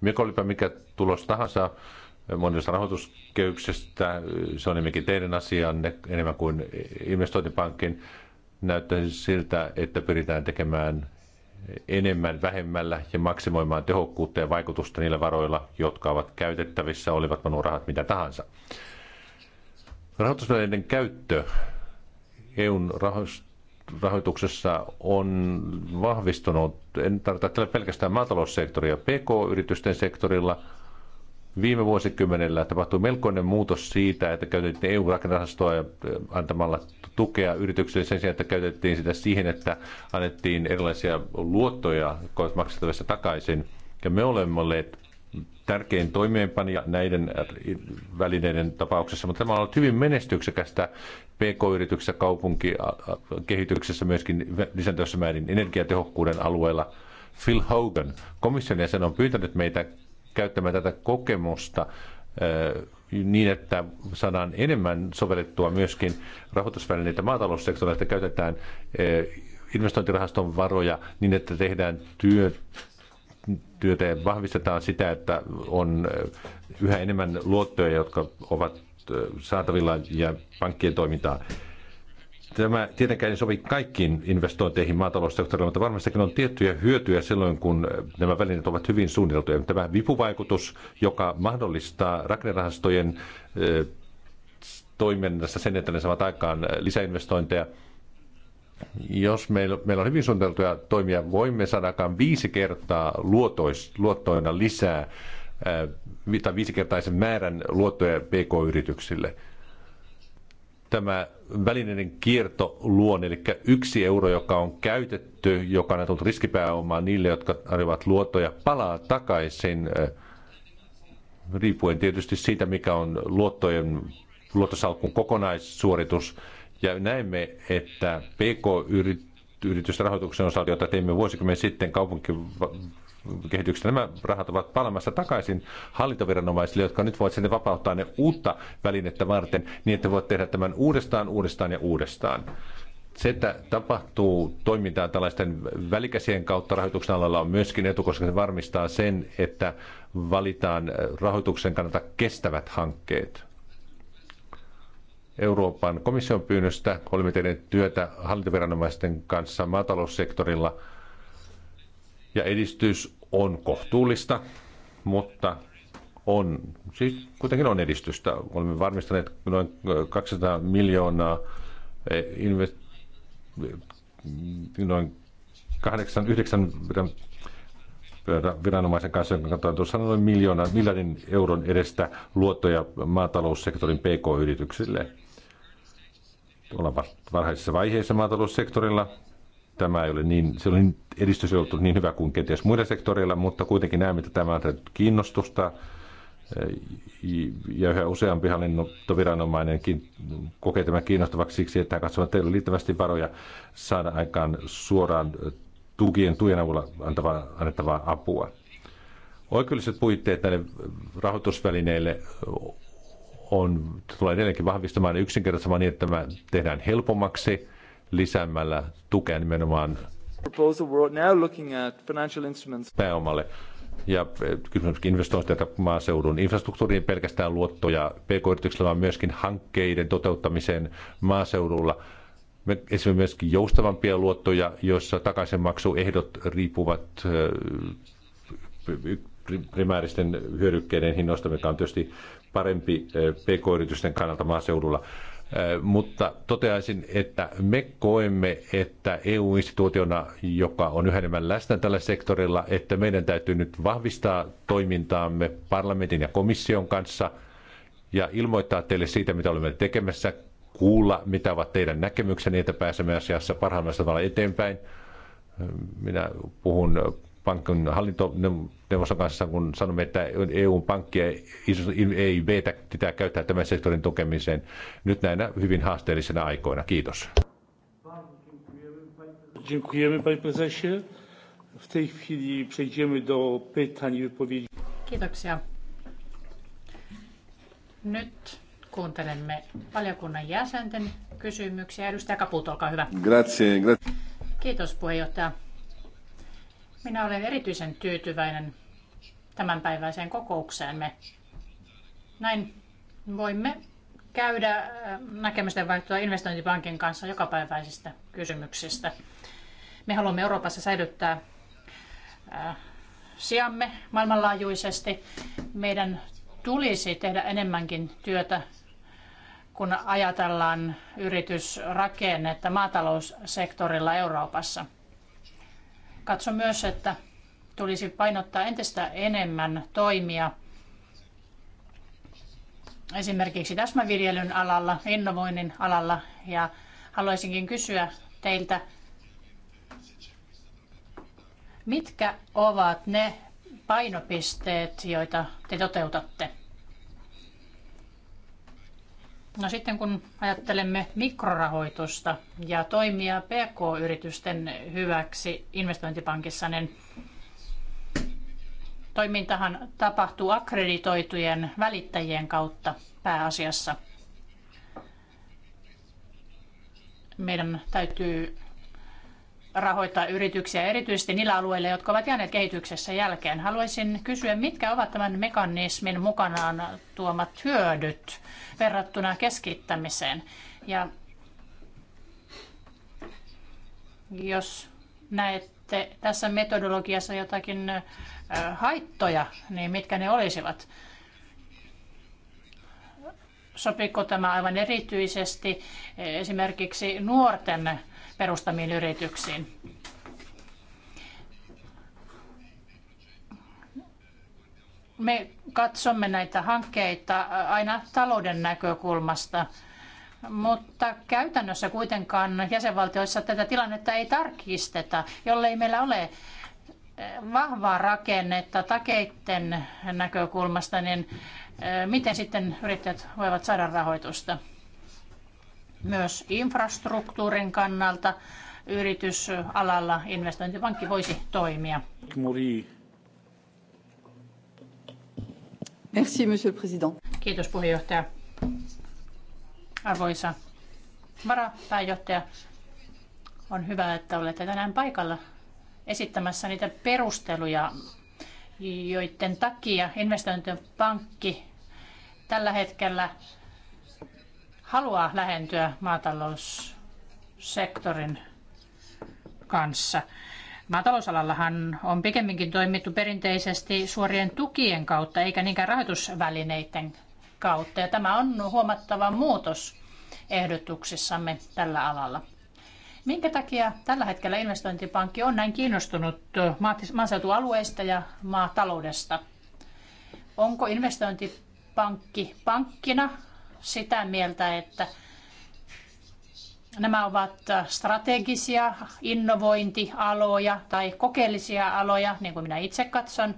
Mikä olipa mikä tulos tahansa, Monista rahoituskehyksestä. Se on nimenkin teidän asianne enemmän kuin investointipankin. Näyttää siltä, että pyritään tekemään enemmän vähemmällä ja maksimoimaan tehokkuutta ja vaikutusta niillä varoilla, jotka ovat käytettävissä, olivat nuo rahat mitä tahansa. Rahoitusvälineiden käyttö EUn rahoituksessa on vahvistunut, en tarkoita pelkästään maataloussektoria, PK-yritysten sektorilla – Viime vuosikymmenellä tapahtui melkoinen muutos siitä, että käytettiin EU-rakennerahastoa antamalla tukea yrityksille sen sijaan, että käytettiin sitä siihen, että annettiin erilaisia luottoja maksettavissa takaisin. Ja me olemme olleet tärkein toimeenpanija näiden välineiden tapauksessa, mutta tämä on ollut hyvin menestyksekästä PK-yrityksessä, kaupunkikehityksessä, myöskin lisääntyvässä määrin energiatehokkuuden alueella. Phil Hogan, komission jäsen, on pyytänyt meitä käyttämään tätä kokemusta eh, niin, että saadaan enemmän sovellettua myöskin rahoitusvälineitä maataloussektorilla, että käytetään eh, investointirahaston varoja niin, että tehdään työ, työtä ja vahvistetaan sitä, että on eh, yhä enemmän luottoja, jotka ovat saatavilla ja pankkien toimintaa. Tämä tietenkään ei sovi kaikkiin investointeihin maataloussektorilla, mutta varmastikin on tiettyjä hyötyjä silloin, kun äh, nämä välineet ovat hyvin suunniteltuja. Tämä vipuvaikutus, joka mahdollistaa rakennerahastojen äh, toiminnassa sen, että ne saavat aikaan äh, lisäinvestointeja, jos meillä, meillä on hyvin suunniteltuja toimia, voimme saada aikaan viisi kertaa luotois, luottoina lisää tai viisikertaisen määrän luottoja PK-yrityksille. Tämä välineiden kierto luon, eli yksi euro, joka on käytetty, joka on tullut riskipääomaa niille, jotka tarjoavat luottoja, palaa takaisin eh, riippuen tietysti siitä, mikä on luottojen, luottosalkun kokonaissuoritus. Ja näemme, että PK-yritysten rahoituksen osalta, jota teimme vuosikymmen sitten kaupunki kehityksestä. Nämä rahat ovat palamassa takaisin hallintoviranomaisille, jotka nyt voivat sinne vapauttaa ne uutta välinettä varten, niin että voit tehdä tämän uudestaan, uudestaan ja uudestaan se, että tapahtuu toimintaa tällaisten välikäsien kautta rahoituksen alalla on myöskin etu, koska se varmistaa sen, että valitaan rahoituksen kannalta kestävät hankkeet. Euroopan komission pyynnöstä olemme tehneet työtä hallintoviranomaisten kanssa maataloussektorilla ja edistys on kohtuullista, mutta on, siis kuitenkin on edistystä. Olemme varmistaneet noin 200 miljoonaa eh, invest, noin 8-9 viranomaisen kanssa, jonka katsoin tuossa noin miljoona miljardin euron edestä luottoja maataloussektorin pk-yrityksille. Ollaan varhaisessa vaiheessa maataloussektorilla tämä ei ole niin, se oli niin, edistys ei ollut niin hyvä kuin kenties muilla sektoreilla, mutta kuitenkin näemme, että tämä on kiinnostusta ja yhä useampi hallintoviranomainenkin kokee tämän kiinnostavaksi siksi, että katsoo, että teillä on liittävästi varoja saada aikaan suoraan tukien tuen avulla antavaa, annettavaa apua. Oikeudelliset puitteet näille rahoitusvälineille on, tulee edelleenkin vahvistamaan yksinkertaisemman, niin, että tämä tehdään helpommaksi – lisäämällä tukea nimenomaan pääomalle. Ja eh, kysymys investointeja maaseudun infrastruktuuriin pelkästään luottoja pk-yrityksillä, vaan myöskin hankkeiden toteuttamiseen maaseudulla. Me esimerkiksi myöskin joustavampia luottoja, joissa takaisinmaksuehdot riippuvat eh, primääristen hyödykkeiden hinnoista, mikä on tietysti parempi eh, pk-yritysten kannalta maaseudulla mutta toteaisin, että me koemme, että EU-instituutiona, joka on yhä enemmän läsnä tällä sektorilla, että meidän täytyy nyt vahvistaa toimintaamme parlamentin ja komission kanssa ja ilmoittaa teille siitä, mitä olemme tekemässä, kuulla, mitä ovat teidän näkemyksenne, että pääsemme asiassa parhaimmassa tavalla eteenpäin. Minä puhun pankin hallintoneuvoston kanssa, kun sanomme, että eu pankkia ei vetä, pitää käyttää tämän sektorin tukemiseen nyt näinä hyvin haasteellisina aikoina. Kiitos. Kiitoksia. Nyt kuuntelemme valiokunnan jäsenten kysymyksiä. Edustaja Kaput, olkaa hyvä. Grazie, grazie. Kiitos puheenjohtaja. Minä olen erityisen tyytyväinen tämänpäiväiseen kokoukseemme. Näin voimme käydä äh, näkemysten vaihtoa investointipankin kanssa jokapäiväisistä kysymyksistä. Me haluamme Euroopassa säilyttää äh, sijamme maailmanlaajuisesti. Meidän tulisi tehdä enemmänkin työtä, kun ajatellaan yritysrakennetta maataloussektorilla Euroopassa – Katson myös, että tulisi painottaa entistä enemmän toimia esimerkiksi täsmäviljelyn alalla, innovoinnin alalla ja haluaisinkin kysyä teiltä, mitkä ovat ne painopisteet, joita te toteutatte? No sitten kun ajattelemme mikrorahoitusta ja toimia PK-yritysten hyväksi investointipankissa, niin toimintahan tapahtuu akkreditoitujen välittäjien kautta pääasiassa. Meidän täytyy rahoittaa yrityksiä erityisesti niillä alueilla, jotka ovat jääneet kehityksessä jälkeen. Haluaisin kysyä, mitkä ovat tämän mekanismin mukanaan tuomat hyödyt verrattuna keskittämiseen? Ja jos näette tässä metodologiassa jotakin haittoja, niin mitkä ne olisivat? Sopiko tämä aivan erityisesti esimerkiksi nuorten perustamiin yrityksiin. Me katsomme näitä hankkeita aina talouden näkökulmasta, mutta käytännössä kuitenkaan jäsenvaltioissa tätä tilannetta ei tarkisteta, jollei meillä ole eh, vahvaa rakennetta takeitten näkökulmasta, niin eh, miten sitten yrittäjät voivat saada rahoitusta? myös infrastruktuurin kannalta yritysalalla investointipankki voisi toimia. Merci, monsieur le président. Kiitos puheenjohtaja. Arvoisa varapääjohtaja, on hyvä, että olette tänään paikalla esittämässä niitä perusteluja, joiden takia investointipankki tällä hetkellä haluaa lähentyä maataloussektorin kanssa. Maatalousalallahan on pikemminkin toimittu perinteisesti suorien tukien kautta eikä niinkään rahoitusvälineiden kautta. Ja tämä on huomattava muutos ehdotuksissamme tällä alalla. Minkä takia tällä hetkellä investointipankki on näin kiinnostunut maaseutualueista ja maataloudesta? Onko investointipankki pankkina sitä mieltä, että nämä ovat strategisia innovointialoja tai kokeellisia aloja, niin kuin minä itse katson,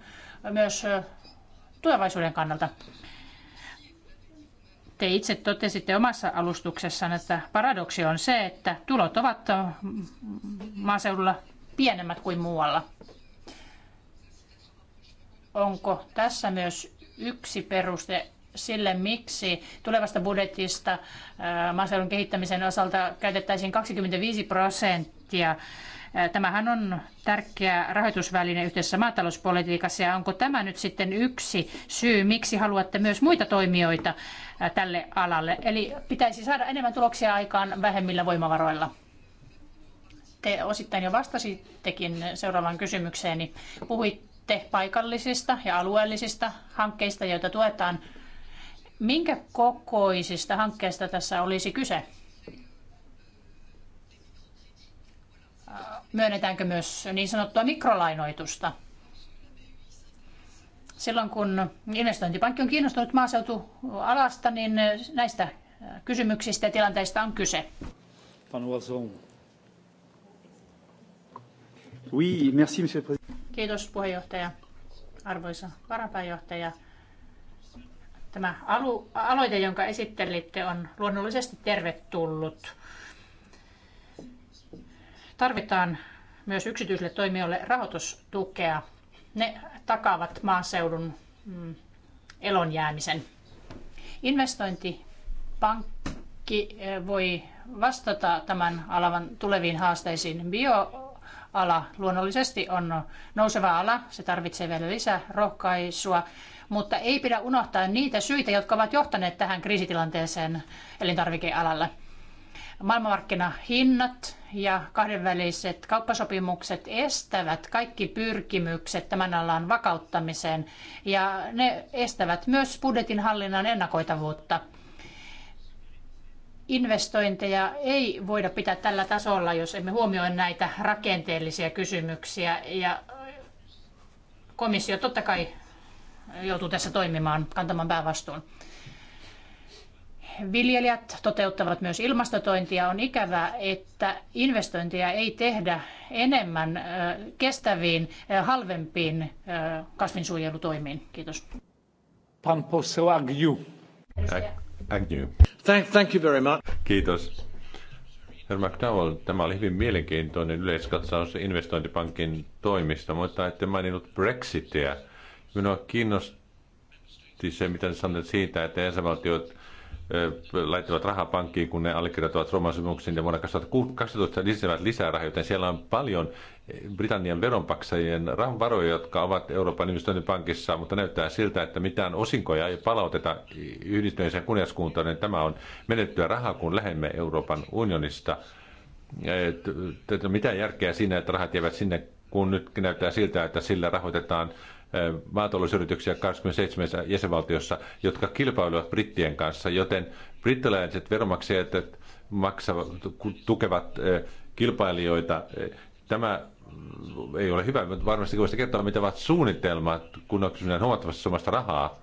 myös tulevaisuuden kannalta. Te itse totesitte omassa alustuksessanne, että paradoksi on se, että tulot ovat maaseudulla pienemmät kuin muualla. Onko tässä myös yksi peruste sille, miksi tulevasta budjetista maaseudun kehittämisen osalta käytettäisiin 25 prosenttia. Tämähän on tärkeä rahoitusväline yhteisessä maatalouspolitiikassa ja onko tämä nyt sitten yksi syy, miksi haluatte myös muita toimijoita tälle alalle? Eli pitäisi saada enemmän tuloksia aikaan vähemmillä voimavaroilla. Te osittain jo vastasittekin seuraavaan kysymykseeni. Puhuitte paikallisista ja alueellisista hankkeista, joita tuetaan Minkä kokoisista hankkeista tässä olisi kyse? Myönnetäänkö myös niin sanottua mikrolainoitusta? Silloin kun investointipankki on kiinnostunut maaseutualasta, niin näistä kysymyksistä ja tilanteista on kyse. Oui, merci, monsieur le Kiitos puheenjohtaja, arvoisa varapääjohtaja. Tämä alu, aloite, jonka esittelitte, on luonnollisesti tervetullut. Tarvitaan myös yksityisille toimijoille rahoitustukea. Ne takaavat maaseudun mm, elonjäämisen. Investointipankki eh, voi vastata tämän alavan tuleviin haasteisiin. Bioala luonnollisesti on nouseva ala, se tarvitsee vielä lisää rohkaisua mutta ei pidä unohtaa niitä syitä, jotka ovat johtaneet tähän kriisitilanteeseen elintarvikealalla. Maailmanmarkkinahinnat ja kahdenväliset kauppasopimukset estävät kaikki pyrkimykset tämän alan vakauttamiseen ja ne estävät myös budjetin hallinnan ennakoitavuutta investointeja ei voida pitää tällä tasolla, jos emme huomioi näitä rakenteellisia kysymyksiä. Ja komissio totta kai joutuu tässä toimimaan, kantamaan päävastuun. Viljelijät toteuttavat myös ilmastotointia. On ikävää, että investointia ei tehdä enemmän kestäviin, halvempiin kasvinsuojelutoimiin. Kiitos. Pan Agnew. Agnew. Thank, thank you very much. Kiitos. Herra McDowell, tämä oli hyvin mielenkiintoinen yleiskatsaus investointipankin toimista, mutta ette maininnut Brexitiä. Minua kiinnosti se, mitä sanoit siitä, että jäsenvaltiot laittavat rahaa pankkiin, kun ne allekirjoittavat Rooman sopimuksen ja vuonna 2012 lisäävät lisää rahaa, joten siellä on paljon e, Britannian veronpaksajien varoja, jotka ovat Euroopan investointipankissa, mutta näyttää siltä, että mitään osinkoja ei palauteta yhdistyneeseen kunniaskuntaan, niin tämä on menettyä rahaa, kun lähemme Euroopan unionista. Mitä järkeä siinä, että rahat jäävät sinne, kun nyt näyttää siltä, että sillä rahoitetaan maatalousyrityksiä 27 jäsenvaltiossa, jotka kilpailevat brittien kanssa, joten brittiläiset veromaksajat maksavat, tukevat kilpailijoita. Tämä ei ole hyvä, mutta varmasti voisi kertoa, mitä ovat suunnitelmat, kun on huomattavasti summasta rahaa.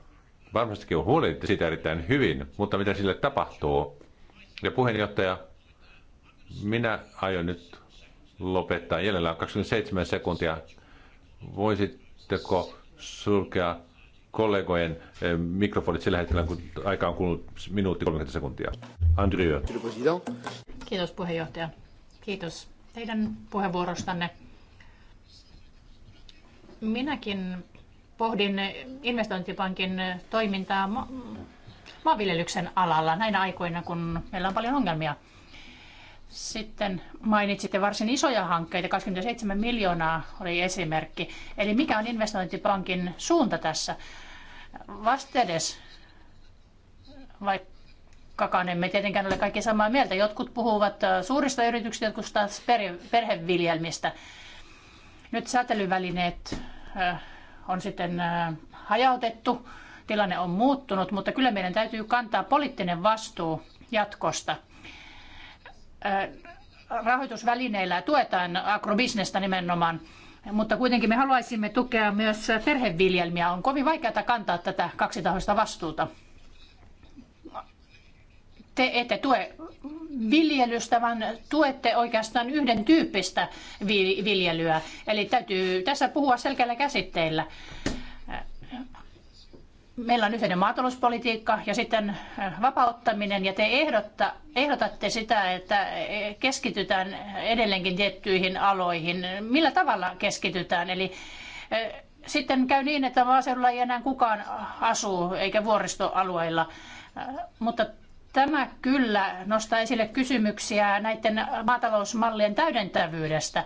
Varmastikin on huolehdittu siitä erittäin hyvin, mutta mitä sille tapahtuu? Ja puheenjohtaja, minä aion nyt lopettaa. Jäljellä on 27 sekuntia. Voisitteko sulkea kollegojen eh, mikrofonit sillä hetkellä, kun aika on kulunut minuutti 30 sekuntia. Andrew. Kiitos puheenjohtaja. Kiitos teidän puheenvuorostanne. Minäkin pohdin investointipankin toimintaa ma- maanviljelyksen alalla näinä aikoina, kun meillä on paljon ongelmia – sitten mainitsitte varsin isoja hankkeita, 27 miljoonaa oli esimerkki. Eli mikä on investointipankin suunta tässä? Vastedes, vaikkakaan emme tietenkään ole kaikki samaa mieltä, jotkut puhuvat äh, suurista yrityksistä, jotkut taas perheviljelmistä. Nyt säätelyvälineet äh, on sitten äh, hajautettu, tilanne on muuttunut, mutta kyllä meidän täytyy kantaa poliittinen vastuu jatkosta – rahoitusvälineillä tuetaan agrobisnestä nimenomaan. Mutta kuitenkin me haluaisimme tukea myös perheviljelmiä. On kovin vaikeaa kantaa tätä kaksitahoista vastuuta. Te ette tue viljelystä, vaan tuette oikeastaan yhden tyyppistä viljelyä. Eli täytyy tässä puhua selkeillä käsitteillä meillä on yhteinen maatalouspolitiikka ja sitten äh, vapauttaminen ja te ehdotta, ehdotatte sitä, että eh, keskitytään edelleenkin tiettyihin aloihin. Millä tavalla keskitytään? Eli eh, sitten käy niin, että maaseudulla ei enää kukaan asu eikä vuoristoalueilla, äh, mutta tämä kyllä nostaa esille kysymyksiä näiden maatalousmallien täydentävyydestä.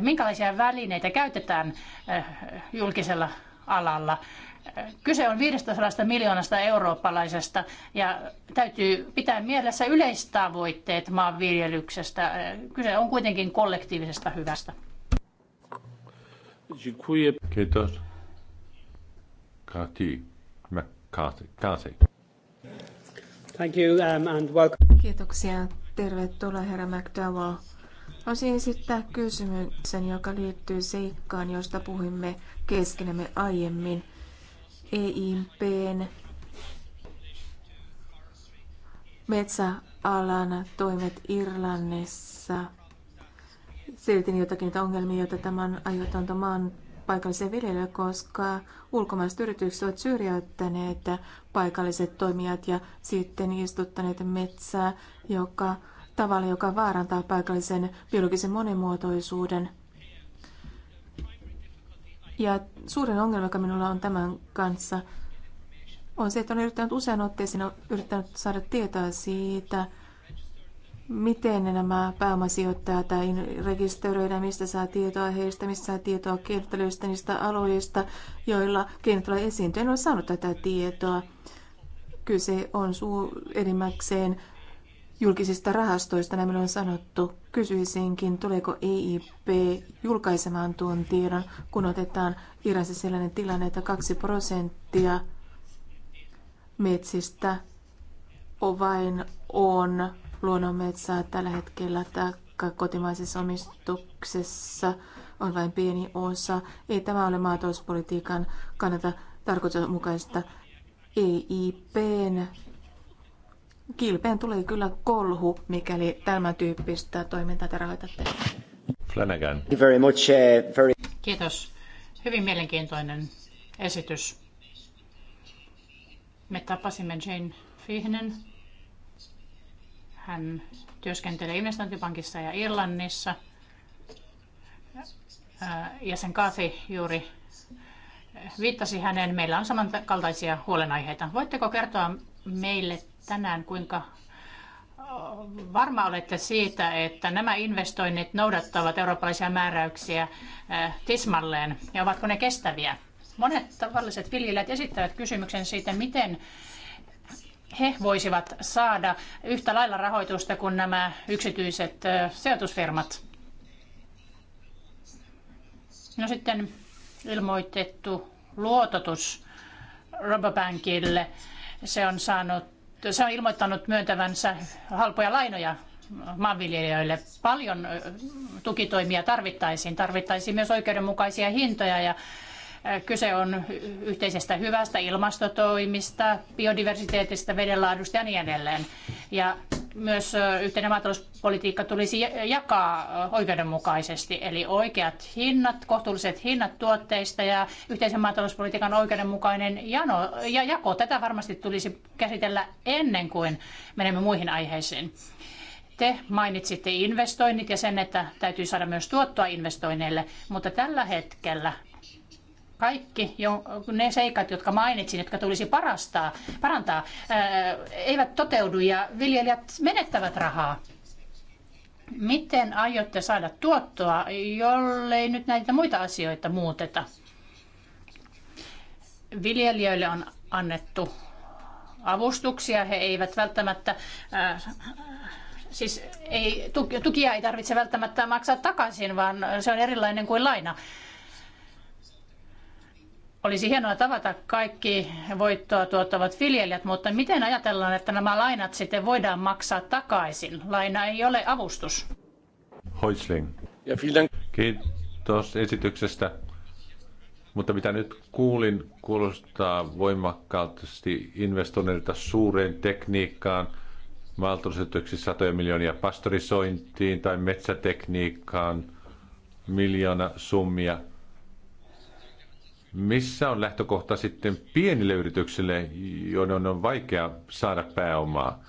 Minkälaisia välineitä käytetään eh, julkisella alalla? Kyse on 500 miljoonasta eurooppalaisesta ja täytyy pitää mielessä yleistavoitteet maanviljelyksestä. Kyse on kuitenkin kollektiivisesta hyvästä. Kiitos. Kati Kati. Thank you um, and welcome. Kiitoksia. Tervetuloa herra McDowell. Haluaisin esittää kysymyksen, joka liittyy seikkaan, josta puhuimme keskenämme aiemmin – EIPn metsäalan toimet Irlannissa. Selitin jotakin niitä ongelmia, joita tämän aiheuttanut maan paikalliseen viljelijöille, koska ulkomaiset yritykset ovat syrjäyttäneet paikalliset toimijat ja sitten istuttaneet metsää, joka tavalla, joka vaarantaa paikallisen biologisen monimuotoisuuden – ja suurin ongelma, joka minulla on tämän kanssa, on se, että olen yrittänyt usean otteeseen yrittänyt saada tietoa siitä, miten nämä pääomasijoittajat tai rekisteröidään, mistä saa tietoa heistä, mistä saa tietoa kenttälöistä, niistä aloista, joilla kenttälö esiintyy. En ole saanut tätä tietoa. Kyse on suu enimmäkseen julkisista rahastoista, näin on sanottu. Kysyisinkin, tuleeko EIP julkaisemaan tuon tiedon, kun otetaan Iranissa sellainen tilanne, että 2 prosenttia metsistä vain on luonnonmetsää tällä hetkellä tai kotimaisessa omistuksessa on vain pieni osa. Ei tämä ole maatalouspolitiikan kannalta tarkoituksenmukaista. EIPn kilpeen tulee kyllä kolhu, mikäli tämän tyyppistä toimintaa te rahoitatte. Flanagan. Very much, uh, very... Kiitos. Hyvin mielenkiintoinen esitys. Me tapasimme Jane Fihnen. Hän työskentelee investointipankissa ja Irlannissa. Äh, ja sen Kathy juuri viittasi häneen. Meillä on samankaltaisia huolenaiheita. Voitteko kertoa meille tänään, kuinka varma olette siitä, että nämä investoinnit noudattavat eurooppalaisia määräyksiä eh, tismalleen ja ovatko ne kestäviä? Monet tavalliset viljelijät esittävät kysymyksen siitä, miten he voisivat saada yhtä lailla rahoitusta kuin nämä yksityiset eh, sijoitusfirmat. No sitten ilmoitettu luototus Robobankille. Se on saanut se on ilmoittanut myöntävänsä halpoja lainoja maanviljelijöille. Paljon tukitoimia tarvittaisiin. Tarvittaisiin myös oikeudenmukaisia hintoja ja kyse on yhteisestä hyvästä, ilmastotoimista, biodiversiteetistä, vedenlaadusta ja niin edelleen. Ja myös yhteinen maatalouspolitiikka tulisi jakaa oikeudenmukaisesti, eli oikeat hinnat, kohtuulliset hinnat tuotteista ja yhteisen maatalouspolitiikan oikeudenmukainen jano, ja jako. Tätä varmasti tulisi käsitellä ennen kuin menemme muihin aiheisiin. Te mainitsitte investoinnit ja sen, että täytyy saada myös tuottoa investoinneille, mutta tällä hetkellä kaikki ne seikat, jotka mainitsin, jotka tulisi parastaa, parantaa, äh, eivät toteudu ja viljelijät menettävät rahaa. Miten aiotte saada tuottoa, jollei nyt näitä muita asioita muuteta? Viljelijöille on annettu avustuksia, he eivät välttämättä, äh, siis ei, tukia ei tarvitse välttämättä maksaa takaisin, vaan se on erilainen kuin laina. Olisi hienoa tavata kaikki voittoa tuottavat viljelijät, mutta miten ajatellaan, että nämä lainat sitten voidaan maksaa takaisin? Laina ei ole avustus. Hoisling. Kiitos esityksestä. Mutta mitä nyt kuulin, kuulostaa voimakkaasti investoinnilta suureen tekniikkaan, maaltolisytyksiin satoja miljoonia pastorisointiin tai metsätekniikkaan, miljoona summia – missä on lähtökohta sitten pienille yrityksille, joiden on vaikea saada pääomaa?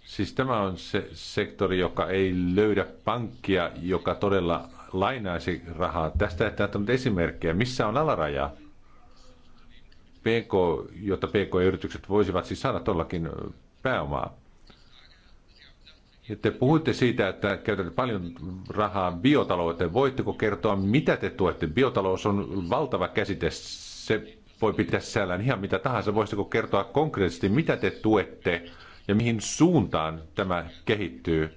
Siis tämä on se sektori, joka ei löydä pankkia, joka todella lainaisi rahaa. Tästä ei ole esimerkkejä. Missä on alaraja? PK, jotta PK-yritykset voisivat siis saada todellakin pääomaa. Te puhuitte siitä, että käytätte paljon rahaa biotalouteen. Voitteko kertoa, mitä te tuette? Biotalous on valtava käsite. Se voi pitää sisällään ihan mitä tahansa. Voisitteko kertoa konkreettisesti, mitä te tuette ja mihin suuntaan tämä kehittyy?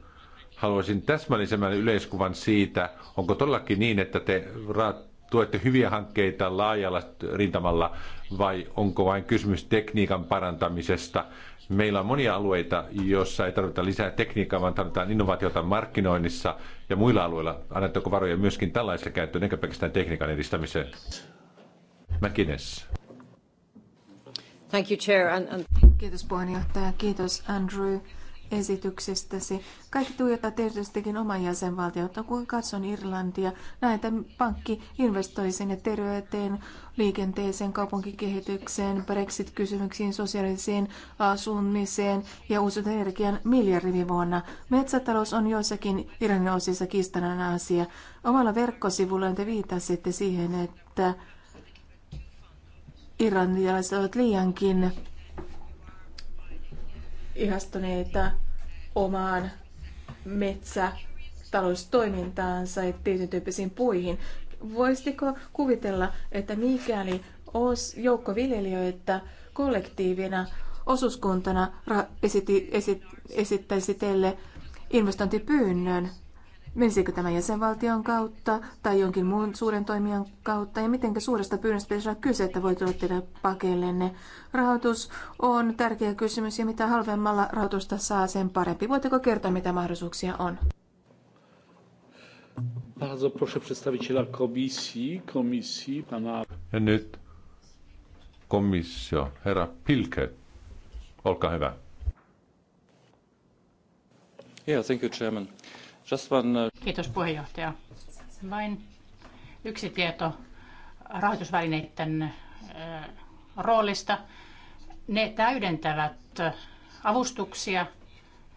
Haluaisin täsmällisemmän yleiskuvan siitä, onko todellakin niin, että te tuette hyviä hankkeita laajalla rintamalla vai onko vain kysymys tekniikan parantamisesta Meillä on monia alueita, joissa ei tarvita lisää tekniikkaa, vaan tarvitaan innovaatiota markkinoinnissa ja muilla alueilla. Annetteko varoja myöskin tällaisessa käyttöön, eikä pelkästään tekniikan edistämiseen? Mäkines. Thank you, Chair. And, and... Kiitos puheenjohtaja, kiitos Andrew esityksestäsi. Kaikki tuijottaa tietystikin oman jäsenvaltiota, kun katson Irlantia. Näitä pankki investoi sinne terveyteen, liikenteeseen, kaupunkikehitykseen, Brexit-kysymyksiin, sosiaaliseen asumiseen ja uusiutuvan energian miljardin Metsätalous on joissakin Irlannin osissa kiistanan asia. Omalla verkkosivullaan te viittasitte siihen, että irlantilaiset ovat liiankin ihastuneita omaan metsätaloustoimintaansa ja tietyn tyyppisiin puihin. Voisitko kuvitella, että mikäli os, joukko viljelijöitä kollektiivina osuuskuntana esittäisi teille investointipyynnön, Menisikö tämä jäsenvaltion kautta tai jonkin muun suuren toimijan kautta? Ja miten suuresta pyynnöstä pitäisi olla kyse, että voi tulla teidän pakellenne? Rahoitus on tärkeä kysymys ja mitä halvemmalla rahoitusta saa, sen parempi. Voitteko kertoa, mitä mahdollisuuksia on? Bardzo proszę przedstawiciela komisji, komisji, pana... Ja nyt komissio, herra Pilke, olkaa hyvä. Yeah, thank you, Chairman. Just uh, Kiitos puheenjohtaja. Vain yksi tieto rahoitusvälineiden uh, roolista. Ne täydentävät avustuksia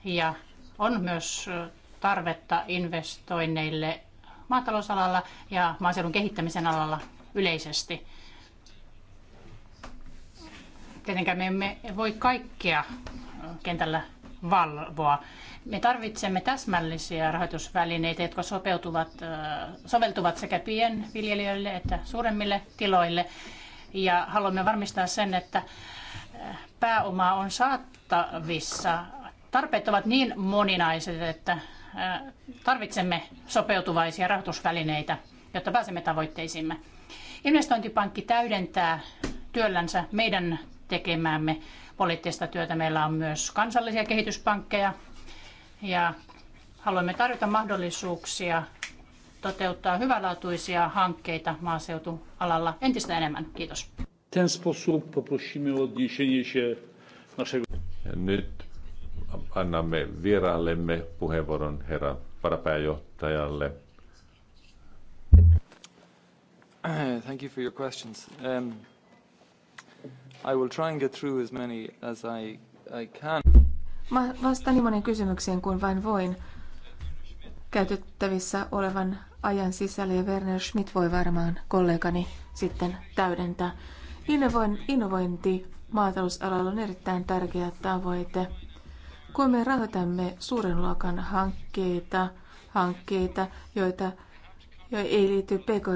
ja on myös uh, tarvetta investoinneille maatalousalalla ja maaseudun kehittämisen alalla yleisesti. Tietenkään me emme voi kaikkea kentällä valvoa. Me tarvitsemme täsmällisiä rahoitusvälineitä, jotka sopeutuvat, soveltuvat sekä pienviljelijöille että suuremmille tiloille. Ja haluamme varmistaa sen, että pääoma on saattavissa. Tarpeet ovat niin moninaiset, että tarvitsemme sopeutuvaisia rahoitusvälineitä, jotta pääsemme tavoitteisiimme. Investointipankki täydentää työllänsä meidän tekemäämme poliittista työtä. Meillä on myös kansallisia kehityspankkeja, ja haluamme tarjota mahdollisuuksia toteuttaa hyvälaatuisia hankkeita maaseutualalla entistä enemmän. Kiitos. Ten Nyt annamme vieraallemme puheenvuoron herra varapääjohtajalle. Thank you for your questions. Um, I will try and get through as many as I, I can. Mä vastaan niin monen kysymykseen kuin vain voin käytettävissä olevan ajan sisällä ja Werner Schmidt voi varmaan kollegani sitten täydentää. Innovoin, innovointi maatalousalalla on erittäin tärkeä tavoite. Kun me rahoitamme suuren luokan hankkeita, hankkeita joita jo ei liity pk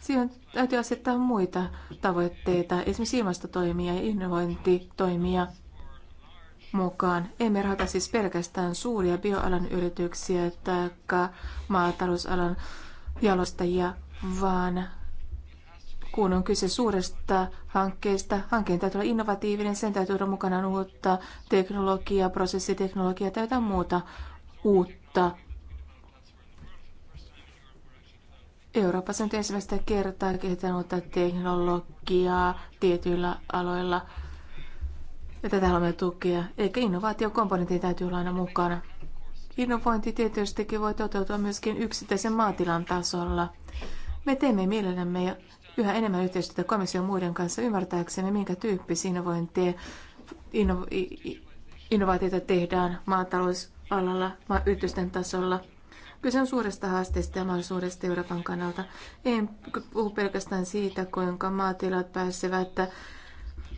siihen täytyy asettaa muita tavoitteita, esimerkiksi ilmastotoimia ja innovointitoimia mukaan. Emme rahoita siis pelkästään suuria bioalan yrityksiä tai maatalousalan jalostajia, vaan kun on kyse suuresta hankkeesta, hankkeen täytyy olla innovatiivinen, sen täytyy olla mukana uutta teknologiaa, prosessiteknologiaa tai jotain muuta uutta. Euroopassa nyt ensimmäistä kertaa kehitetään uutta teknologiaa tietyillä aloilla – ja tätä haluamme tukea, eikä innovaatiokomponentin täytyy olla aina mukana. Innovointi tietystikin voi toteutua myöskin yksittäisen maatilan tasolla. Me teemme mielellämme ja yhä enemmän yhteistyötä komission muiden kanssa ymmärtääksemme, minkä tyyppisiä innovointia, inno, innovaatioita tehdään maatalousalalla, ma- yritysten tasolla. Kyse on suuresta haasteesta ja mahdollisuudesta Euroopan kannalta. En puhu pelkästään siitä, kuinka maatilat pääsevät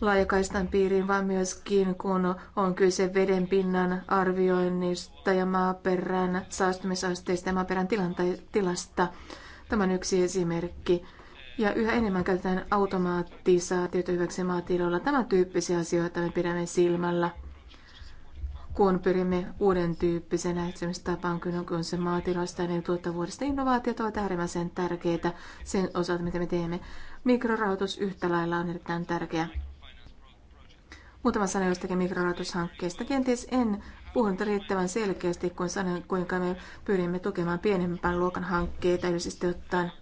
laajakaistan piiriin, vaan myöskin kun on kyse veden pinnan arvioinnista ja maaperän saastumisasteista ja maaperän tilasta. Tämä on yksi esimerkki. Ja yhä enemmän käytetään automaattisaatiota hyväksi maatiloilla. Tämän tyyppisiä asioita me pidämme silmällä, kun pyrimme uuden tyyppisen lähestymistapaan, kun on se maatilasta ja tuottavuudesta. Innovaatiot ovat äärimmäisen tärkeitä sen osalta, mitä me teemme. Mikrorahoitus yhtä lailla on erittäin tärkeä. Muutama sana jostakin mikrorahoitushankkeesta. Kenties en puhunut riittävän selkeästi, kun sanoin, kuinka me pyrimme tukemaan pienempän luokan hankkeita yleisesti ottaen.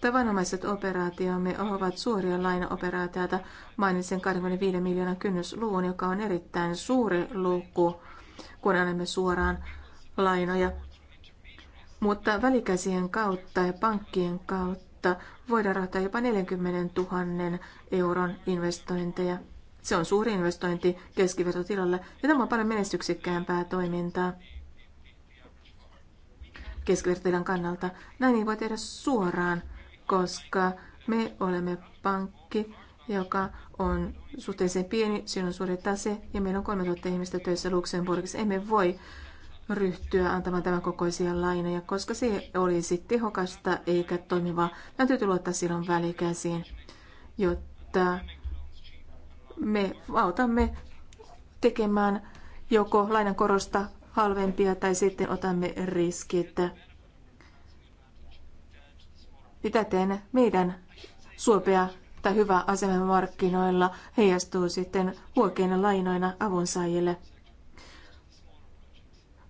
Tavanomaiset operaatiomme ovat suoria lainaoperaatioita. Mainitsen 25 miljoonan kynnysluvun, joka on erittäin suuri luku, kun annamme suoraan lainoja. Mutta välikäsien kautta ja pankkien kautta voidaan rahoittaa jopa 40 000 euron investointeja. Se on suuri investointi keskivertotilalle ja tämä on paljon menestyksikkäämpää toimintaa keskivertotilan kannalta. Näin ei voi tehdä suoraan, koska me olemme pankki, joka on suhteellisen pieni, siinä on suuri tase ja meillä on 3000 ihmistä töissä Luxemburgissa. Emme voi ryhtyä antamaan tämän kokoisia lainoja, koska se olisi tehokasta eikä toimivaa. Meidän täytyy luottaa silloin välikäsiin, jotta me autamme tekemään joko lainan korosta halvempia tai sitten otamme riskit. Täten meidän suopea tai hyvä asema markkinoilla heijastuu sitten huokeina lainoina avunsaajille.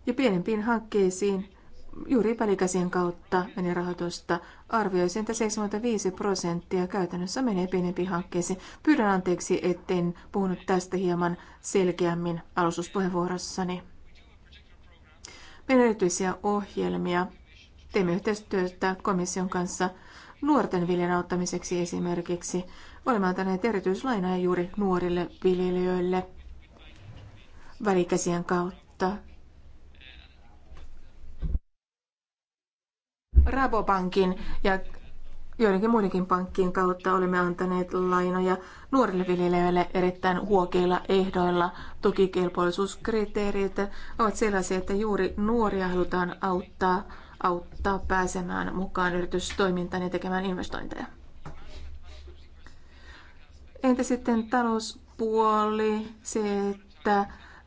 Ja pienempiin hankkeisiin juuri välikäsien kautta menee rahoitusta. Arvioisin, että 75 prosenttia käytännössä menee pienempiin hankkeisiin. Pyydän anteeksi, etten puhunut tästä hieman selkeämmin alustuspuheenvuorossani. Meillä erityisiä ohjelmia. Teemme yhteistyötä komission kanssa nuorten viljan auttamiseksi esimerkiksi. Olemme antaneet erityislainoja juuri nuorille viljelijöille välikäsien kautta Rabobankin ja joidenkin muidenkin pankkien kautta olemme antaneet lainoja nuorille viljelijöille erittäin huokeilla ehdoilla. Tukikelpoisuuskriteerit ovat sellaisia, että juuri nuoria halutaan auttaa, auttaa pääsemään mukaan yritystoimintaan ja tekemään investointeja. Entä sitten talouspuoli, se, että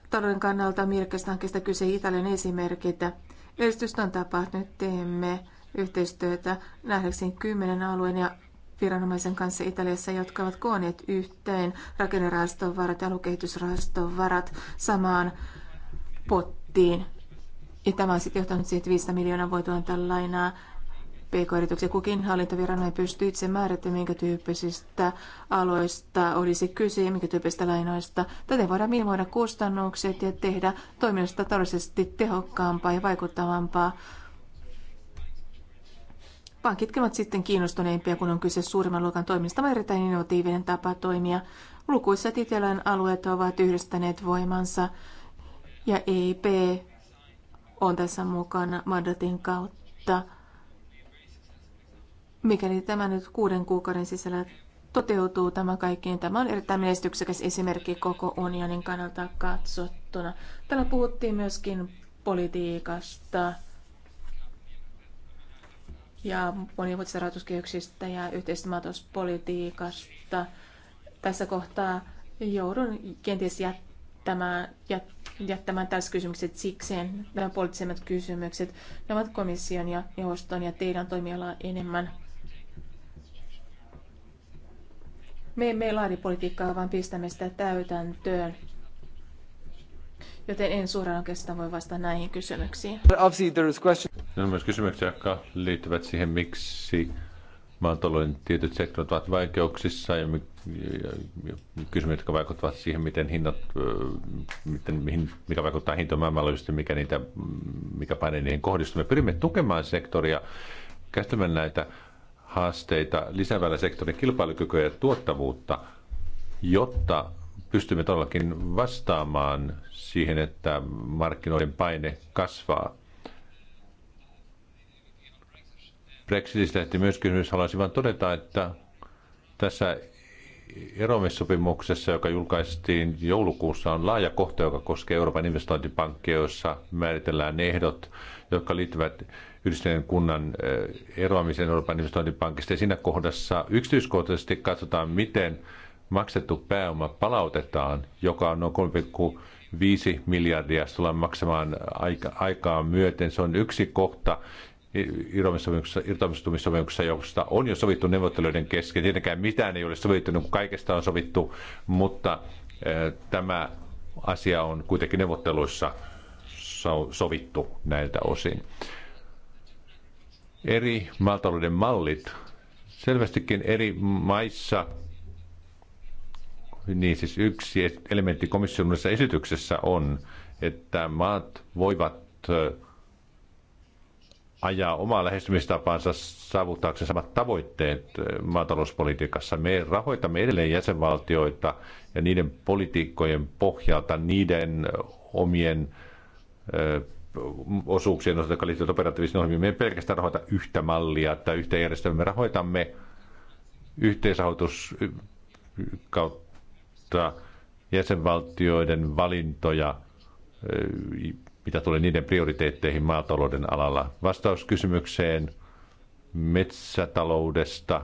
talouden kannalta mielekästä kyse Italian esimerkit. Edistystä on tapahtunut, teemme yhteistyötä nähdäkseen kymmenen alueen ja viranomaisen kanssa Italiassa, jotka ovat kooneet yhteen rakennerahaston varat ja alukehitysrahaston varat samaan pottiin. Ja tämä on sitten johtanut siihen, että 500 miljoonaa voi antaa lainaa pk yrityksiä kukin hallintoviranomainen pystyy itse määrittämään, minkä tyyppisistä aloista olisi kyse ja minkä tyyppisistä lainoista. tätä voidaan minimoida kustannukset ja tehdä toiminnasta taloudellisesti tehokkaampaa ja vaikuttavampaa Pankitkin ovat sitten kiinnostuneimpia, kun on kyse suurimman luokan toimista, vaan erittäin innovatiivinen tapa toimia. Lukuisat Itälän alueet ovat yhdistäneet voimansa ja EIP on tässä mukana mandatin kautta. Mikäli tämä nyt kuuden kuukauden sisällä toteutuu tämä kaikki, niin tämä on erittäin menestyksekäs esimerkki koko unionin kannalta katsottuna. Täällä puhuttiin myöskin politiikasta ja monivuotisesta rahoituskehyksistä ja yhteisestä maatalouspolitiikasta. Tässä kohtaa joudun kenties jättämään, jättämään tässä kysymykset sikseen, nämä poliittisemmat kysymykset. Ne ovat komission ja neuvoston ja teidän toimialaa enemmän. Me emme laadi politiikkaa, vaan pistämme sitä täytäntöön joten en suoraan oikeastaan voi vastata näihin kysymyksiin. No, on myös kysymyksiä, jotka liittyvät siihen, miksi maatalouden tietyt sektorit ovat vaikeuksissa ja, kysymykset, jotka vaikuttavat siihen, miten hinnat, miten, mikä vaikuttaa hintoon maailmanlaajuisesti, mikä, niitä, mikä paine niihin kohdistuu. Me pyrimme tukemaan sektoria, käsittämään näitä haasteita lisäämällä sektorin kilpailukykyä ja tuottavuutta, jotta pystymme todellakin vastaamaan siihen, että markkinoiden paine kasvaa. Brexitistä lähti myös kysymys. Haluaisin vain todeta, että tässä eromissopimuksessa, joka julkaistiin joulukuussa, on laaja kohta, joka koskee Euroopan investointipankkia, jossa määritellään ehdot, jotka liittyvät yhdistyneen kunnan eh, eroamiseen Euroopan investointipankista. Ja siinä kohdassa yksityiskohtaisesti katsotaan, miten maksettu pääoma palautetaan, joka on noin 3,5 miljardia, tullaan maksamaan aika, aikaa myöten. Se on yksi kohta irtoamistumissopimuksessa, josta on jo sovittu neuvotteluiden kesken. Tietenkään mitään ei ole sovittu, niin kun kaikesta on sovittu, mutta eh, tämä asia on kuitenkin neuvotteluissa sovittu näiltä osin. Eri maatalouden mallit selvästikin eri maissa niin siis yksi elementti komission esityksessä on, että maat voivat ajaa omaa lähestymistapaansa saavuttaakseen samat tavoitteet maatalouspolitiikassa. Me rahoitamme edelleen jäsenvaltioita ja niiden politiikkojen pohjalta niiden omien ö, osuuksien osalta, jotka liittyvät operatiivisiin ohjelmiin. Me ei pelkästään rahoita yhtä mallia tai yhtä järjestelmää. Me rahoitamme yhteisrahoitus kautta muuttaa jäsenvaltioiden valintoja, eh, mitä tulee niiden prioriteetteihin maatalouden alalla. Vastaus kysymykseen metsätaloudesta,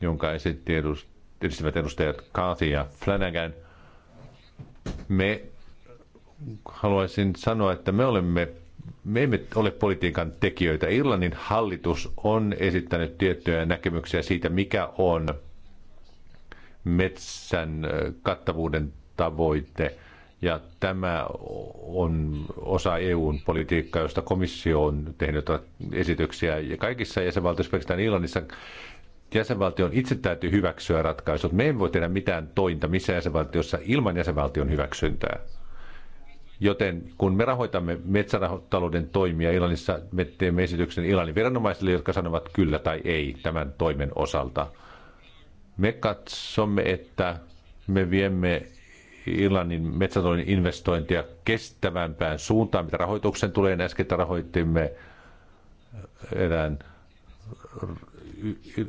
jonka esitti edustivät edustajat Kathy ja Flanagan. Me haluaisin sanoa, että me olemme me emme ole politiikan tekijöitä. Irlannin hallitus on esittänyt tiettyjä näkemyksiä siitä, mikä on metsän kattavuuden tavoite. Ja tämä on osa EUn politiikkaa, josta komissio on tehnyt esityksiä. Ja kaikissa jäsenvaltioissa, pelkästään Irlannissa, jäsenvaltion itse täytyy hyväksyä ratkaisut. Me emme voi tehdä mitään tointa missä jäsenvaltiossa ilman jäsenvaltion hyväksyntää. Joten kun me rahoitamme metsätalouden toimia Irlannissa, me teemme esityksen Irlannin viranomaisille, jotka sanovat kyllä tai ei tämän toimen osalta. Me katsomme, että me viemme Irlannin metsätalouden investointia kestävämpään suuntaan, mitä rahoituksen tulee. Niin äsken rahoitimme erään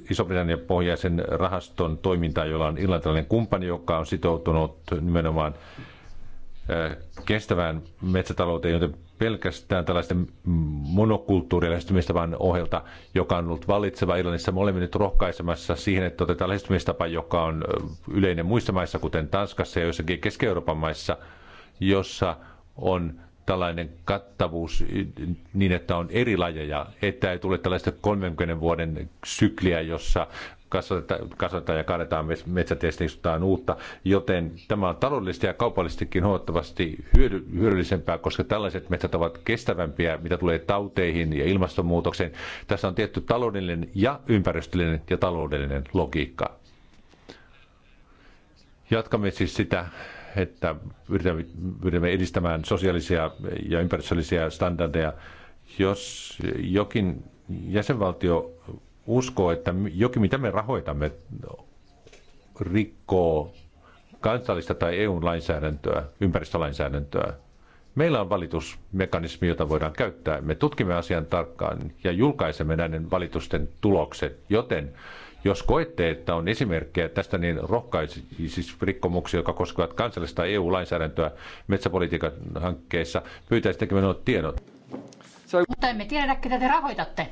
Iso-Britannian pohjaisen rahaston toimintaa, jolla on irlantilainen kumppani, joka on sitoutunut nimenomaan kestävään metsätalouteen, joten pelkästään tällaisten monokulttuurilähestymistä vaan ohjelta, joka on ollut vallitseva Irlannissa. Me olemme nyt rohkaisemassa siihen, että otetaan lähestymistapa, joka on yleinen muissa maissa, kuten Tanskassa ja joissakin Keski-Euroopan maissa, jossa on tällainen kattavuus niin, että on eri lajeja, että ei tule tällaista 30 vuoden sykliä, jossa kasvatetaan ja kaadetaan metsätiestä istutaan uutta, joten tämä on taloudellisesti ja kaupallisestikin huomattavasti hyödy- hyödyllisempää, koska tällaiset metsät ovat kestävämpiä, mitä tulee tauteihin ja ilmastonmuutokseen. Tässä on tietty taloudellinen ja ympäristöllinen ja taloudellinen logiikka. Jatkamme siis sitä että pyrimme yritämme edistämään sosiaalisia ja ympäristöllisiä standardeja. Jos jokin jäsenvaltio uskoo, että jokin mitä me rahoitamme rikkoo kansallista tai EU-lainsäädäntöä, ympäristölainsäädäntöä. Meillä on valitusmekanismi, jota voidaan käyttää. Me tutkimme asian tarkkaan ja julkaisemme näiden valitusten tulokset, joten jos koette, että on esimerkkejä tästä, niin rohkaisi siis rikkomuksia, jotka koskevat kansallista EU-lainsäädäntöä metsäpolitiikan hankkeissa, pyytäisi tekemään tiedot? Mutta emme tiedä, ketä te rahoitatte.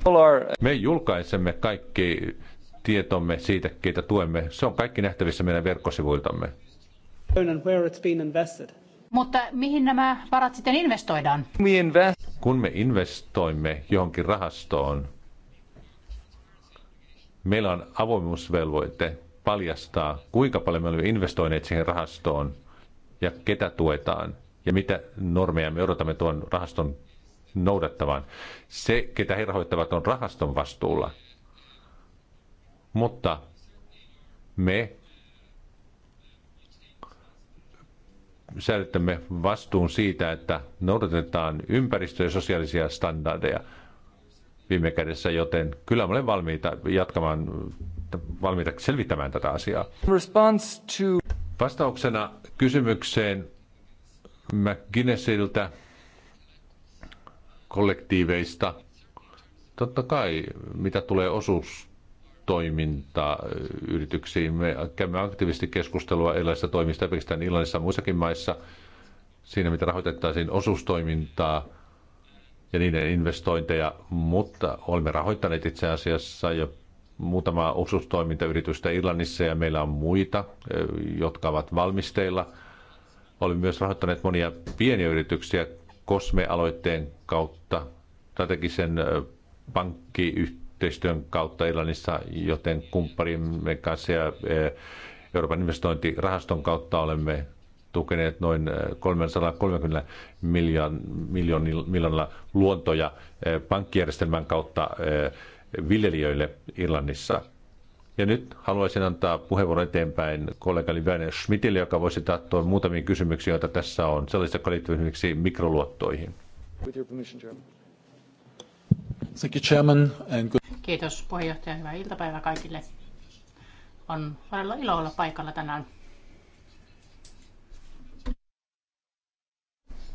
Me julkaisemme kaikki tietomme siitä, keitä tuemme. Se on kaikki nähtävissä meidän verkkosivuiltamme. Mutta mihin nämä varat sitten investoidaan? Kun me investoimme johonkin rahastoon, meillä on avoimuusvelvoite paljastaa, kuinka paljon me olemme investoineet siihen rahastoon ja ketä tuetaan ja mitä normeja me odotamme tuon rahaston noudattamaan. Se, ketä he rahoittavat, on rahaston vastuulla. Mutta me säilyttämme vastuun siitä, että noudatetaan ympäristö- ja sosiaalisia standardeja viime kädessä, joten kyllä olen valmiita jatkamaan, valmiita selvittämään tätä asiaa. Response to... Vastauksena kysymykseen McGuinnessiltä kollektiiveista. Totta kai, mitä tulee osuus toiminta yrityksiin. Me käymme aktiivisesti keskustelua erilaisista toimista, pelkästään Irlannissa ja muissakin maissa, siinä mitä rahoitettaisiin osuustoimintaa ja niiden investointeja, mutta olemme rahoittaneet itse asiassa jo muutamaa osuustoimintayritystä Irlannissa ja meillä on muita, eh, jotka ovat valmisteilla. Olemme myös rahoittaneet monia pieniä yrityksiä kosmealoitteen kautta, strategisen pankkiyhteistyön kautta Irlannissa, joten kumppanimme kanssa ja Euroopan investointirahaston kautta olemme tukeneet noin 330 miljoonilla, miljoonilla luontoja pankkijärjestelmän kautta viljelijöille Irlannissa. Ja nyt haluaisin antaa puheenvuoron eteenpäin kollegani Werner Schmidtille, joka voisi tahtoa muutamia kysymyksiä, joita tässä on, sellaisista, jotka liittyvät esimerkiksi mikroluottoihin. Thank you, Chairman, and good... Kiitos puheenjohtaja, hyvää iltapäivää kaikille. On todella ilo olla paikalla tänään.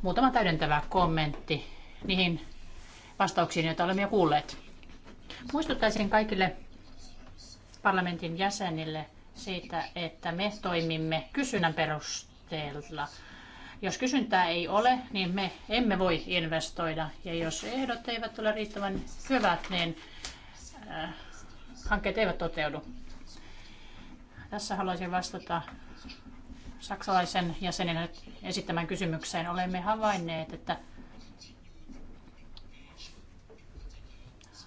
Muutama täydentävä kommentti niihin vastauksiin, joita olemme jo kuulleet. Muistuttaisin kaikille parlamentin jäsenille siitä, että me toimimme kysynnän perusteella. Jos kysyntää ei ole, niin me emme voi investoida. Ja jos ehdot eivät ole riittävän hyvät, niin äh, hankkeet eivät toteudu. Tässä haluaisin vastata saksalaisen jäsenen esittämään kysymykseen. Olemme havainneet, että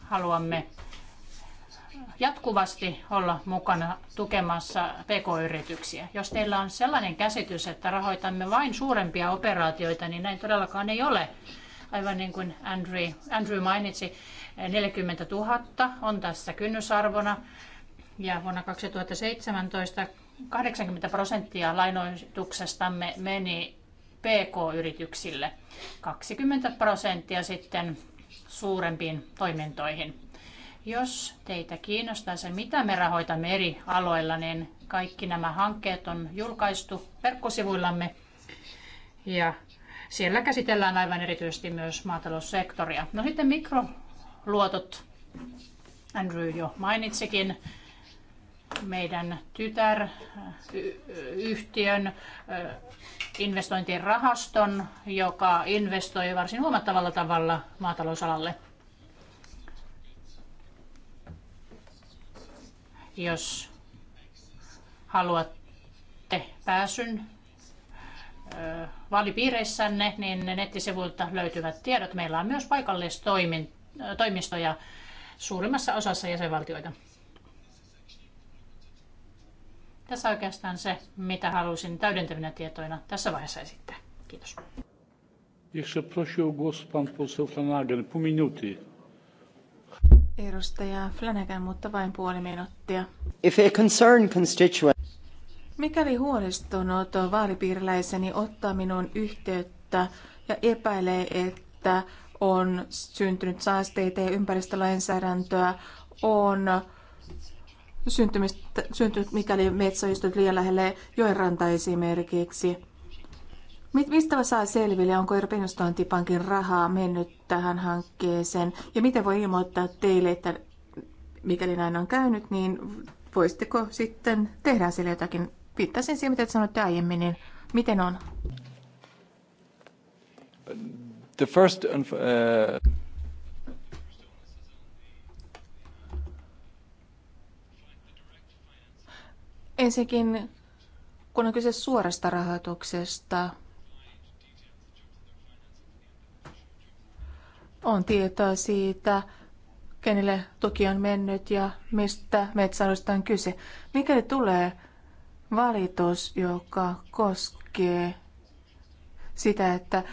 haluamme jatkuvasti olla mukana tukemassa pk-yrityksiä. Jos teillä on sellainen käsitys, että rahoitamme vain suurempia operaatioita, niin näin todellakaan ei ole. Aivan niin kuin Andrew, Andrew mainitsi, 40 000 on tässä kynnysarvona ja vuonna 2017 80 prosenttia lainoituksestamme meni PK-yrityksille, 20 prosenttia sitten suurempiin toimintoihin. Jos teitä kiinnostaa se, mitä me rahoitamme eri aloilla, niin kaikki nämä hankkeet on julkaistu verkkosivuillamme. Ja siellä käsitellään aivan erityisesti myös maataloussektoria. No sitten mikroluotot. Andrew jo mainitsikin meidän tytäryhtiön investointirahaston, joka investoi varsin huomattavalla tavalla maatalousalalle. Jos haluatte pääsyn vaalipiireissänne, niin nettisivuilta löytyvät tiedot. Meillä on myös paikallistoimistoja suurimmassa osassa jäsenvaltioita. Tässä oikeastaan se, mitä halusin täydentävinä tietoina tässä vaiheessa esittää. Kiitos. Jeszcze prosił o głos pan poseł Flanagan. Pół minuty. Edustaja Flanagan, mutta vain puoli minuuttia. If a concern constituent... Mikäli huolestunut vaalipiiriläiseni ottaa minun yhteyttä ja epäilee, että on syntynyt saasteita ja ympäristölainsäädäntöä, on syntynyt, mikäli metsä on liian lähelle joenranta esimerkiksi – Mistä saa selville, onko Euroopan investointipankin rahaa mennyt tähän hankkeeseen ja miten voi ilmoittaa teille, että mikäli näin on käynyt, niin voisitteko sitten tehdä sille jotakin? Viittasin siihen, mitä sanoitte aiemmin, niin miten on? The first, uh... Ensinnäkin, kun on kyse suorasta rahoituksesta, on tietoa siitä, kenelle tuki on mennyt ja mistä metsäalueesta on kyse. Mikäli tulee valitus, joka koskee sitä, että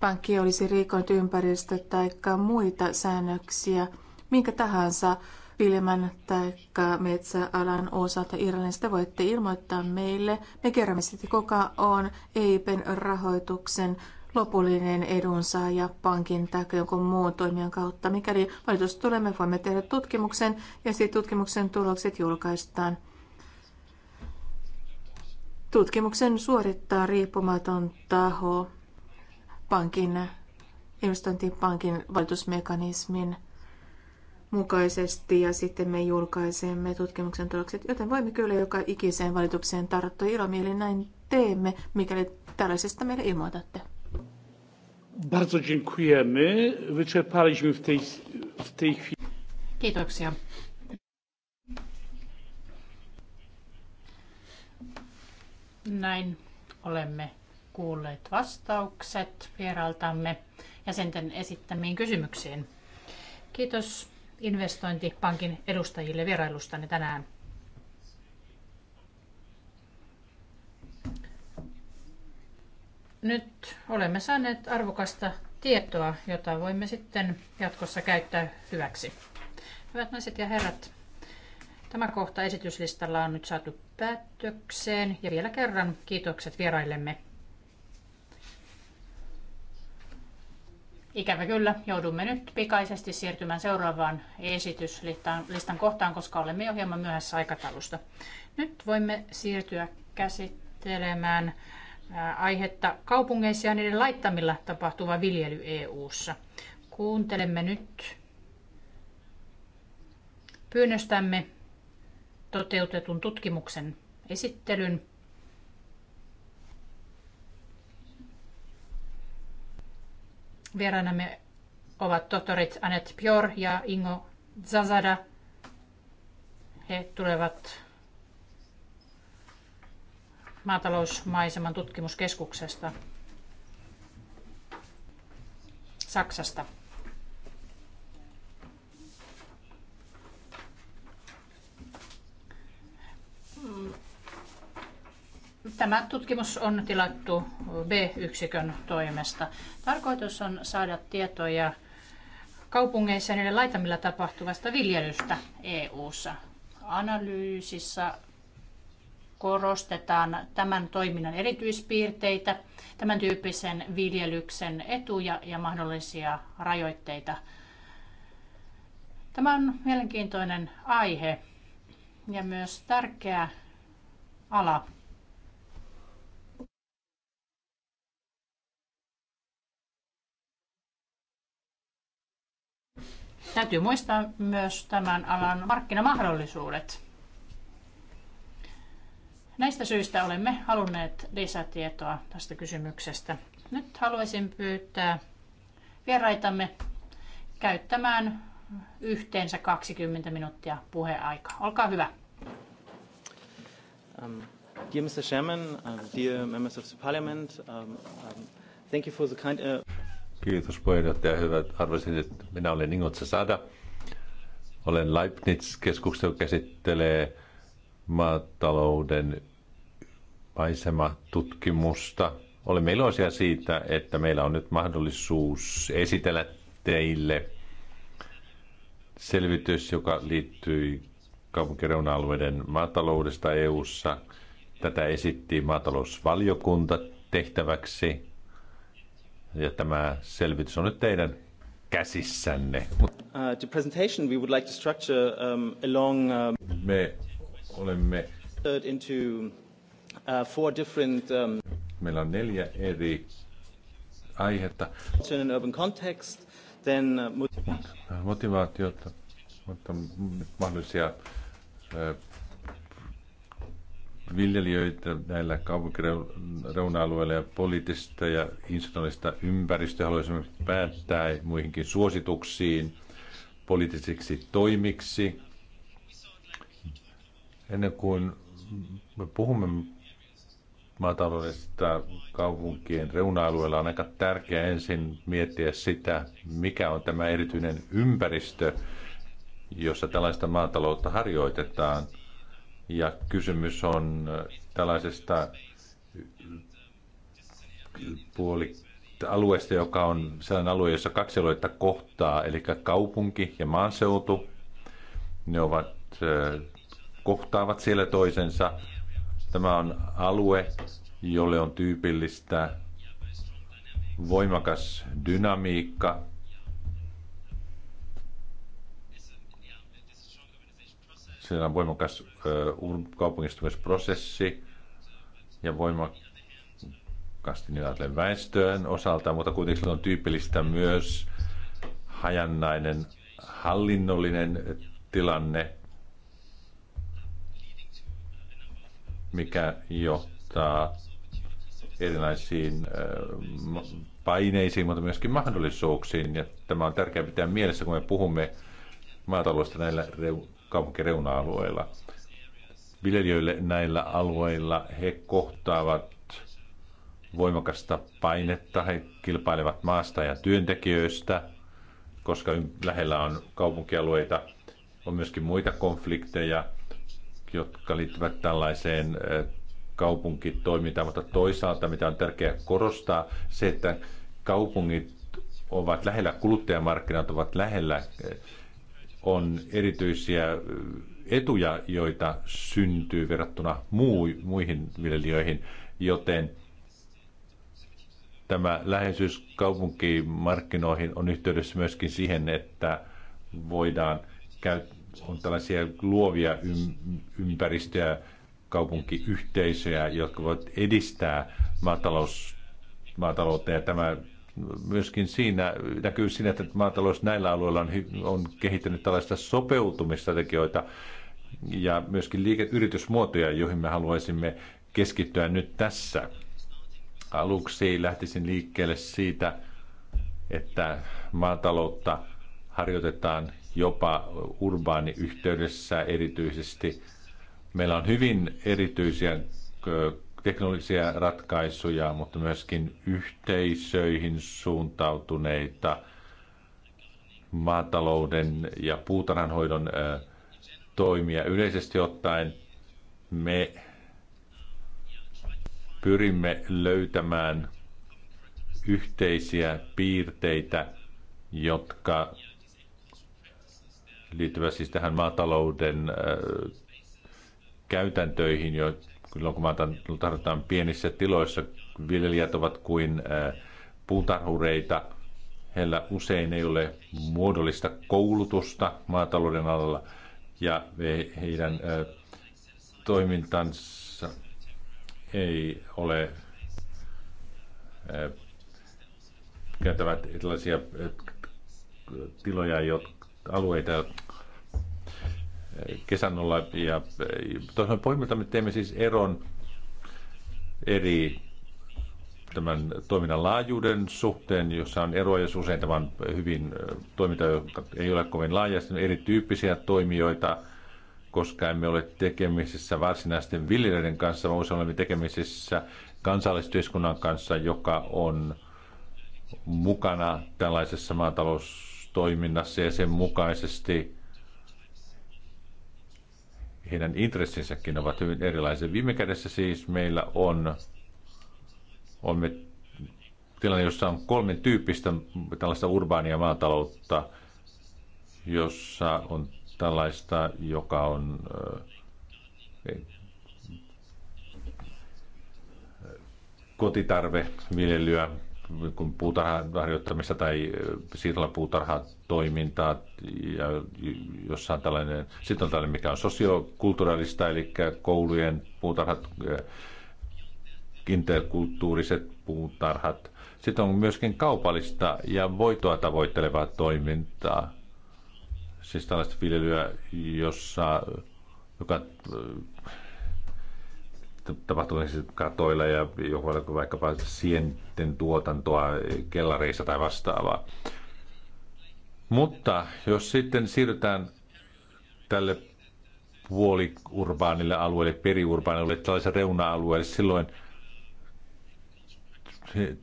pankki olisi rikonut ympäristö- tai muita säännöksiä, minkä tahansa viljelmän tai metsäalan osalta Irlannista voitte ilmoittaa meille. Me kerromme sitten, kuka on EIPen rahoituksen lopullinen edunsaaja pankin tai jonkun muun toimijan kautta. Mikäli valitus tulee, me voimme tehdä tutkimuksen ja sitten tutkimuksen tulokset julkaistaan. Tutkimuksen suorittaa riippumaton taho pankin, investointipankin valitusmekanismin mukaisesti ja sitten me julkaisemme tutkimuksen tulokset, joten voimme kyllä joka ikiseen valitukseen tarttua ilomielin näin teemme, mikäli tällaisesta meille ilmoitatte. Bardzo dziękujemy. Wyczerpaliśmy w tej, w tej chwili. Kiitoksia. Näin olemme kuulleet vastaukset vierailtamme jäsenten esittämiin kysymyksiin. Kiitos investointipankin edustajille vierailustanne tänään. Nyt olemme saaneet arvokasta tietoa, jota voimme sitten jatkossa käyttää hyväksi. Hyvät naiset ja herrat, tämä kohta esityslistalla on nyt saatu päätökseen ja vielä kerran kiitokset vieraillemme. Ikävä kyllä, joudumme nyt pikaisesti siirtymään seuraavaan esityslistan kohtaan, koska olemme jo hieman myöhässä aikataulusta. Nyt voimme siirtyä käsittelemään aihetta kaupungeissa ja niiden laittamilla tapahtuva viljely EU:ssa. Kuuntelemme nyt pyynnöstämme toteutetun tutkimuksen esittelyn. Vieraanamme ovat tohtorit Annette Pior ja Ingo Zazada. He tulevat maatalousmaiseman tutkimuskeskuksesta Saksasta. Tämä tutkimus on tilattu B-yksikön toimesta. Tarkoitus on saada tietoja kaupungeissa ja niiden laitamilla tapahtuvasta viljelystä EU-ssa. Analyysissä korostetaan tämän toiminnan erityispiirteitä, tämän tyyppisen viljelyksen etuja ja mahdollisia rajoitteita. Tämä on mielenkiintoinen aihe ja myös tärkeä ala. Täytyy muistaa myös tämän alan markkinamahdollisuudet. Näistä syistä olemme halunneet lisätietoa tästä kysymyksestä. Nyt haluaisin pyytää vieraitamme käyttämään yhteensä 20 minuuttia puheaikaa. Olkaa hyvä. Um, dear Mr. Chairman, uh, dear members of the parliament, um, um, thank you for the kind... Uh... Kiitos puheenjohtaja. Hyvät arvoisin, minä olen Ingo Sada. Olen Leibniz-keskuksessa, joka käsittelee maatalouden maisematutkimusta. Olemme iloisia siitä, että meillä on nyt mahdollisuus esitellä teille selvitys, joka liittyy kaupunkireuna-alueiden maataloudesta EU-ssa. Tätä esitti maatalousvaliokunta tehtäväksi. Ja tämä selvitys on nyt teidän käsissänne. Uh, the presentation we would like to structure um, along... Um... Me olemme into, uh, four different, um, Meillä on neljä eri aihetta. In urban context, then uh, motivaatiota, mutta mahdollisia viljelijöitä näillä kaupunkireuna-alueilla ja poliittista ja institutionaalista ympäristöä haluaisimme päättää muihinkin suosituksiin poliittisiksi toimiksi Ennen kuin me puhumme maataloudesta kaupunkien reuna-alueella, on aika tärkeää ensin miettiä sitä, mikä on tämä erityinen ympäristö, jossa tällaista maataloutta harjoitetaan. Ja kysymys on tällaisesta puoli alueesta, joka on sellainen alue, jossa kaksi aluetta kohtaa, eli kaupunki ja maaseutu. Ne ovat äh, kohtaavat siellä toisensa. Tämä on alue, jolle on tyypillistä voimakas dynamiikka. Siellä on voimakas kaupungistumisprosessi ja voimakkaasti niillä väestöön osalta, mutta kuitenkin on tyypillistä myös hajannainen hallinnollinen tilanne – mikä johtaa erilaisiin paineisiin, mutta myöskin mahdollisuuksiin. Ja tämä on tärkeää pitää mielessä, kun me puhumme maataloudesta näillä kaupunkireuna-alueilla. Viljelijöille näillä alueilla he kohtaavat voimakasta painetta. He kilpailevat maasta ja työntekijöistä, koska lähellä on kaupunkialueita. On myöskin muita konflikteja, jotka liittyvät tällaiseen kaupunkitoimintaan, mutta toisaalta, mitä on tärkeää korostaa, se, että kaupungit ovat lähellä, kuluttajamarkkinat ovat lähellä, on erityisiä etuja, joita syntyy verrattuna muu, muihin viljelijöihin, joten tämä läheisyys kaupunkimarkkinoihin on yhteydessä myöskin siihen, että voidaan käyttää on tällaisia luovia ympäristöjä, kaupunkiyhteisöjä, jotka voivat edistää maatalous, maataloutta. Ja tämä myöskin siinä näkyy siinä, että maatalous näillä alueilla on, on kehittänyt tällaista sopeutumistrategioita ja myöskin liikeyritysmuotoja, joihin me haluaisimme keskittyä nyt tässä. Aluksi lähtisin liikkeelle siitä, että maataloutta harjoitetaan jopa urbaaniyhteydessä erityisesti. Meillä on hyvin erityisiä teknologisia ratkaisuja, mutta myöskin yhteisöihin suuntautuneita maatalouden ja puutarhanhoidon toimia. Yleisesti ottaen me pyrimme löytämään yhteisiä piirteitä, jotka liittyvä siis tähän maatalouden käytäntöihin, jo silloin kun maata pienissä tiloissa, viljelijät ovat kuin puutarhureita. Heillä usein ei ole muodollista koulutusta maatalouden alalla ja heidän toimintansa ei ole käytävät erilaisia tiloja, alueita, olla. Ja tosiaan pohjimmiltaan me teemme siis eron eri tämän toiminnan laajuuden suhteen, jossa on eroja, jos usein tämä on hyvin toiminta, joka ei ole kovin laaja, sitten erityyppisiä toimijoita, koska emme ole tekemisissä varsinaisten viljelijöiden kanssa, vaan usein olemme tekemisissä kansallistyöskunnan kanssa, joka on mukana tällaisessa maataloustoiminnassa ja sen mukaisesti heidän intressinsäkin ovat hyvin erilaisia. Viime kädessä siis meillä on, on me tilanne, jossa on kolmen tyyppistä tällaista urbaania maataloutta, jossa on tällaista, joka on kotitarveviljelyä, kun puutarhaharjoittamista tai toimintaa, ja jossain on tällainen, sitten on tällainen, mikä on sosiokulturaalista, eli koulujen puutarhat, interkulttuuriset puutarhat. Sitten on myöskin kaupallista ja voitoa tavoittelevaa toimintaa, siis tällaista viljelyä, jossa, joka tapahtuu katoilla ja joku vaikkapa sienten tuotantoa kellareissa tai vastaavaa. Mutta jos sitten siirrytään tälle puoliurbaanille alueelle, periurbaanille, tällaiselle reuna-alueelle, silloin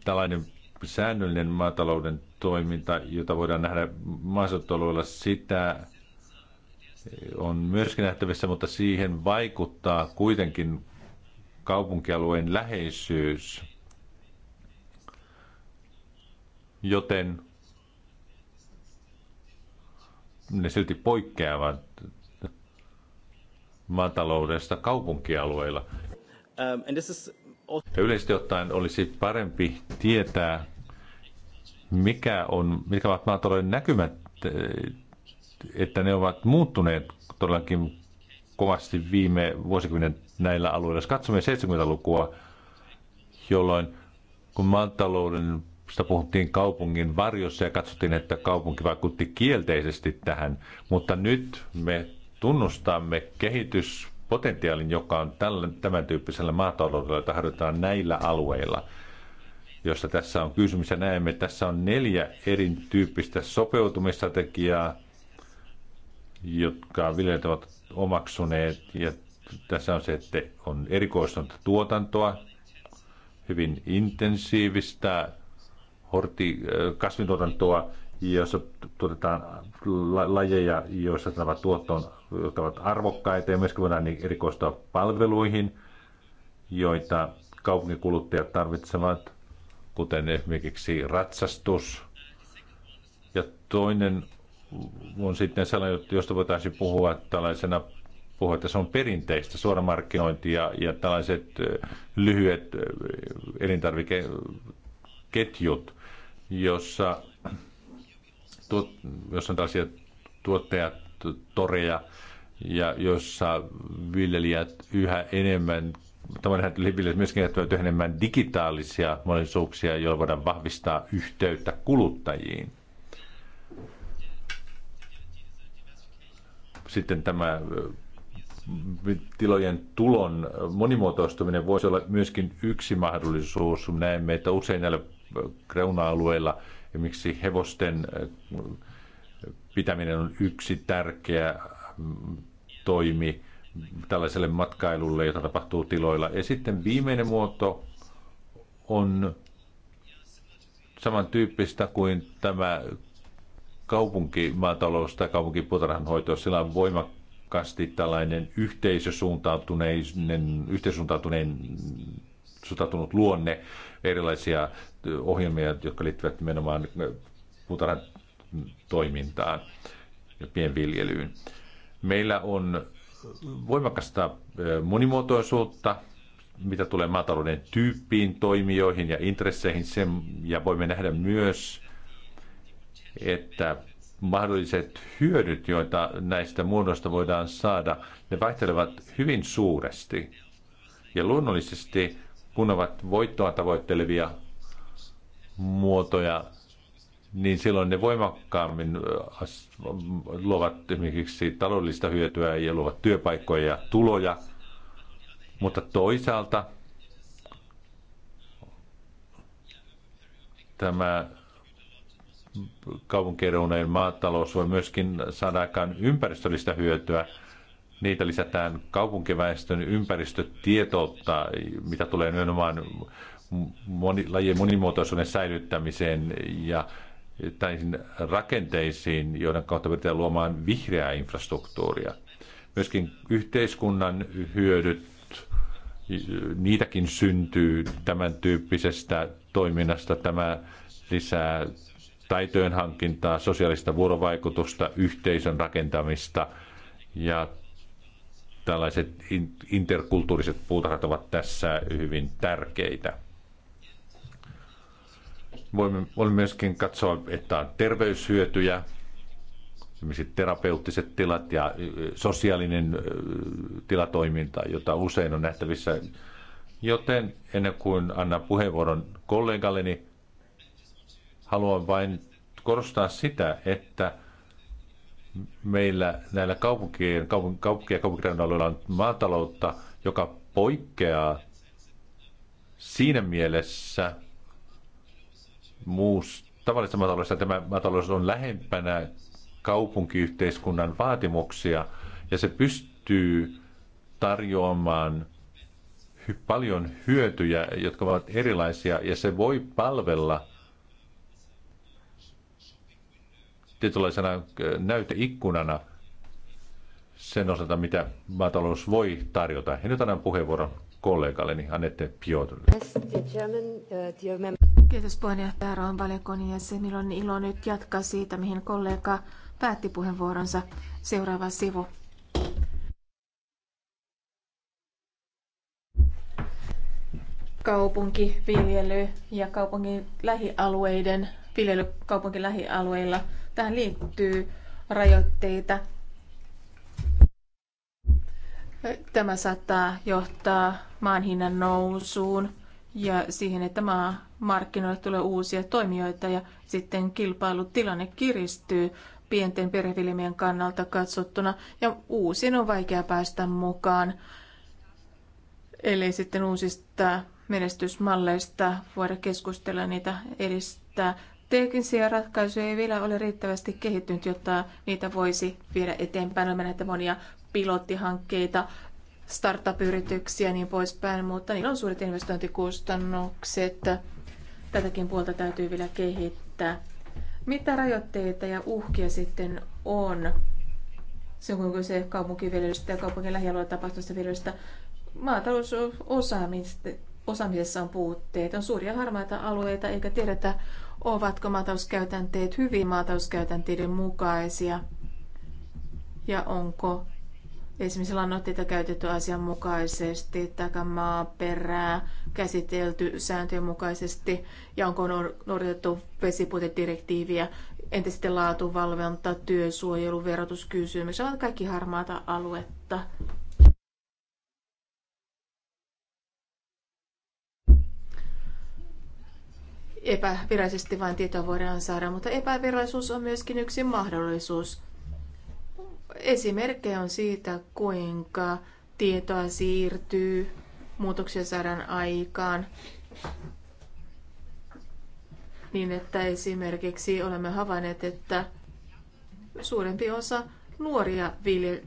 tällainen säännöllinen maatalouden toiminta, jota voidaan nähdä maaseutualueella, sitä on myöskin nähtävissä, mutta siihen vaikuttaa kuitenkin kaupunkialueen läheisyys. Joten ne silti poikkeavat maataloudesta kaupunkialueilla. Um, ja yleisesti ottaen olisi parempi tietää, mikä on, mitkä ovat maatalouden näkymät, että ne ovat muuttuneet todellakin kovasti viime vuosikymmenen näillä alueilla. Jos katsomme 70-lukua, jolloin kun maantalouden sitä puhuttiin kaupungin varjossa ja katsottiin, että kaupunki vaikutti kielteisesti tähän, mutta nyt me tunnustamme kehityspotentiaalin, joka on tämän tyyppisellä maataloudella, jota harjoitetaan näillä alueilla josta tässä on kysymys. Ja näemme, että tässä on neljä erityyppistä sopeutumistrategiaa, jotka viljelijät ovat omaksuneet. Ja tässä on se, että on erikoistunut tuotantoa, hyvin intensiivistä horti, kasvintuotantoa, jossa tuotetaan lajeja, joissa tämä tuotto on, jotka ovat arvokkaita ja myöskin voidaan erikoistua palveluihin, joita kaupunkikuluttajat tarvitsevat, kuten esimerkiksi ratsastus. Ja toinen on sitten sellainen, josta voitaisiin puhua tällaisena puhua, että se on perinteistä suoramarkkinointi ja, ja tällaiset lyhyet elintarvikeketjut, jossa, tuot, jossa on tällaisia tuottajat, toreja, ja jossa viljelijät yhä enemmän Tämähän viljelijät myöskin käyttävät enemmän digitaalisia mahdollisuuksia, joilla voidaan vahvistaa yhteyttä kuluttajiin. Sitten tämä tilojen tulon monimuotoistuminen voisi olla myöskin yksi mahdollisuus. Näemme, että usein näillä reuna-alueilla miksi hevosten eh, pitäminen on yksi tärkeä mm, toimi tällaiselle matkailulle, jota tapahtuu tiloilla. Ja sitten viimeinen muoto on samantyyppistä kuin tämä kaupunkimaatalous tai kaupunkipuutarhanhoito, sillä on voimakkaasti voimakkaasti tällainen yhteisösuuntautuneinen, yhteisösuuntautuneen suhtautunut luonne, erilaisia ohjelmia, jotka liittyvät nimenomaan puutarhan toimintaan ja pienviljelyyn. Meillä on voimakasta monimuotoisuutta, mitä tulee maatalouden tyyppiin, toimijoihin ja intresseihin, sen, ja voimme nähdä myös, että mahdolliset hyödyt, joita näistä muodoista voidaan saada, ne vaihtelevat hyvin suuresti. Ja luonnollisesti, kun ovat voittoa tavoittelevia muotoja, niin silloin ne voimakkaammin äh, luovat esimerkiksi taloudellista hyötyä ja luovat työpaikkoja ja tuloja. Mutta toisaalta tämä kaupunkireunojen maatalous voi myöskin saada aikaan ympäristöllistä hyötyä. Niitä lisätään kaupunkiväestön ympäristötietoutta, mitä tulee nimenomaan moni, lajien monimuotoisuuden säilyttämiseen ja näihin rakenteisiin, joiden kautta pyritään luomaan vihreää infrastruktuuria. Myöskin yhteiskunnan hyödyt, niitäkin syntyy tämän tyyppisestä toiminnasta. Tämä lisää taitojen hankintaa, sosiaalista vuorovaikutusta, yhteisön rakentamista ja tällaiset interkulttuuriset puutarhat ovat tässä hyvin tärkeitä. Voimme, voimme myöskin katsoa, että on terveyshyötyjä, esimerkiksi terapeuttiset tilat ja sosiaalinen tilatoiminta, jota usein on nähtävissä. Joten ennen kuin annan puheenvuoron kollegalleni, Haluan vain korostaa sitä, että meillä näillä kaupunkien, kaupunkien kaupunki- kaupunkien alueilla on maataloutta, joka poikkeaa siinä mielessä muusta tavallisesta maataloudesta. Tämä maatalous on lähempänä kaupunkiyhteiskunnan vaatimuksia ja se pystyy tarjoamaan paljon hyötyjä, jotka ovat erilaisia ja se voi palvella tietynlaisena näyteikkunana sen osalta, mitä maatalous voi tarjota. Ja nyt annan puheenvuoron kollegalleni Annette Piotrille. Kiitos puheenjohtaja Roon valiokunnan jäsenillä on ilo nyt jatkaa siitä, mihin kollega päätti puheenvuoronsa. Seuraava sivu. kaupunkiviljely ja kaupungin lähialueiden viljely kaupunkin lähialueilla – Tähän liittyy rajoitteita. Tämä saattaa johtaa maan hinnan nousuun ja siihen, että maa markkinoille tulee uusia toimijoita ja sitten kilpailutilanne kiristyy pienten perheviljelmien kannalta katsottuna ja uusien on vaikea päästä mukaan, eli sitten uusista menestysmalleista voida keskustella niitä edistää. Teknisiä ratkaisuja ei vielä ole riittävästi kehittynyt, jotta niitä voisi viedä eteenpäin. On näitä monia pilottihankkeita, startup-yrityksiä ja niin poispäin, mutta niillä on suuret investointikustannukset. Tätäkin puolta täytyy vielä kehittää. Mitä rajoitteita ja uhkia sitten on? Se on kuin se kaupunkiviljelystä ja kaupungin lähialueen tapahtuvasta viljelystä. Maatalousosaamisessa on puutteita, On suuria harmaita alueita eikä tiedetä, ovatko matauskäytänteet hyvin matauskäytänteiden mukaisia ja onko esimerkiksi lannoitteita käytetty asianmukaisesti tai maaperää käsitelty sääntöjen mukaisesti ja onko noudatettu vesipuitedirektiiviä, entä sitten laatuvalvonta, työsuojelu, verotuskysymys ovat kaikki harmaata aluetta. epävirallisesti vain tietoa voidaan saada, mutta epävirallisuus on myöskin yksi mahdollisuus. Esimerkkejä on siitä, kuinka tietoa siirtyy, muutoksia saadaan aikaan, niin että esimerkiksi olemme havainneet, että suurempi osa nuoria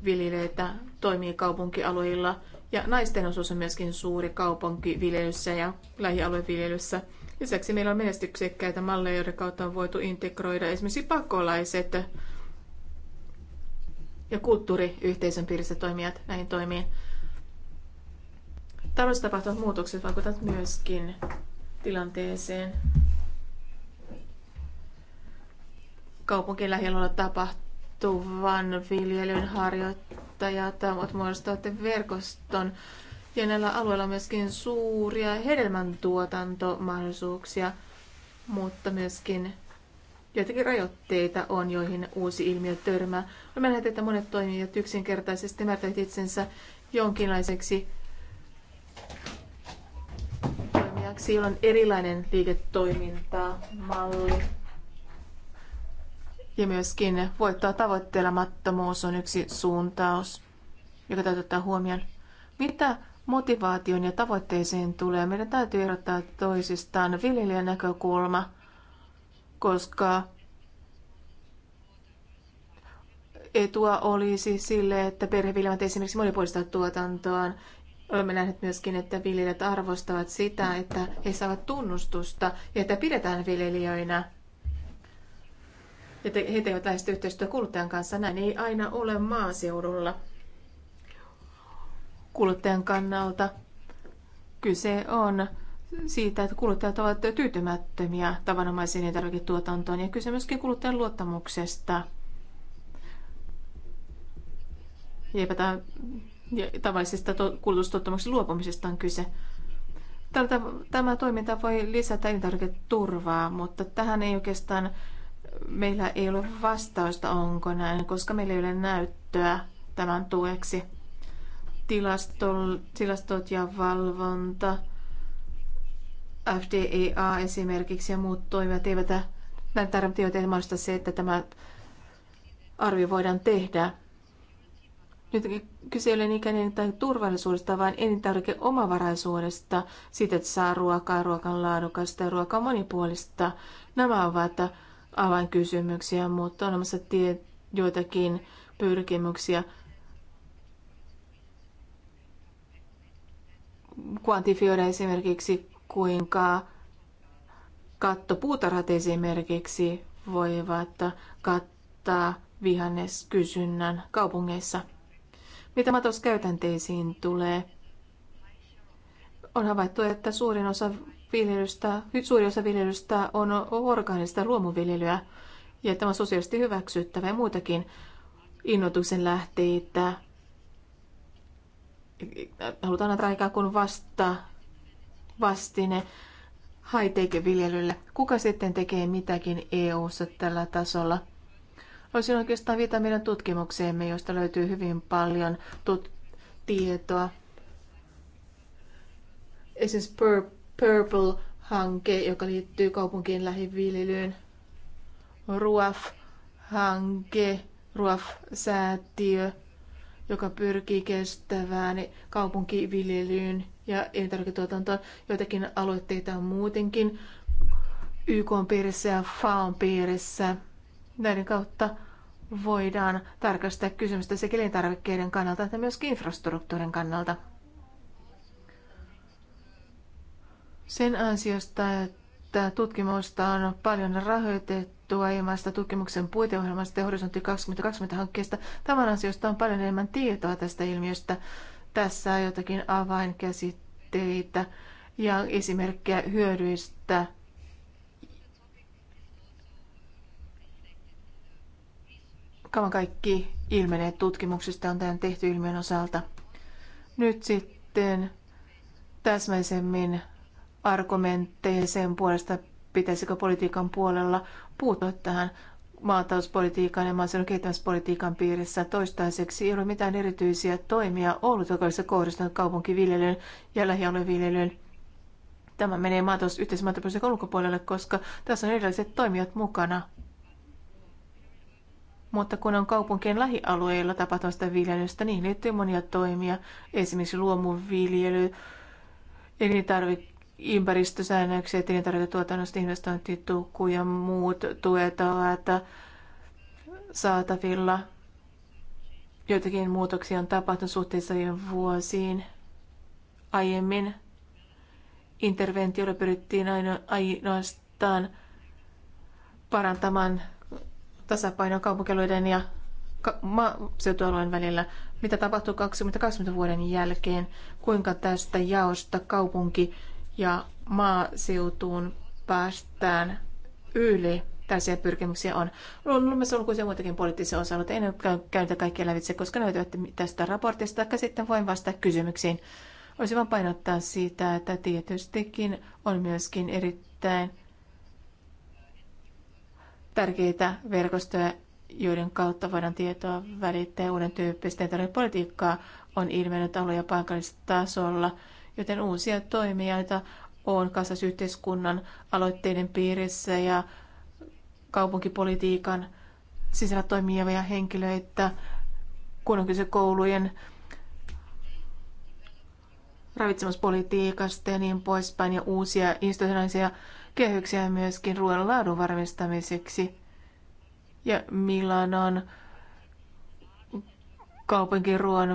viljelijöitä toimii kaupunkialueilla ja naisten osuus on myöskin suuri kaupunkiviljelyssä ja lähialueviljelyssä – Lisäksi meillä on menestyksekkäitä malleja, joiden kautta on voitu integroida esimerkiksi pakolaiset ja kulttuuriyhteisön piirissä toimijat näihin toimiin. Taloudessa tapahtuvat muutokset vaikuttavat myöskin tilanteeseen. Kaupunkien lähialueella tapahtuvan viljelyn harjoittajat muodostavat verkoston, ja näillä alueilla on myöskin suuria hedelmäntuotantomahdollisuuksia, mutta myöskin joitakin rajoitteita on, joihin uusi ilmiö törmää. Mä näen, että monet toimijat yksinkertaisesti määrtävät itsensä jonkinlaiseksi toimijaksi, jolla on erilainen liiketoimintamalli. Ja myöskin voittaa tavoittelemattomuus on yksi suuntaus, joka täytyy ottaa huomioon. Mitä motivaation ja tavoitteeseen tulee, meidän täytyy erottaa toisistaan viljelijän näkökulma, koska etua olisi sille, että perheviljelmät esimerkiksi monipuolistavat tuotantoaan. Olemme nähneet myöskin, että viljelijät arvostavat sitä, että he saavat tunnustusta ja että pidetään viljelijöinä. Ja he tekevät läheistä yhteistyötä kuluttajan kanssa. Näin ei aina ole maaseudulla kuluttajan kannalta. Kyse on siitä, että kuluttajat ovat tyytymättömiä tavanomaisiin elintarviketuotantoon ja kyse myöskin kuluttajan luottamuksesta. Eipä tavallisesta kulutustottumuksesta luopumisesta on kyse. Tämä toiminta voi lisätä elintarviketurvaa, mutta tähän ei oikeastaan meillä ei ole vastausta, onko näin, koska meillä ei ole näyttöä tämän tueksi tilastot ja valvonta, FDEA esimerkiksi ja muut toimijat eivät näin tarvitse mahdollista se, että tämä arvio voidaan tehdä. Nyt kyse ei ole niinkään turvallisuudesta, vaan omavaraisuudesta, siitä, että saa ruokaa, ruokan laadukasta ja ruokaa monipuolista. Nämä ovat avainkysymyksiä, mutta on olemassa tie, joitakin pyrkimyksiä kvantifioida esimerkiksi, kuinka kattopuutarhat esimerkiksi voivat kattaa vihanneskysynnän kaupungeissa. Mitä matoskäytänteisiin tulee? On havaittu, että suurin osa viljelystä, suuri osa viljelystä on orgaanista luomuviljelyä, ja tämä on sosiaalisesti hyväksyttävä ja muitakin innoituksen lähteitä halutaan antaa ikään kuin vasta, vastine haiteikeviljelylle. Kuka sitten tekee mitäkin EU-ssa tällä tasolla? Olisin oikeastaan viitata meidän tutkimukseemme, josta löytyy hyvin paljon tut- tietoa. Esimerkiksi Pur- Purple-hanke, joka liittyy kaupunkien lähiviljelyyn. RUAF-hanke, RUAF-säätiö – joka pyrkii kestävään kaupunkiviljelyyn ja elintarviketuotantoon. Joitakin aloitteita on muutenkin YK on piirissä ja FAOn piirissä. Näiden kautta voidaan tarkastaa kysymystä sekä elintarvikkeiden kannalta että myös infrastruktuurin kannalta. Sen ansiosta, että tutkimusta on paljon rahoitettu, sovittu aiemmasta tutkimuksen puiteohjelmasta ja horisontti 2020 hankkeesta. Tämän ansiosta on paljon enemmän tietoa tästä ilmiöstä. Tässä on jotakin avainkäsitteitä ja esimerkkejä hyödyistä. Kaman kaikki ilmenee tutkimuksista on tämän tehty ilmiön osalta. Nyt sitten täsmäisemmin argumentteja sen puolesta, pitäisikö politiikan puolella puuttua tähän maatalouspolitiikan ja maaseudun kehittämispolitiikan piirissä toistaiseksi ei ole mitään erityisiä toimia ollut, joka olisi kohdistunut kaupunkiviljelyyn ja lähialueviljelyyn. Tämä menee maatalous ulkopuolelle, koska tässä on erilaiset toimijat mukana. Mutta kun on kaupunkien lähialueilla tapahtuvasta viljelystä, niin liittyy monia toimia, esimerkiksi luomuviljely, elintarvikkeet, ympäristösäännöksiä, tilintarvituotannosta, investointitukku ja muut tuet ovat saatavilla. Joitakin muutoksia on tapahtunut suhteessa viime vuosiin. Aiemmin interventiolla pyrittiin ainoastaan parantamaan tasapainoa kaupunkialueiden ja maaseutualueen välillä. Mitä tapahtuu 2020 vuoden jälkeen? Kuinka tästä jaosta kaupunki- ja maaseutuun päästään yli. Tällaisia pyrkimyksiä on. Luulemassa on kuitenkin muitakin poliittisia osa mutta en käy niitä kaikkia lävitse, koska ne löytyvät tästä raportista, tai sitten voin vastata kysymyksiin. Olisi vain painottaa siitä, että tietystikin on myöskin erittäin tärkeitä verkostoja, joiden kautta voidaan tietoa välittää uuden tyyppistä politiikkaa on ilmennyt alue- ja paikallistasolla. tasolla joten uusia toimijoita on kasasyhteiskunnan aloitteiden piirissä ja kaupunkipolitiikan sisällä toimivia henkilöitä, kun on kyse koulujen ravitsemuspolitiikasta ja niin poispäin, ja uusia institutionaalisia kehyksiä myöskin ruoan laadun varmistamiseksi. Ja Milanon kaupunkiruoan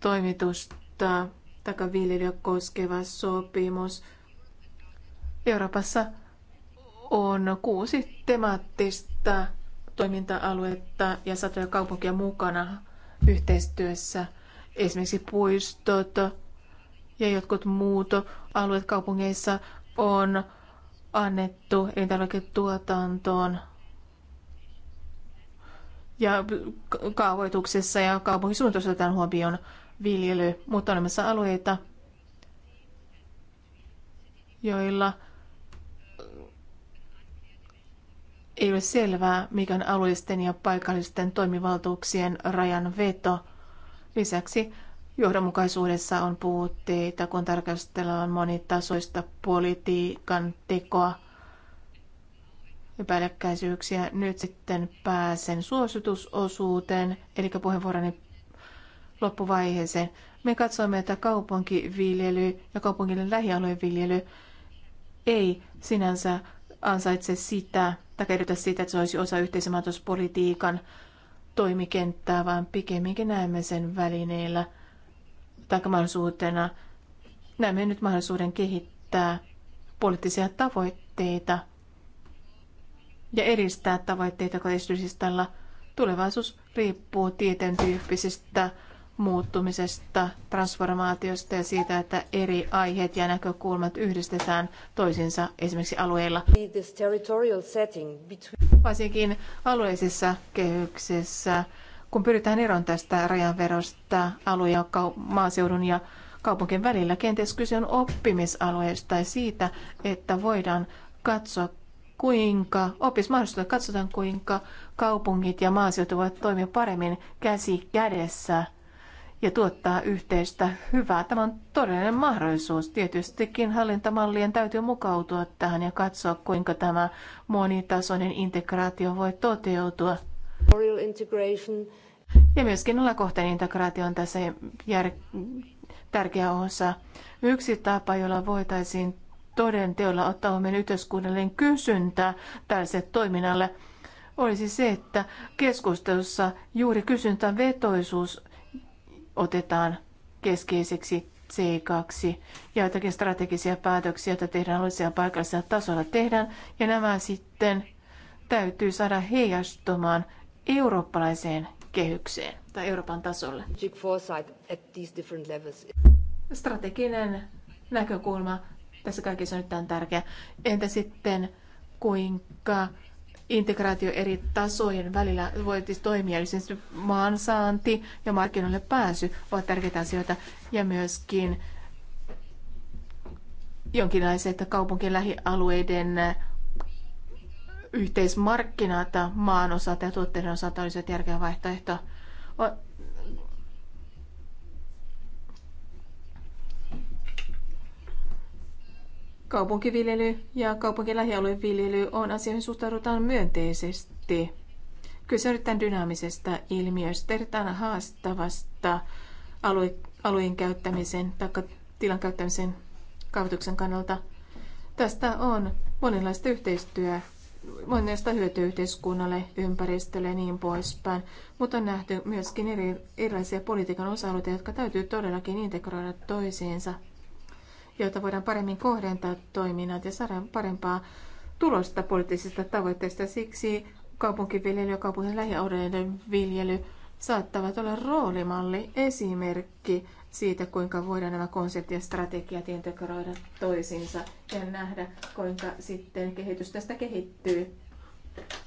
toimitusta takaviljelijä koskeva sopimus. Euroopassa on kuusi temaattista toiminta-aluetta ja satoja kaupunkia mukana yhteistyössä. Esimerkiksi puistot ja jotkut muut alueet kaupungeissa on annettu elintarviketuotantoon ja kaavoituksessa ja kaupunkisuunnitelmassa otetaan huomioon viljely, mutta on olemassa alueita, joilla ei ole selvää, mikä on alueisten ja paikallisten toimivaltuuksien rajan veto. Lisäksi johdonmukaisuudessa on puutteita, kun tarkastellaan monitasoista politiikan tekoa ja päällekkäisyyksiä. Nyt sitten pääsen suositusosuuteen, eli puheenvuoroni loppuvaiheeseen. Me katsoimme, että kaupunkiviljely ja kaupunkien lähialueviljely ei sinänsä ansaitse sitä, tai kerrota sitä, että se olisi osa yhteisen toimikenttää, vaan pikemminkin näemme sen välineillä tai mahdollisuutena. Näemme nyt mahdollisuuden kehittää poliittisia tavoitteita ja eristää tavoitteita kotisyysistalla. Tulevaisuus riippuu tieteen tyyppisistä muuttumisesta, transformaatiosta ja siitä, että eri aiheet ja näkökulmat yhdistetään toisiinsa esimerkiksi alueilla. Varsinkin alueellisissa kehyksissä, kun pyritään eroon tästä rajanverosta alueen ja maaseudun ja kaupunkien välillä, kenties kyse on oppimisalueesta ja siitä, että voidaan katsoa kuinka opismahdollisuudet katsotaan, kuinka kaupungit ja maaseutu voivat toimia paremmin käsi kädessä – ja tuottaa yhteistä hyvää. Tämä on todellinen mahdollisuus. Tietystikin hallintamallien täytyy mukautua tähän ja katsoa, kuinka tämä monitasoinen integraatio voi toteutua. Ja myöskin alakohtainen integraatio on tässä jär- tärkeä osa. Yksi tapa, jolla voitaisiin toden teolla ottaa omien yhteiskunnallinen kysyntä tällaiselle toiminnalle, olisi se, että keskustelussa juuri kysyntävetoisuus vetoisuus otetaan keskeiseksi seikaksi ja joitakin strategisia päätöksiä, joita tehdään alueellisella paikallisella tasolla tehdään, ja nämä sitten täytyy saada heijastumaan eurooppalaiseen kehykseen tai Euroopan tasolle. Strateginen näkökulma tässä kaikessa on nyt tämän tärkeä. Entä sitten kuinka integraatio eri tasojen välillä voi siis toimia. siis maansaanti ja markkinoille pääsy ovat tärkeitä asioita ja myöskin jonkinlaiset kaupunkien lähialueiden yhteismarkkinat maan osalta ja tuotteiden osalta olisivat järkevä vaihtoehto. Kaupunkiviljely ja kaupunkilähialueen viljely on asioihin suhtaudutaan myönteisesti. Kyse on erittäin dynaamisesta ilmiöstä, erittäin haastavasta alue, alueen käyttämisen tai tilan käyttämisen kaavoituksen kannalta. Tästä on monenlaista yhteistyötä monesta hyötyä yhteiskunnalle, ympäristölle ja niin poispäin, mutta on nähty myöskin eri, erilaisia politiikan osa-alueita, jotka täytyy todellakin integroida toisiinsa – joita voidaan paremmin kohdentaa toiminnat ja saada parempaa tulosta poliittisista tavoitteista. Siksi kaupunkiviljely ja kaupungin lähialueiden viljely saattavat olla roolimalli, esimerkki siitä, kuinka voidaan nämä konseptit ja strategiat integroida toisiinsa ja nähdä, kuinka sitten kehitys tästä kehittyy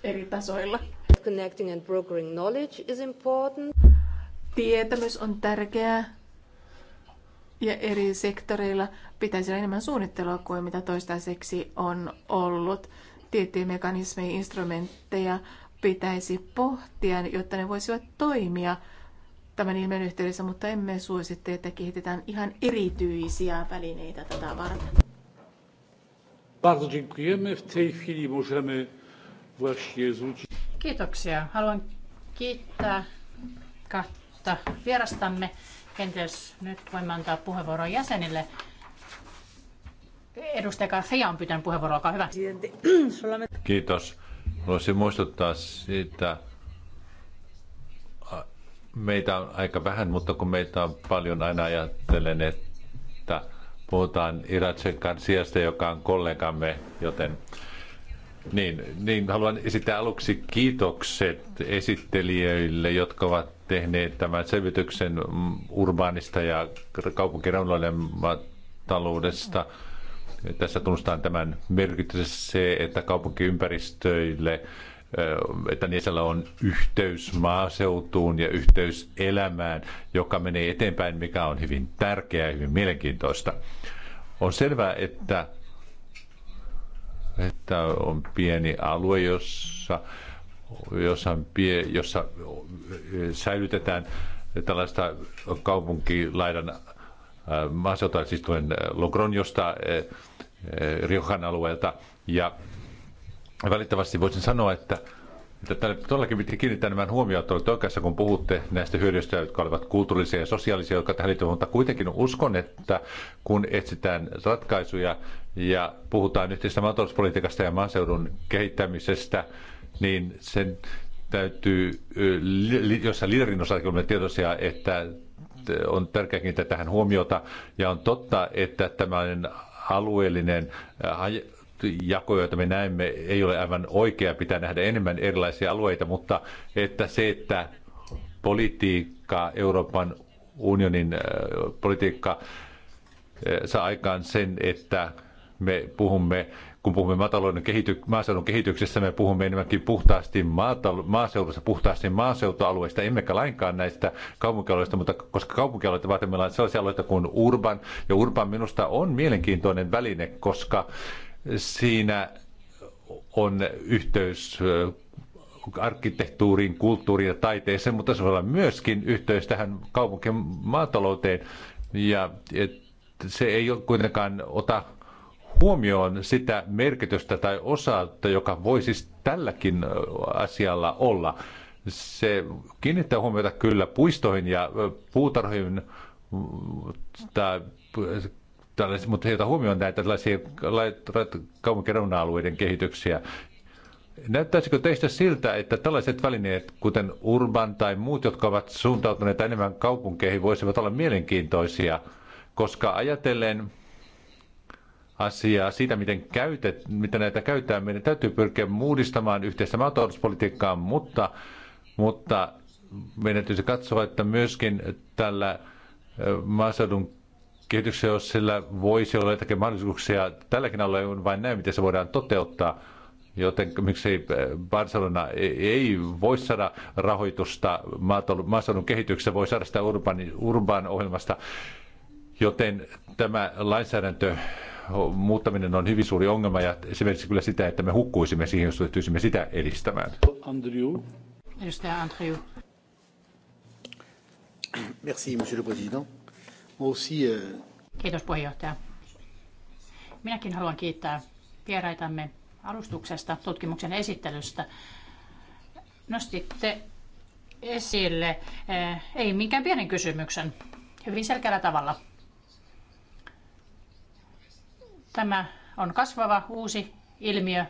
eri tasoilla. Connecting and brokering knowledge is important. Tietämys on tärkeää ja eri sektoreilla pitäisi olla enemmän suunnittelua kuin mitä toistaiseksi on ollut. Tiettyjä mekanismeja, instrumentteja pitäisi pohtia, jotta ne voisivat toimia tämän ilmeen yhteydessä, mutta emme suositte, että kehitetään ihan erityisiä välineitä tätä varten. Bardzo dziękujemy. W tej chwili możemy właśnie zwrócić... Kiitoksia. Haluan kiittää kahta vierastamme. Kenties nyt voimme antaa puheenvuoron jäsenille. Edustaja Garcia on pyytänyt puheenvuoroa, olkaa hyvä. Kiitos. Haluaisin muistuttaa siitä, meitä on aika vähän, mutta kun meitä on paljon, aina ajattelen, että puhutaan Iratsen kanssa joka on kollegamme, joten niin, niin haluan esittää aluksi kiitokset esittelijöille, jotka ovat tehneet tämän selvityksen urbaanista ja kaupunkiraunoille taloudesta. Tässä tunnustaan tämän merkitys se, että kaupunkiympäristöille että niissä on yhteys maaseutuun ja yhteys elämään, joka menee eteenpäin, mikä on hyvin tärkeää ja hyvin mielenkiintoista. On selvää, että, että on pieni alue, jossa jossa, jossa säilytetään tällaista kaupunkilaidan maaseuta, siis tulen Logronjosta, Riohan alueelta. Ja välittävästi voisin sanoa, että että tälle todellakin piti kiinnittää nämä huomiot, olette oikeassa, kun puhutte näistä hyödyistä, jotka olivat kulttuurisia ja sosiaalisia, jotka tähän liittyvät, mutta kuitenkin uskon, että kun etsitään ratkaisuja ja puhutaan yhteisestä maatalouspolitiikasta ja maaseudun kehittämisestä, niin sen täytyy, jossa liderin osalta olemme tietoisia, että on tärkeää kiinnittää tähän huomiota. Ja on totta, että tämmöinen alueellinen jako, jota me näemme, ei ole aivan oikea. Pitää nähdä enemmän erilaisia alueita, mutta että se, että politiikka, Euroopan unionin politiikka saa aikaan sen, että me puhumme kun puhumme maatalouden kehity- maaseudun kehityksestä, me puhumme enemmänkin puhtaasti maatal- maaseudusta, puhtaasti maaseutualueista, emmekä lainkaan näistä kaupunkialueista, mutta koska kaupunkialueita varten meillä on sellaisia alueita kuin Urban, ja Urban minusta on mielenkiintoinen väline, koska siinä on yhteys arkkitehtuuriin, kulttuuriin ja taiteeseen, mutta se voi olla myöskin yhteys tähän kaupunkien maatalouteen. Ja et, se ei ole kuitenkaan ota huomioon sitä merkitystä tai osaa, joka voi siis tälläkin asialla olla. Se kiinnittää huomiota kyllä puistoihin ja puutarhoihin, mm, mutta heitä huomioon näitä tällaisia kaupunkien alueiden kehityksiä. Näyttäisikö teistä siltä, että tällaiset välineet, kuten Urban tai muut, jotka ovat suuntautuneet enemmän kaupunkeihin, voisivat olla mielenkiintoisia, koska ajatellen asiaa siitä, miten, käytet, miten näitä käytetään. Meidän täytyy pyrkiä uudistamaan yhteistä maatalouspolitiikkaa, mutta, mutta meidän täytyy katsoa, että myöskin tällä maaseudun kehityksellä, sillä voisi olla jotakin mahdollisuuksia, tälläkin alueella on vain näin, miten se voidaan toteuttaa. Joten miksi Barcelona ei voi saada rahoitusta maaseudun kehityksestä, voi saada sitä urban, urban ohjelmasta. Joten tämä lainsäädäntö muuttaminen on hyvin suuri ongelma ja se merkitsee kyllä sitä, että me hukkuisimme siihen, jos ryhtyisimme sitä edistämään. Andrew. Edustaja Andrew. Merci, monsieur le président. aussi, euh... Kiitos puheenjohtaja. Minäkin haluan kiittää vieraitamme alustuksesta, tutkimuksen esittelystä. Nostitte esille, eh, ei minkään pienen kysymyksen, hyvin selkeällä tavalla – Tämä on kasvava uusi ilmiö,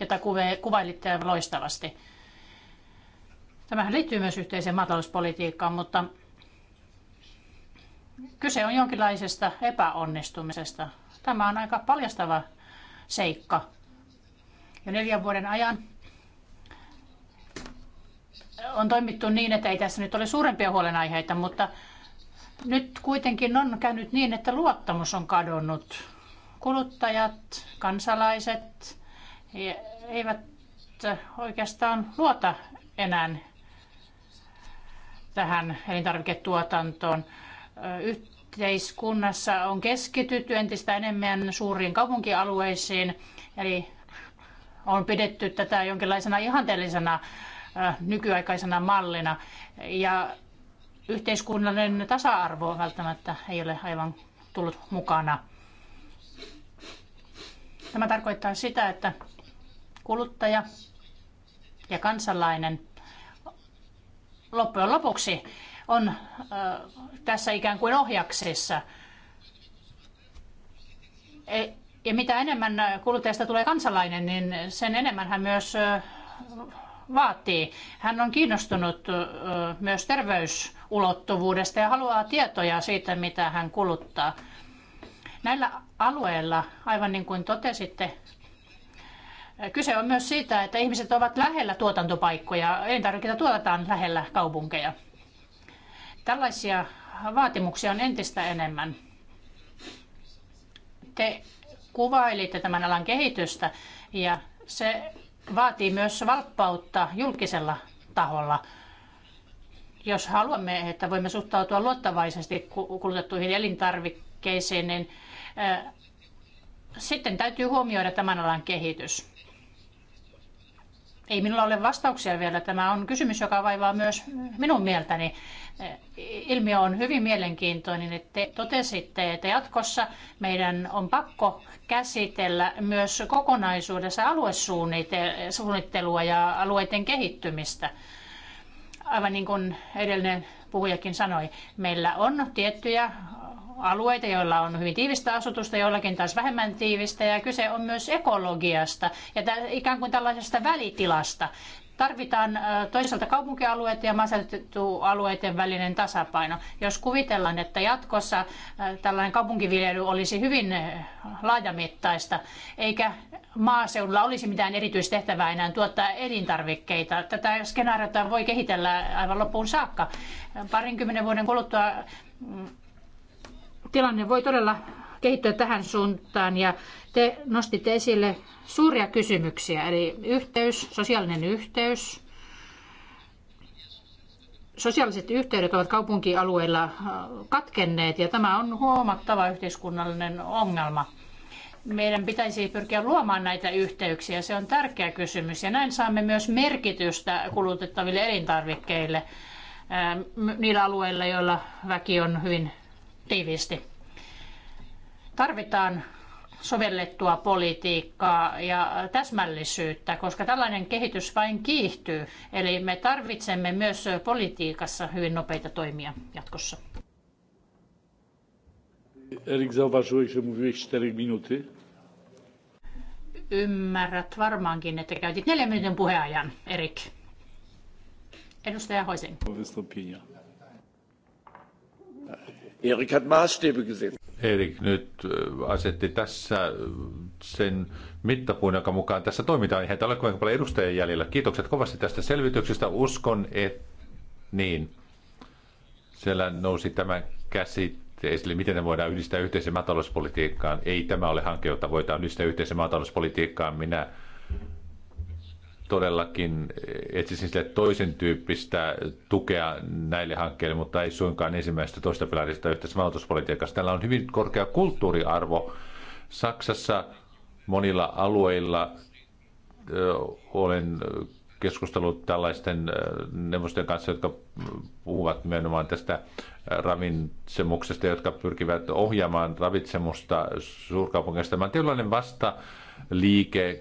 jota kuvailitte loistavasti. Tämähän liittyy myös yhteiseen maatalouspolitiikkaan, mutta kyse on jonkinlaisesta epäonnistumisesta. Tämä on aika paljastava seikka. Jo neljän vuoden ajan on toimittu niin, että ei tässä nyt ole suurempia huolenaiheita, mutta nyt kuitenkin on käynyt niin, että luottamus on kadonnut Kuluttajat, kansalaiset eivät oikeastaan luota enää tähän elintarviketuotantoon. Yhteiskunnassa on keskitytty entistä enemmän suuriin kaupunkialueisiin, eli on pidetty tätä jonkinlaisena ihanteellisena nykyaikaisena mallina. Ja yhteiskunnallinen tasa-arvo välttämättä ei ole aivan tullut mukana. Tämä tarkoittaa sitä, että kuluttaja ja kansalainen loppujen lopuksi on tässä ikään kuin ohjaksissa. E, ja mitä enemmän kuluttajasta tulee kansalainen, niin sen enemmän hän myös vaatii. Hän on kiinnostunut myös terveysulottuvuudesta ja haluaa tietoja siitä, mitä hän kuluttaa. Näillä alueella, aivan niin kuin totesitte, kyse on myös siitä, että ihmiset ovat lähellä tuotantopaikkoja, elintarvikkeita tuotetaan lähellä kaupunkeja. Tällaisia vaatimuksia on entistä enemmän. Te kuvailitte tämän alan kehitystä ja se vaatii myös valppautta julkisella taholla. Jos haluamme, että voimme suhtautua luottavaisesti kulutettuihin elintarvikkeisiin, niin sitten täytyy huomioida tämän alan kehitys. Ei minulla ole vastauksia vielä. Tämä on kysymys, joka vaivaa myös minun mieltäni. Ilmiö on hyvin mielenkiintoinen, että te totesitte, että jatkossa meidän on pakko käsitellä myös kokonaisuudessa aluesuunnittelua ja alueiden kehittymistä. Aivan niin kuin edellinen puhujakin sanoi, meillä on tiettyjä alueita, joilla on hyvin tiivistä asutusta, joillakin taas vähemmän tiivistä ja kyse on myös ekologiasta ja ikään kuin tällaisesta välitilasta. Tarvitaan toisaalta kaupunkialueiden ja maaseutualueiden välinen tasapaino. Jos kuvitellaan, että jatkossa tällainen kaupunkiviljely olisi hyvin laajamittaista, eikä maaseudulla olisi mitään erityistehtävää enää tuottaa elintarvikkeita. Tätä skenaariota voi kehitellä aivan loppuun saakka. Parinkymmenen vuoden kuluttua mm, tilanne voi todella kehittyä tähän suuntaan ja te nostitte esille suuria kysymyksiä, eli yhteys, sosiaalinen yhteys. Sosiaaliset yhteydet ovat kaupunkialueilla äh, katkenneet ja tämä on huomattava yhteiskunnallinen ongelma. Meidän pitäisi pyrkiä luomaan näitä yhteyksiä, se on tärkeä kysymys ja näin saamme myös merkitystä kulutettaville elintarvikkeille äh, niillä alueilla, joilla väki on hyvin tiiviisti. Tarvitaan sovellettua politiikkaa ja täsmällisyyttä, koska tällainen kehitys vain kiihtyy. Eli me tarvitsemme myös politiikassa hyvin nopeita toimia jatkossa. Erik, zauważyłeś, że mówiłeś Ymmärrät varmaankin, että käytit neljän minuutin puheajan, Erik. Edustaja Hoisin. Wystąpienia. Erik hat Maßstäbe gesetzt. Erik nyt äh, asetti tässä äh, sen mittapuun, jonka mukaan tässä toimitaan. Eihän ole kuinka paljon edustajia jäljellä. Kiitokset kovasti tästä selvityksestä. Uskon, että niin. Siellä nousi tämä käsite esille, miten ne voidaan yhdistää yhteiseen maatalouspolitiikkaan. Ei tämä ole hanke, jota voidaan yhdistää yhteiseen maatalouspolitiikkaan. Minä todellakin etsisin sille toisen tyyppistä tukea näille hankkeille, mutta ei suinkaan ensimmäistä toista pilarista yhteisessä maatalouspolitiikassa. Tällä on hyvin korkea kulttuuriarvo. Saksassa monilla alueilla olen keskustellut tällaisten neuvostojen kanssa, jotka puhuvat nimenomaan tästä ravitsemuksesta, jotka pyrkivät ohjaamaan ravitsemusta suurkaupungeista. Mä vasta liike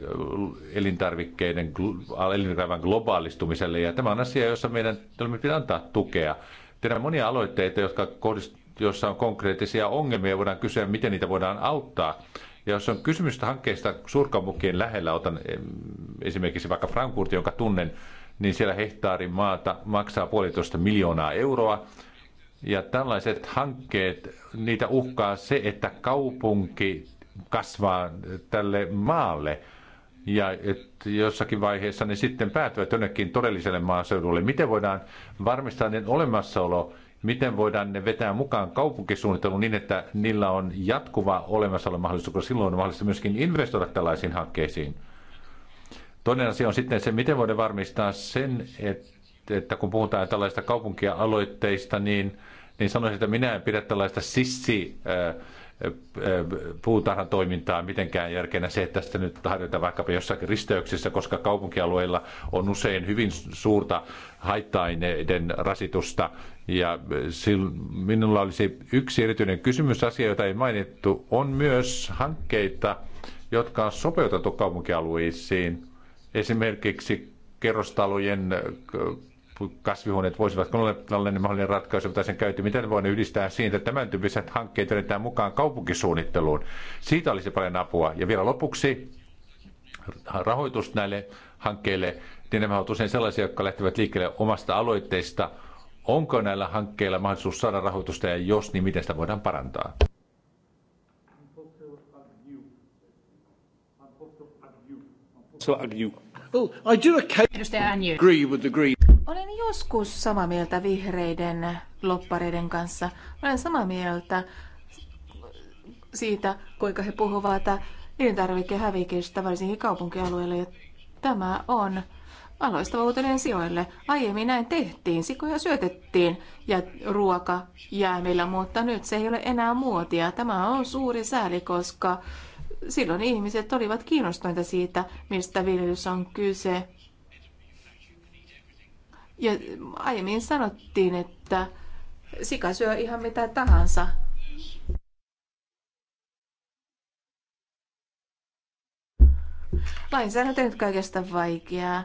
elintarvikkeiden, elintarvikkeiden globaalistumiselle. Ja tämä on asia, jossa meidän pitää antaa tukea. Tehdään monia aloitteita, jotka kohdist, joissa on konkreettisia ongelmia, voidaan kysyä, miten niitä voidaan auttaa. Ja jos on kysymys hankkeista suurkaupunkien lähellä, otan esimerkiksi vaikka Frankfurtin, jonka tunnen, niin siellä hehtaari maata maksaa puolitoista miljoonaa euroa. Ja tällaiset hankkeet, niitä uhkaa se, että kaupunki kasvaa tälle maalle. Ja että jossakin vaiheessa ne sitten päätyvät jonnekin todelliselle maaseudulle. Miten voidaan varmistaa niiden olemassaolo miten voidaan ne vetää mukaan kaupunkisuunnitteluun niin, että niillä on jatkuva olemassaolo mahdollisuus, koska silloin on mahdollista myöskin investoida tällaisiin hankkeisiin. Toinen asia on sitten se, miten voidaan varmistaa sen, että, että kun puhutaan tällaista kaupunkia aloitteista, niin, niin sanoisin, että minä en pidä tällaista sissi äh, puutarhan toimintaa mitenkään järkeenä se, että sitä nyt harjoitetaan vaikkapa jossakin risteyksessä, koska kaupunkialueilla on usein hyvin suurta haitta-aineiden rasitusta. Ja minulla olisi yksi erityinen kysymys, asia, jota ei mainittu, on myös hankkeita, jotka on sopeutettu kaupunkialueisiin. Esimerkiksi kerrostalojen kasvihuoneet voisivat olla tällainen mahdollinen ratkaisu, mitä sen käyty, miten voimme yhdistää siitä, että tämän tyyppiset hankkeet yritetään mukaan kaupunkisuunnitteluun. Siitä olisi paljon apua. Ja vielä lopuksi rahoitus näille hankkeille, niin nämä ovat usein sellaisia, jotka lähtevät liikkeelle omasta aloitteista. Onko näillä hankkeilla mahdollisuus saada rahoitusta ja jos, niin miten sitä voidaan parantaa? So Agnew. Well, oh, I do agree with the Greens. Olen joskus samaa mieltä vihreiden loppareiden kanssa. Olen samaa mieltä siitä, kuinka he puhuvat elintarvikehävikistä, varsinkin kaupunkialueelle. Tämä on aloistava uutinen sijoille. Aiemmin näin tehtiin, sikoja syötettiin ja ruoka meillä, mutta nyt se ei ole enää muotia. Tämä on suuri sääli, koska silloin ihmiset olivat kiinnostuneita siitä, mistä viljelyssä on kyse. Ja aiemmin sanottiin, että sika syö ihan mitä tahansa. Lainsäädäntö on kaikesta vaikeaa.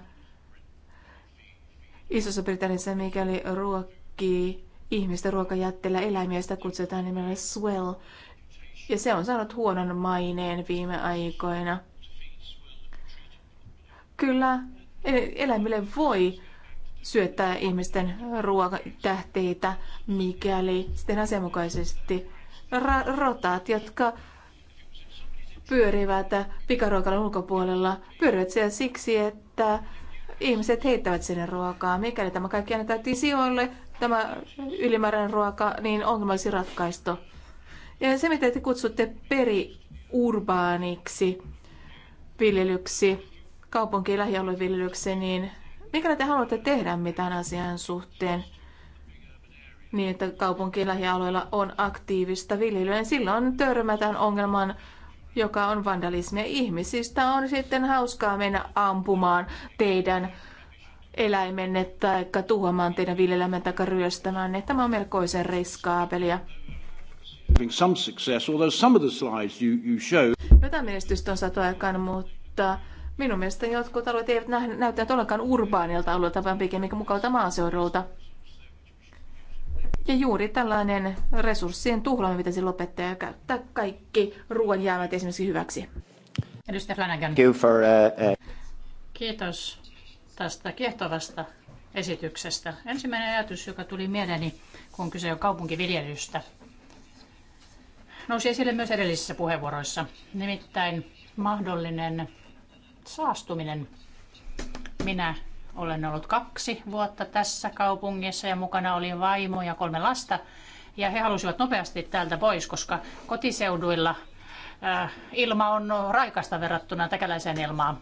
Isossa Britanniassa mikäli ruokkii ihmistä ruokajätteellä eläimiä, sitä kutsutaan nimellä swell. Ja se on saanut huonon maineen viime aikoina. Kyllä, e- eläimille voi syöttää ihmisten ruokatähteitä, mikäli sitten asianmukaisesti ra- rotat, jotka pyörivät pikaruokalan ulkopuolella, pyörivät siellä siksi, että ihmiset heittävät sinne ruokaa. Mikäli tämä kaikki annetaan sijoille, tämä ylimääräinen ruoka, niin ongelma olisi ratkaistu. Ja se, mitä te kutsutte periurbaaniksi viljelyksi, kaupunki- ja lähialueviljelyksi, niin Mikäli te haluatte tehdä mitään asian suhteen, niin että kaupunkien lähialueilla on aktiivista viljelyä, niin silloin törmätään ongelman joka on vandalismia. Ihmisistä on sitten hauskaa mennä ampumaan teidän eläimenne tai tuhoamaan teidän viljelämme tai ryöstämään ne. Tämä on melkoisen riskaapelia. Some success, some of the slides you, you show... Jotain menestystä on saatu aikaan, mutta Minun mielestäni jotkut alueet eivät näyttäneet ollenkaan urbaanilta alueelta, vaan pikemminkin mukavalta maaseudulta. Ja juuri tällainen resurssien tuhlaaminen pitäisi lopettaa ja käyttää kaikki ruoan jäämät esimerkiksi hyväksi. Edustaja Flanagan. Uh, uh, Kiitos tästä kiehtovasta esityksestä. Ensimmäinen ajatus, joka tuli mieleeni, kun kyse on kaupunkiviljelystä, nousi esille myös edellisissä puheenvuoroissa. Nimittäin mahdollinen saastuminen. Minä olen ollut kaksi vuotta tässä kaupungissa ja mukana oli vaimo ja kolme lasta. Ja he halusivat nopeasti täältä pois, koska kotiseuduilla äh, ilma on raikasta verrattuna täkäläiseen ilmaan.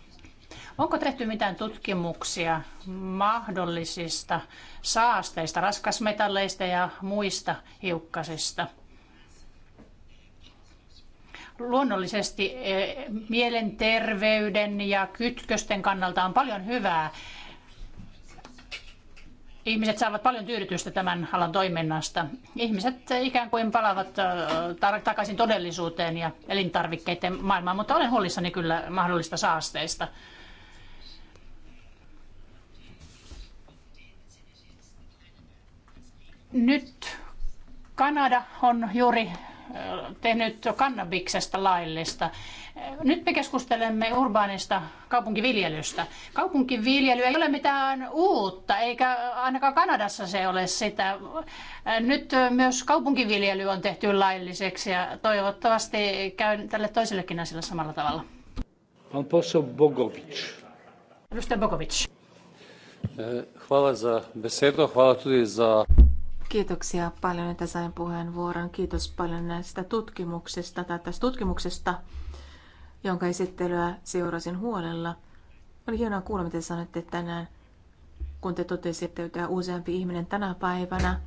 Onko tehty mitään tutkimuksia mahdollisista saasteista, raskasmetalleista ja muista hiukkasista? luonnollisesti e, mielenterveyden ja kytkösten kannalta on paljon hyvää. Ihmiset saavat paljon tyydytystä tämän alan toiminnasta. Ihmiset ikään kuin palaavat takaisin todellisuuteen ja elintarvikkeiden maailmaan, mutta olen huolissani kyllä mahdollista saasteista. Nyt Kanada on juuri tehnyt kannabiksesta laillista. Nyt me keskustelemme urbaanista kaupunkiviljelystä. Kaupunkiviljely ei ole mitään uutta, eikä ainakaan Kanadassa se ole sitä. Nyt myös kaupunkiviljely on tehty lailliseksi ja toivottavasti käy tälle toisellekin asialle samalla tavalla. Pan poseł Bogovič. Edustaja Bogovič. Hvala za besedo, hvala tudi za Kiitoksia paljon, että sain puheenvuoron. Kiitos paljon näistä tutkimuksista tai tästä tutkimuksesta, jonka esittelyä seurasin huolella. Oli hienoa kuulla, miten sanoitte tänään, kun te totesitte, että useampi ihminen tänä päivänä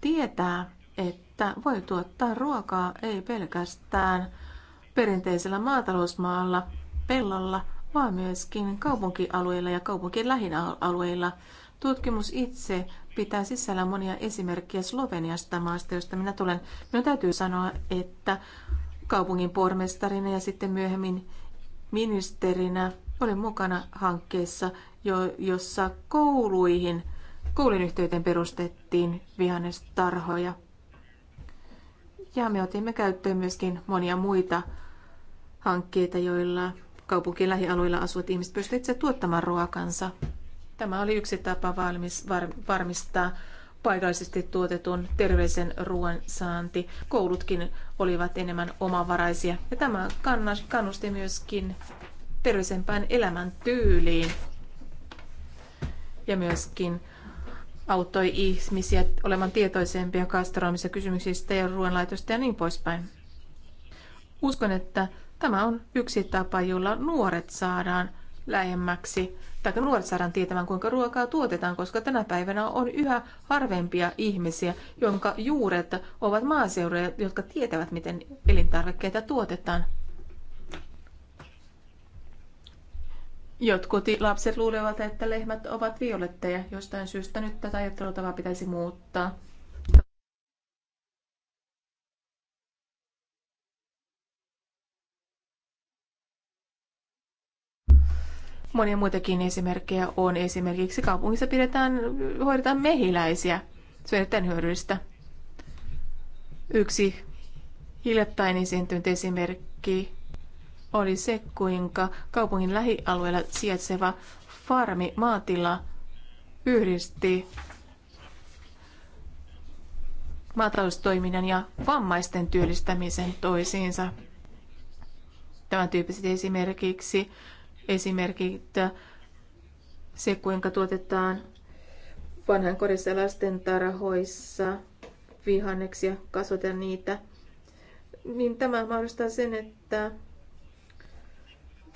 tietää, että voi tuottaa ruokaa ei pelkästään perinteisellä maatalousmaalla, pellolla, vaan myöskin kaupunkialueilla ja kaupunkien lähinalueilla. Tutkimus itse pitää sisällä monia esimerkkejä Sloveniasta maasta, josta minä tulen. Minun täytyy sanoa, että kaupungin pormestarina ja sitten myöhemmin ministerinä olen mukana hankkeessa, jo, jossa kouluihin, koulun yhteyteen perustettiin vihannestarhoja. Ja me otimme käyttöön myöskin monia muita hankkeita, joilla kaupunkien lähialueilla asuvat ihmiset pystyvät itse tuottamaan ruokansa Tämä oli yksi tapa valmis, var, varmistaa paikallisesti tuotetun terveisen ruoan saanti. Koulutkin olivat enemmän omavaraisia ja tämä kannusti myöskin terveisempään elämäntyyliin ja myöskin auttoi ihmisiä olemaan tietoisempia kastroimista kysymyksistä ja ruoanlaitosta ja niin poispäin. Uskon, että tämä on yksi tapa, jolla nuoret saadaan lähemmäksi tai nuoret saadaan tietämään, kuinka ruokaa tuotetaan, koska tänä päivänä on yhä harvempia ihmisiä, jonka juuret ovat maaseudulla, jotka tietävät, miten elintarvikkeita tuotetaan. Jotkut lapset luulevat, että lehmät ovat violetteja. Jostain syystä nyt tätä ajattelutavaa pitäisi muuttaa. Monia muitakin esimerkkejä on. Esimerkiksi kaupungissa pidetään, hoidetaan mehiläisiä. Se on erittäin hyödyllistä. Yksi hiljattain esiintynyt esimerkki oli se, kuinka kaupungin lähialueella sijaitseva farmi maatila yhdisti maataloustoiminnan ja vammaisten työllistämisen toisiinsa. Tämän tyyppiset esimerkiksi Esimerkiksi se, kuinka tuotetaan vanhan vanhankodissa lastentarhoissa vihanneksia, kasvatetaan niitä. Niin tämä mahdollistaa sen, että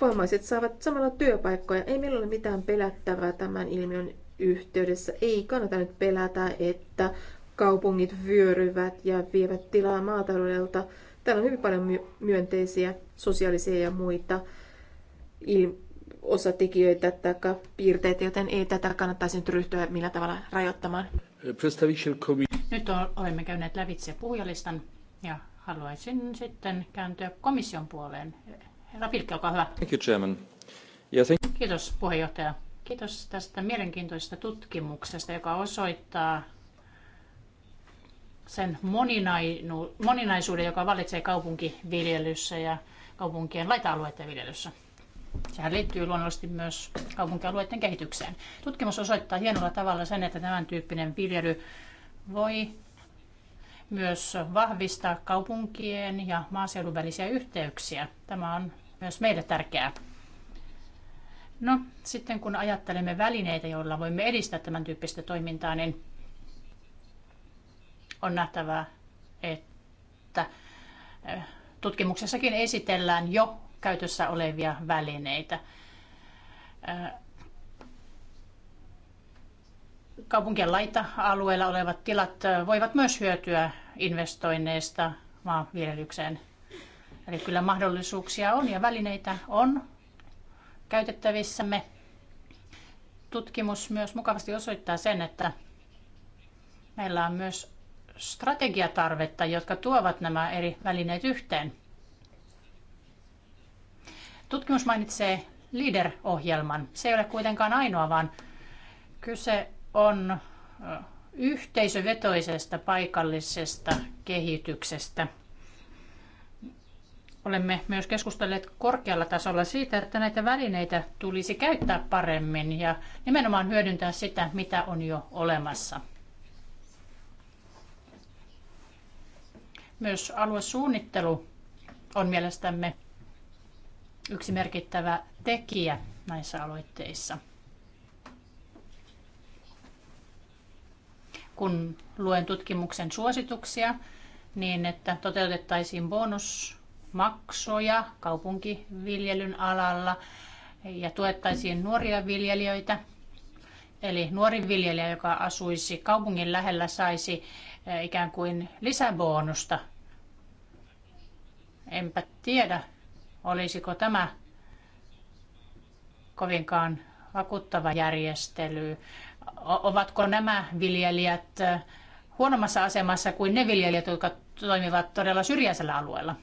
vammaiset saavat samalla työpaikkoja. Ei meillä ole mitään pelättävää tämän ilmiön yhteydessä. Ei kannata nyt pelätä, että kaupungit vyöryvät ja vievät tilaa maataloudelta. Täällä on hyvin paljon myönteisiä sosiaalisia ja muita osatekijöitä tai piirteitä, joten ei tätä kannattaisi nyt ryhtyä millä tavalla rajoittamaan. Nyt olemme käyneet lävitse puhujalistan ja haluaisin sitten kääntyä komission puoleen. Herra Pilkki, olkaa hyvä. Thank you, Chairman. Yeah, thank... Kiitos puheenjohtaja. Kiitos tästä mielenkiintoisesta tutkimuksesta, joka osoittaa sen moninaisuuden, joka valitsee kaupunkiviljelyssä ja kaupunkien laita-alueiden viljelyssä. Sehän liittyy luonnollisesti myös kaupunkialueiden kehitykseen. Tutkimus osoittaa hienolla tavalla sen, että tämän tyyppinen viljely voi myös vahvistaa kaupunkien ja maaseudun välisiä yhteyksiä. Tämä on myös meille tärkeää. No, sitten kun ajattelemme välineitä, joilla voimme edistää tämän tyyppistä toimintaa, niin on nähtävää, että eh, tutkimuksessakin esitellään jo käytössä olevia välineitä. Kaupunkien laita-alueella olevat tilat voivat myös hyötyä investoinneista maanviljelykseen. Eli kyllä mahdollisuuksia on ja välineitä on käytettävissämme. Tutkimus myös mukavasti osoittaa sen, että meillä on myös strategiatarvetta, jotka tuovat nämä eri välineet yhteen. Tutkimus mainitsee LEADER-ohjelman. Se ei ole kuitenkaan ainoa, vaan kyse on yhteisövetoisesta paikallisesta kehityksestä. Olemme myös keskustelleet korkealla tasolla siitä, että näitä välineitä tulisi käyttää paremmin ja nimenomaan hyödyntää sitä, mitä on jo olemassa. Myös aluesuunnittelu on mielestämme yksi merkittävä tekijä näissä aloitteissa. Kun luen tutkimuksen suosituksia, niin että toteutettaisiin bonusmaksoja kaupunkiviljelyn alalla ja tuettaisiin nuoria viljelijöitä. Eli nuori viljelijä, joka asuisi kaupungin lähellä, saisi eh, ikään kuin lisäbonusta. Enpä tiedä, Olisiko tämä kovinkaan vakuuttava järjestely? Ovatko nämä viljelijät huonommassa asemassa kuin ne viljelijät, jotka toimivat todella syrjäisellä alueella?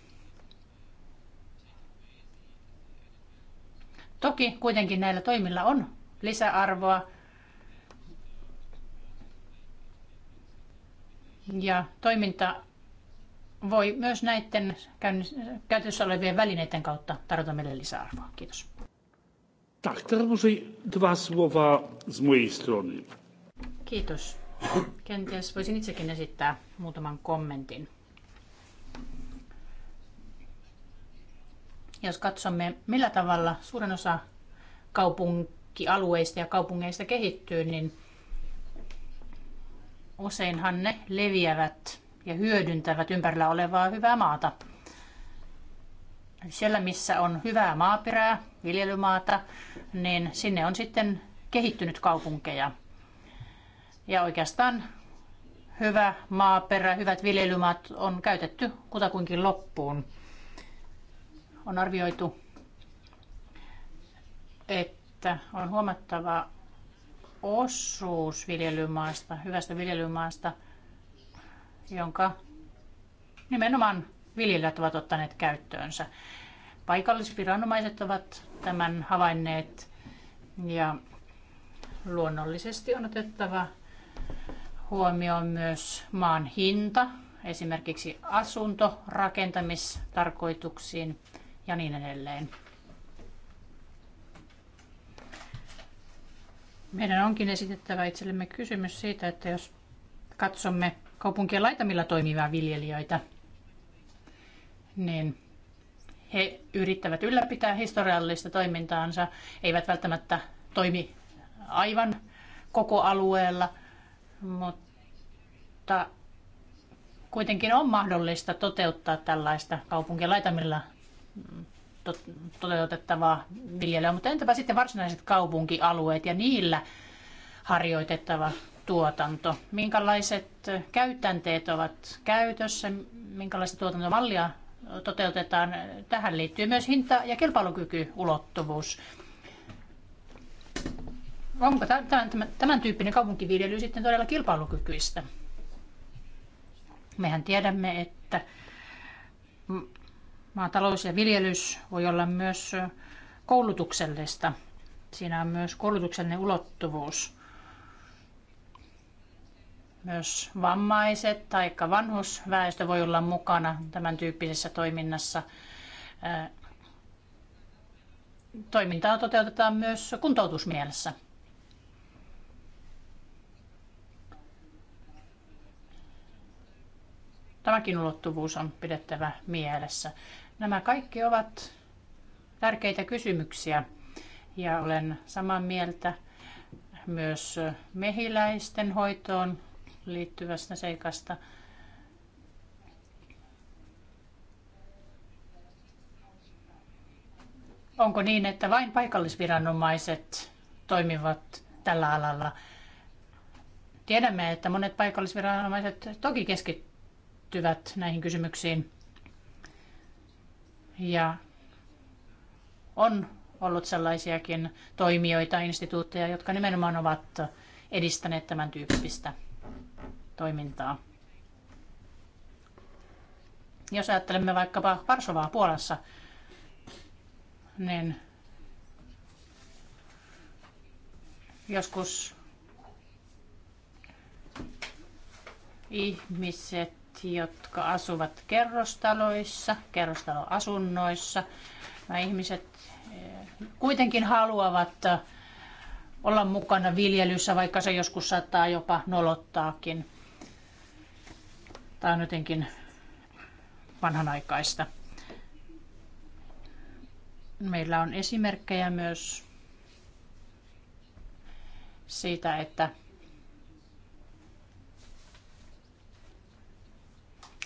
Toki kuitenkin näillä toimilla on lisäarvoa. Ja toiminta voi myös näiden käytössä olevien välineiden kautta tarjota meille lisäarvoa. Kiitos. Tak, teraz może dwa słowa z mojej strony. Kiitos. Kenties voisin itsekin esittää muutaman kommentin. Jos katsomme, millä tavalla suurin osa kaupunkialueista ja kaupungeista kehittyy, niin useinhan ne leviävät ja hyödyntävät ympärillä olevaa hyvää maata. Siellä, missä on hyvää maaperää, viljelymaata, niin sinne on sitten kehittynyt kaupunkeja. Ja oikeastaan hyvä maaperä, hyvät viljelymaat on käytetty kutakuinkin loppuun. On arvioitu, että on huomattava osuus viljelymaasta, hyvästä viljelymaasta – jonka nimenomaan viljelijät ovat ottaneet käyttöönsä. Paikallisviranomaiset ovat tämän havainneet ja luonnollisesti on otettava huomioon myös maan hinta, esimerkiksi asunto, rakentamistarkoituksiin ja niin edelleen. Meidän onkin esitettävä itsellemme kysymys siitä, että jos katsomme kaupunkien laitamilla toimivia viljelijöitä, niin he yrittävät ylläpitää historiallista toimintaansa, eivät välttämättä toimi aivan koko alueella, mutta kuitenkin on mahdollista toteuttaa tällaista kaupunkien laitamilla toteutettavaa viljelyä, mutta entäpä sitten varsinaiset kaupunkialueet ja niillä harjoitettava tuotanto? Minkälaiset käytänteet ovat käytössä? Minkälaista tuotantomallia toteutetaan? Tähän liittyy myös hinta- ja kilpailukykyulottuvuus. Onko tämän tyyppinen kaupunkiviljely sitten todella kilpailukykyistä? Mehän tiedämme, että maatalous ja viljelys voi olla myös koulutuksellista. Siinä on myös koulutuksellinen ulottuvuus. Myös vammaiset tai vanhusväestö voi olla mukana tämän tyyppisessä toiminnassa. Toimintaa toteutetaan myös kuntoutusmielessä. Tämäkin ulottuvuus on pidettävä mielessä. Nämä kaikki ovat tärkeitä kysymyksiä ja olen samaa mieltä myös mehiläisten hoitoon liittyvästä seikasta. Onko niin, että vain paikallisviranomaiset toimivat tällä alalla? Tiedämme, että monet paikallisviranomaiset toki keskittyvät näihin kysymyksiin. Ja on ollut sellaisiakin toimijoita, instituutteja, jotka nimenomaan ovat edistäneet tämän tyyppistä toimintaa. Jos ajattelemme vaikkapa Varsovaa Puolassa, niin joskus ihmiset, jotka asuvat kerrostaloissa, kerrostaloasunnoissa, nämä ihmiset eh, kuitenkin haluavat eh, olla mukana viljelyssä, vaikka se joskus saattaa jopa nolottaakin. Tämä on jotenkin vanhanaikaista. Meillä on esimerkkejä myös siitä, että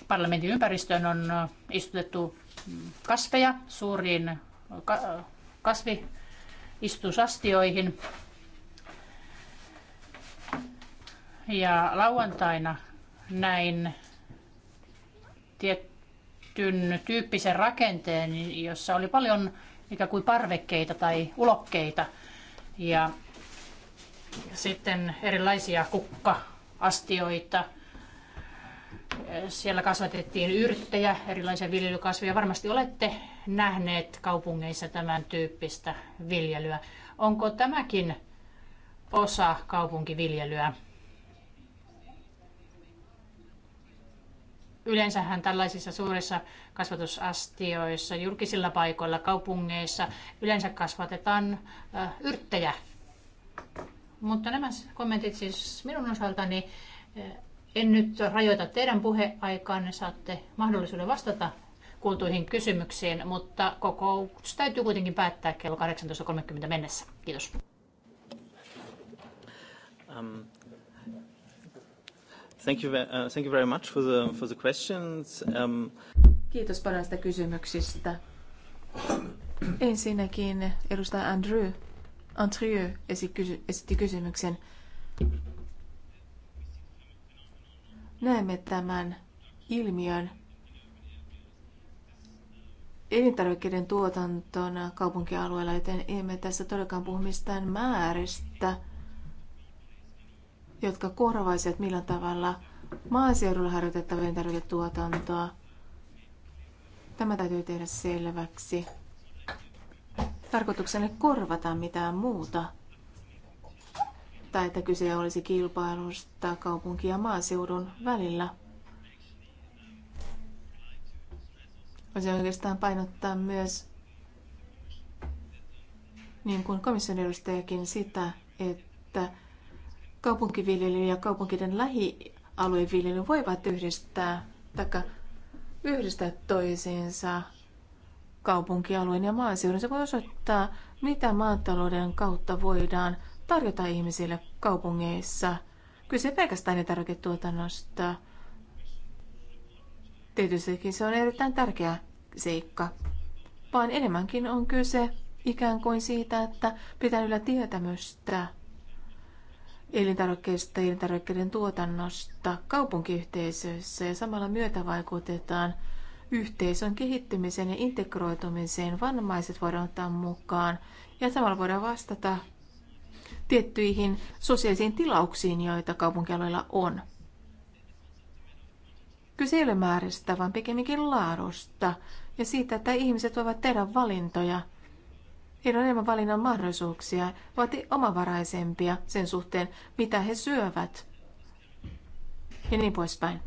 parlamentin ympäristöön on istutettu kasveja suuriin kasviistusastioihin. Ja lauantaina näin tietyn tyyppisen rakenteen, jossa oli paljon ikään kuin parvekkeita tai ulokkeita ja sitten erilaisia kukka-astioita. Siellä kasvatettiin yrttejä, erilaisia viljelykasveja. Varmasti olette nähneet kaupungeissa tämän tyyppistä viljelyä. Onko tämäkin osa kaupunkiviljelyä? Yleensähän tällaisissa suurissa kasvatusastioissa, julkisilla paikoilla, kaupungeissa yleensä kasvatetaan yrttejä. Mutta nämä kommentit siis minun osaltani. En nyt rajoita teidän puheaikaanne, saatte mahdollisuuden vastata kuultuihin kysymyksiin, mutta kokous täytyy kuitenkin päättää kello 18.30 mennessä. Kiitos. Um, Thank you, uh, thank you very much for the, for the questions. Um... Kiitos näistä kysymyksistä. Ensinnäkin edustaja Andrew, Andrew esitti kysymyksen. Näemme tämän ilmiön elintarvikkeiden tuotantona kaupunkialueella, joten emme tässä todellakaan puhu mistään määristä, jotka korvaisivat millä tavalla maaseudulla harjoitettavien tarvitetuotantoa. Tämä täytyy tehdä selväksi. Tarkoituksena korvata mitään muuta. Tai että kyse olisi kilpailusta kaupunki- ja maaseudun välillä. Voisi oikeastaan painottaa myös, niin kuin komission edustajakin, sitä, että kaupunkiviljely ja kaupunkien lähialueviljelyn voivat yhdistää taikka yhdistää toisiinsa kaupunkialueen ja maaseudun. Se voi osoittaa, mitä maatalouden kautta voidaan tarjota ihmisille kaupungeissa. Kyse pelkästään elintarviketuotannosta. Tietystikin se on erittäin tärkeä seikka, vaan enemmänkin on kyse ikään kuin siitä, että pitää yllä tietämystä – elintarvikkeista ja elintarvikkeiden tuotannosta kaupunkiyhteisöissä ja samalla myötävaikutetaan yhteisön kehittymiseen ja integroitumiseen. Vammaiset voidaan ottaa mukaan ja samalla voidaan vastata tiettyihin sosiaalisiin tilauksiin, joita kaupunkialueilla on. Kyse ei ole määrästä, vaan pikemminkin laadusta ja siitä, että ihmiset voivat tehdä valintoja – Heillä on enemmän valinnan mahdollisuuksia, ovat omavaraisempia sen suhteen, mitä he syövät ja niin poispäin.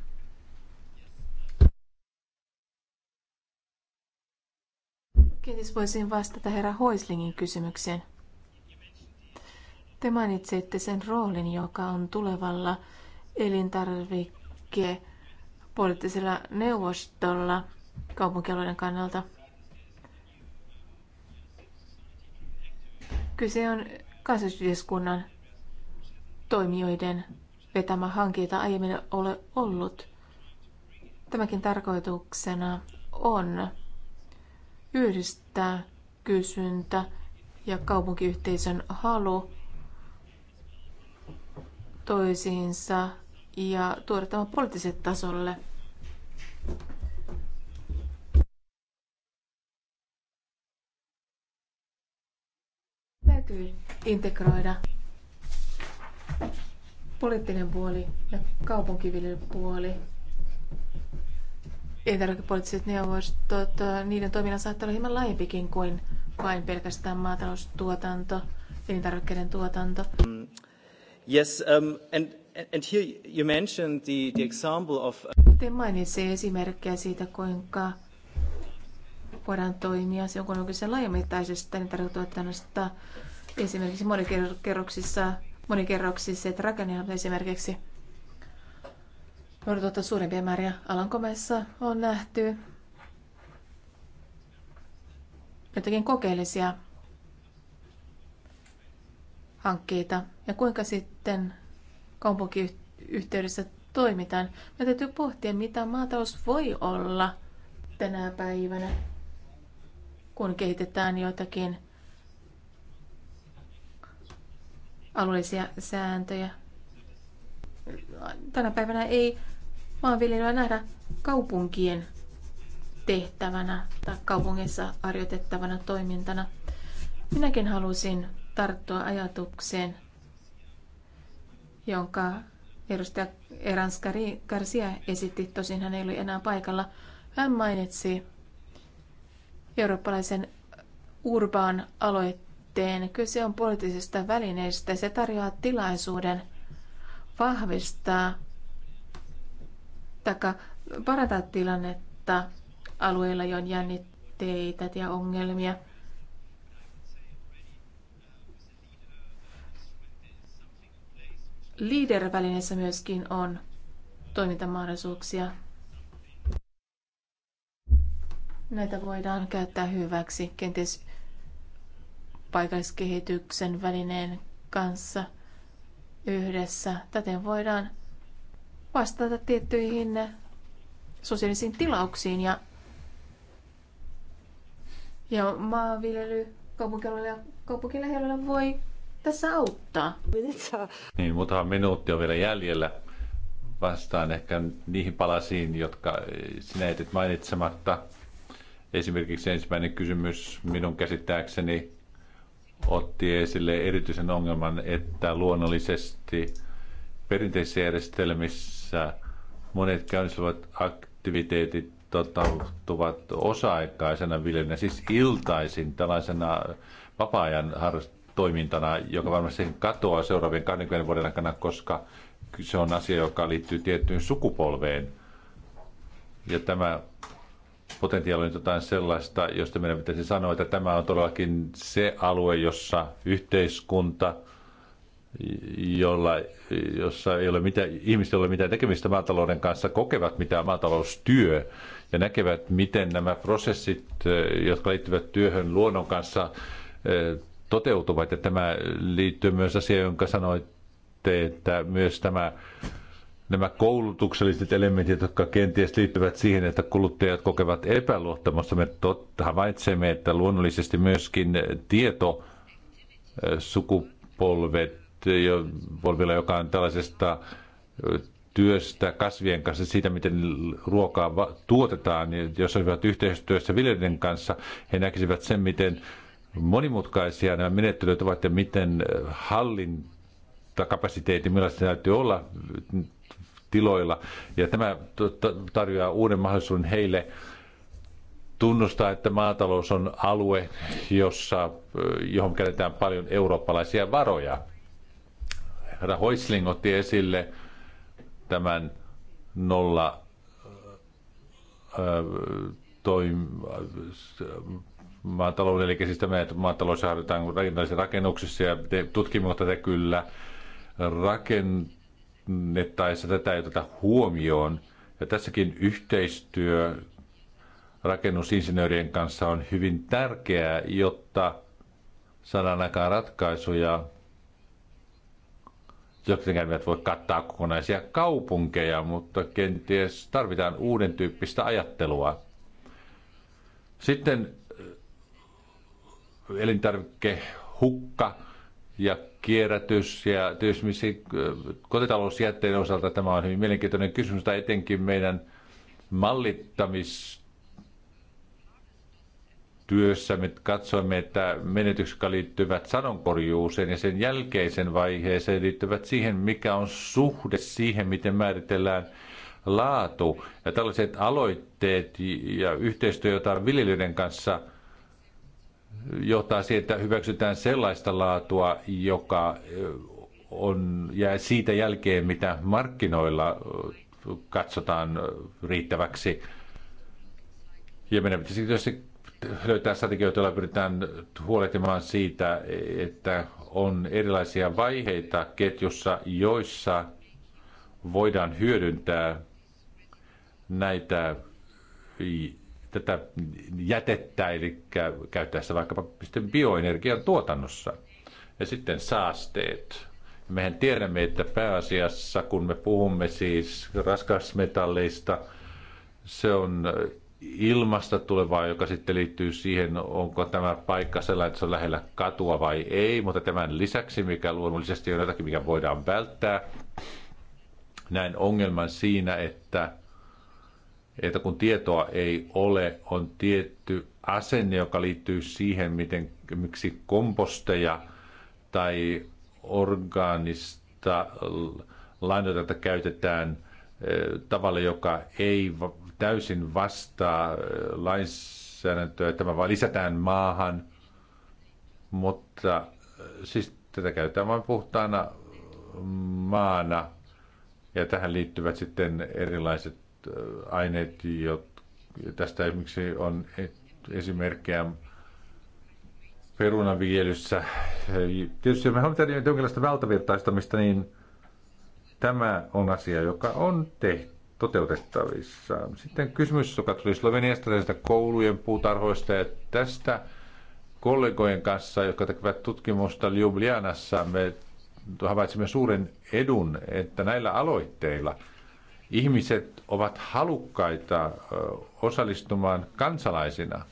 Kenties voisin vastata herra Hoislingin kysymykseen. Te mainitsitte sen roolin, joka on tulevalla elintarvikkeen poliittisella neuvostolla kaupunkialueiden kannalta – Kyse on kansallisyhteiskunnan toimijoiden vetämä hanke, jota aiemmin ole ollut. Tämäkin tarkoituksena on yhdistää kysyntä ja kaupunkiyhteisön halu toisiinsa ja tuoda tämä poliittiselle tasolle – täytyy integroida poliittinen puoli ja kaupunkiviljelypuoli. Elintarvikepoliittiset neuvostot, niiden toiminnan saattaa olla hieman laajempikin kuin vain pelkästään maataloustuotanto, elintarvikkeiden tuotanto. Mm. Yes, um, and, and here you mentioned the, the example of... Uh, Te mainitsi esimerkkejä siitä, kuinka voidaan toimia jonkun oikeastaan laajamittaisesta elintarviketuotannosta niin Esimerkiksi monikerroksissa, monikerroksiset rakennelmat esimerkiksi noudatuttaa suurimpia määriä Alankomaissa on nähty jotakin kokeellisia hankkeita ja kuinka sitten kaupunkiyhteydessä toimitaan. Me täytyy pohtia, mitä maatalous voi olla tänä päivänä, kun kehitetään jotakin alueellisia sääntöjä. Tänä päivänä ei maanviljelyä nähdä kaupunkien tehtävänä tai kaupungissa harjoitettavana toimintana. Minäkin halusin tarttua ajatukseen, jonka edustaja Erans Garcia esitti, tosin hän ei ollut enää paikalla. Hän mainitsi eurooppalaisen urbaan aloitteen yhteen. kyse on poliittisesta välineestä. Se tarjoaa tilaisuuden vahvistaa tai parantaa tilannetta alueilla, joilla on jännitteitä ja ongelmia. Leader-välineessä myöskin on toimintamahdollisuuksia. Näitä voidaan käyttää hyväksi. Kenties paikalliskehityksen välineen kanssa yhdessä. Täten voidaan vastata tiettyihin sosiaalisiin tilauksiin ja, ja maanviljely kaupunkilahdella voi tässä auttaa. Niin, muutama minuutti on vielä jäljellä. Vastaan ehkä niihin palasiin, jotka sinä etit mainitsematta. Esimerkiksi ensimmäinen kysymys minun käsittääkseni otti esille erityisen ongelman, että luonnollisesti perinteisissä järjestelmissä monet käynnistyvät aktiviteetit toteutuvat osa-aikaisena viljelynä, siis iltaisin tällaisena vapaa-ajan toimintana, joka varmasti katoaa seuraavien 20 vuoden aikana, koska se on asia, joka liittyy tiettyyn sukupolveen. Ja tämä potentiaalinen jotain sellaista, josta meidän pitäisi sanoa, että tämä on todellakin se alue, jossa yhteiskunta, jolla, jossa ei ole mitään, ihmiset, ei ole mitään tekemistä maatalouden kanssa, kokevat mitä maataloustyö ja näkevät, miten nämä prosessit, eh, jotka liittyvät työhön luonnon kanssa, eh, toteutuvat. Ja tämä liittyy myös asiaan, jonka sanoitte, että myös tämä nämä koulutukselliset elementit, jotka kenties liittyvät siihen, että kuluttajat kokevat epäluottamusta. Me totta havaitsemme, että luonnollisesti myöskin tieto sukupolvet, polvilla, joka on tällaisesta työstä kasvien kanssa, siitä miten ruokaa tuotetaan, niin jos olivat yhteistyössä viljelijöiden kanssa, he näkisivät sen, miten monimutkaisia nämä menettelyt ovat ja miten hallintakapasiteetti, kapasiteetti, millaista se täytyy olla tiloilla. Ja tämä tarjoaa uuden mahdollisuuden heille tunnustaa, että maatalous on alue, jossa, johon käytetään paljon eurooppalaisia varoja. Herra Hoisling otti esille tämän nolla toim, maatalouden, eli siis tämä, että maatalous harjoitetaan rakennuksissa ja tutkimusta kyllä rakentaa parannettaessa tätä ei oteta huomioon. Ja tässäkin yhteistyö rakennusinsinöörien kanssa on hyvin tärkeää, jotta saadaan aikaan ratkaisuja, jotka eivät voi kattaa kokonaisia kaupunkeja, mutta kenties tarvitaan uuden tyyppistä ajattelua. Sitten eh, elintarvikehukka ja kierrätys ja tietysti kotitalousjätteen osalta tämä on hyvin mielenkiintoinen kysymys, tai etenkin meidän mallittamis työssä me katsoimme, että menetykset, jotka liittyvät sadonkorjuuseen ja sen jälkeisen vaiheeseen, liittyvät siihen, mikä on suhde siihen, miten määritellään laatu. Ja tällaiset aloitteet ja yhteistyö, jota viljelijöiden kanssa – johtaa siihen, että hyväksytään sellaista laatua, joka on, jää siitä jälkeen, mitä markkinoilla katsotaan riittäväksi. Ja meidän pitäisi tietysti löytää strategioita, joilla pyritään huolehtimaan siitä, että on erilaisia vaiheita ketjussa, joissa voidaan hyödyntää näitä tätä jätettä, eli käyttää sitä vaikkapa bioenergian tuotannossa. Ja sitten saasteet. Mehän tiedämme, että pääasiassa kun me puhumme siis raskasmetalleista, se on ilmasta tulevaa, joka sitten liittyy siihen, onko tämä paikka sellainen, että se on lähellä katua vai ei, mutta tämän lisäksi, mikä luonnollisesti on jotakin, mikä voidaan välttää, näin ongelman siinä, että että kun tietoa ei ole, on tietty asenne, joka liittyy siihen, miten, miksi komposteja tai organista lainoitetta käytetään e, tavalla, joka ei täysin vastaa e, lainsäädäntöä. Tämä vaan lisätään maahan, mutta e, siis tätä käytetään vain puhtaana maana. Ja tähän liittyvät sitten erilaiset aineet, jotka tästä esimerkiksi on esimerkkejä perunaviljelyssä. Tietysti me haluamme tehdä jonkinlaista valtavirtaistamista, niin tämä on asia, joka on tehty toteutettavissa. Sitten kysymys, joka tuli Sloveniasta näistä koulujen puutarhoista ja tästä kollegojen kanssa, jotka tekevät tutkimusta Ljubljanassa, me havaitsimme suuren edun, että näillä aloitteilla – ihmiset ovat halukkaita osallistumaan kansalaisina.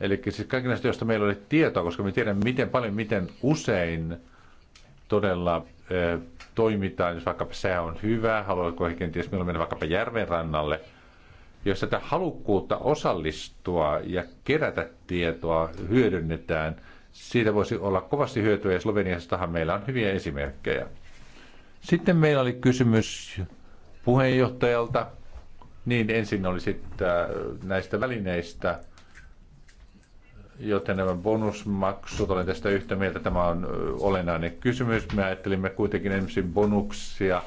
Eli siis kaikki näistä, joista meillä oli tietoa, koska me tiedämme miten paljon, miten usein todella ö, toimitaan, jos vaikkapa sää on hyvä, haluatko he kenties milloin mennä vaikkapa järven rannalle, jos tätä halukkuutta osallistua ja kerätä tietoa hyödynnetään, siitä voisi olla kovasti hyötyä ja Sloveniastahan meillä on hyviä esimerkkejä. Sitten meillä oli kysymys puheenjohtajalta. Niin, ensin oli sitten äh, näistä välineistä, joten nämä bonusmaksut, olen tästä yhtä mieltä, tämä on äh, olennainen kysymys. Me ajattelimme kuitenkin ensin bonuksia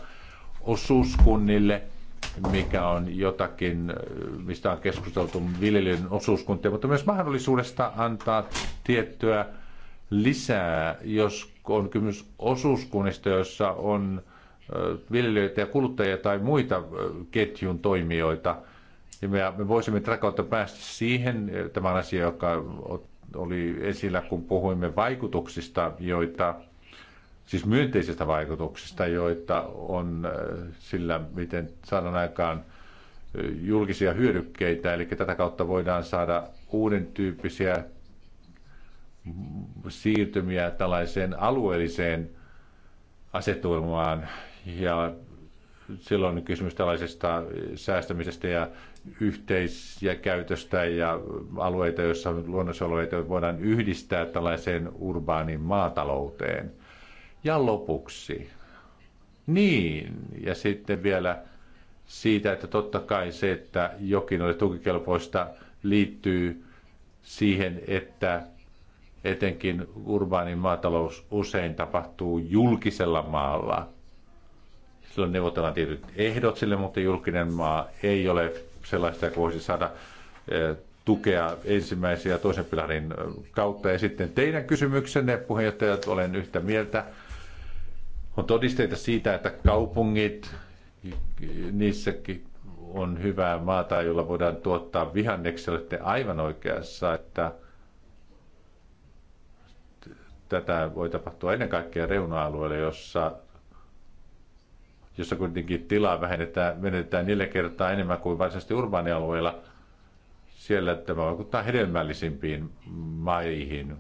osuuskunnille, mikä on jotakin, äh, mistä on keskusteltu viljelijöiden osuuskuntia, mutta myös mahdollisuudesta antaa tiettyä lisää, jos on kysymys osuuskunnista, joissa on – viljelijöitä ja kuluttajia tai muita ketjun toimijoita. Ja me voisimme tätä päästä siihen, tämä asia, joka oli esillä, kun puhuimme vaikutuksista, joita, siis myönteisistä vaikutuksista, joita on sillä, miten saadaan aikaan julkisia hyödykkeitä, eli tätä kautta voidaan saada uuden tyyppisiä siirtymiä tällaiseen alueelliseen asetelmaan, ja silloin on kysymys tällaisesta säästämisestä ja ja käytöstä ja alueita, joissa luonnonsuojelualueita voidaan yhdistää tällaiseen urbaaniin maatalouteen. Ja lopuksi, niin, ja sitten vielä siitä, että totta kai se, että jokin oli tukikelpoista, liittyy siihen, että etenkin urbaanin maatalous usein tapahtuu julkisella maalla – Silloin neuvotellaan tietyt ehdot sille, mutta julkinen maa ei ole sellaista, joka voisi saada eh, tukea ensimmäisen ja toisen pilarin eh, kautta. Ja sitten teidän kysymyksenne, puheenjohtajat, olen yhtä mieltä. On todisteita siitä, että kaupungit, niissäkin on hyvää maata, jolla voidaan tuottaa vihanneksi. Olette aivan oikeassa, että tätä voi tapahtua ennen kaikkea reuna-alueilla, jossa jossa kuitenkin tilaa vähennetään, menetetään neljä kertaa enemmän kuin varsinaisesti urbaanialueilla. Siellä tämä vaikuttaa hedelmällisimpiin maihin.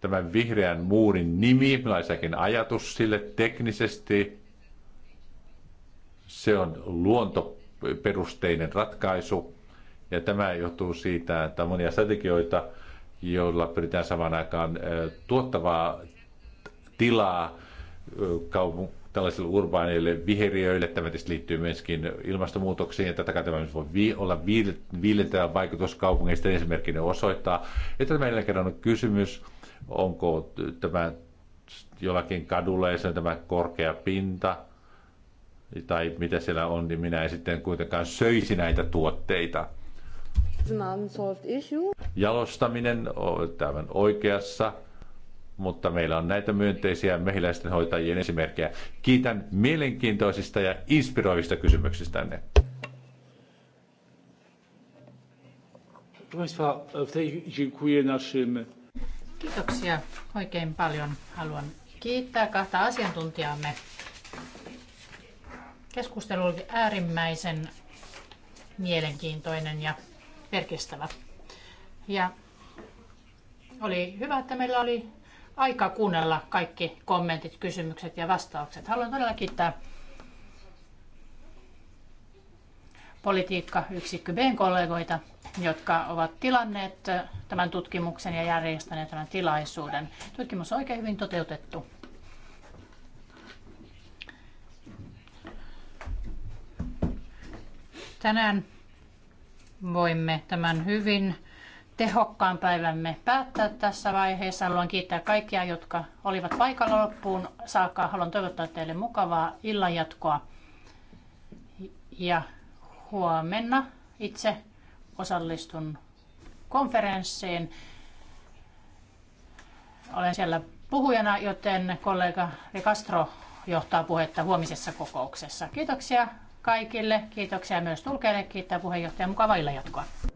Tämän vihreän muurin nimi, millaisakin ajatus sille teknisesti, se on luontoperusteinen ratkaisu. Ja tämä johtuu siitä, että monia strategioita, joilla pyritään samaan aikaan eh, tuottavaa tilaa eh, kaupungin tällaisille urbaaneille viheriöille. Tämä tietysti liittyy myöskin ilmastonmuutokseen ja tätä kautta voi vi- olla viilentävä vaikutus kaupungeista. Esimerkkinä osoittaa, että meillä kerran on kysymys, onko tämä jollakin kadulla ja se on tämä korkea pinta tai mitä siellä on, niin minä en sitten kuitenkaan söisi näitä tuotteita. Jalostaminen on tämän oikeassa mutta meillä on näitä myönteisiä mehiläisten hoitajien esimerkkejä. Kiitän mielenkiintoisista ja inspiroivista kysymyksistänne. Kiitoksia oikein paljon. Haluan kiittää kahta asiantuntijaamme. Keskustelu oli äärimmäisen mielenkiintoinen ja virkistävä. Ja oli hyvä, että meillä oli aikaa kuunnella kaikki kommentit, kysymykset ja vastaukset. Haluan todella kiittää politiikka yksikkö b kollegoita, jotka ovat tilanneet tämän tutkimuksen ja järjestäneet tämän tilaisuuden. Tutkimus on oikein hyvin toteutettu. Tänään voimme tämän hyvin tehokkaan päivämme päättää tässä vaiheessa. Haluan kiittää kaikkia, jotka olivat paikalla loppuun saakka. Haluan toivottaa teille mukavaa illanjatkoa. Ja huomenna itse osallistun konferenssiin. Olen siellä puhujana, joten kollega De Castro johtaa puhetta huomisessa kokouksessa. Kiitoksia kaikille, kiitoksia myös tulkeille, kiittää puheenjohtaja mukavaa illanjatkoa.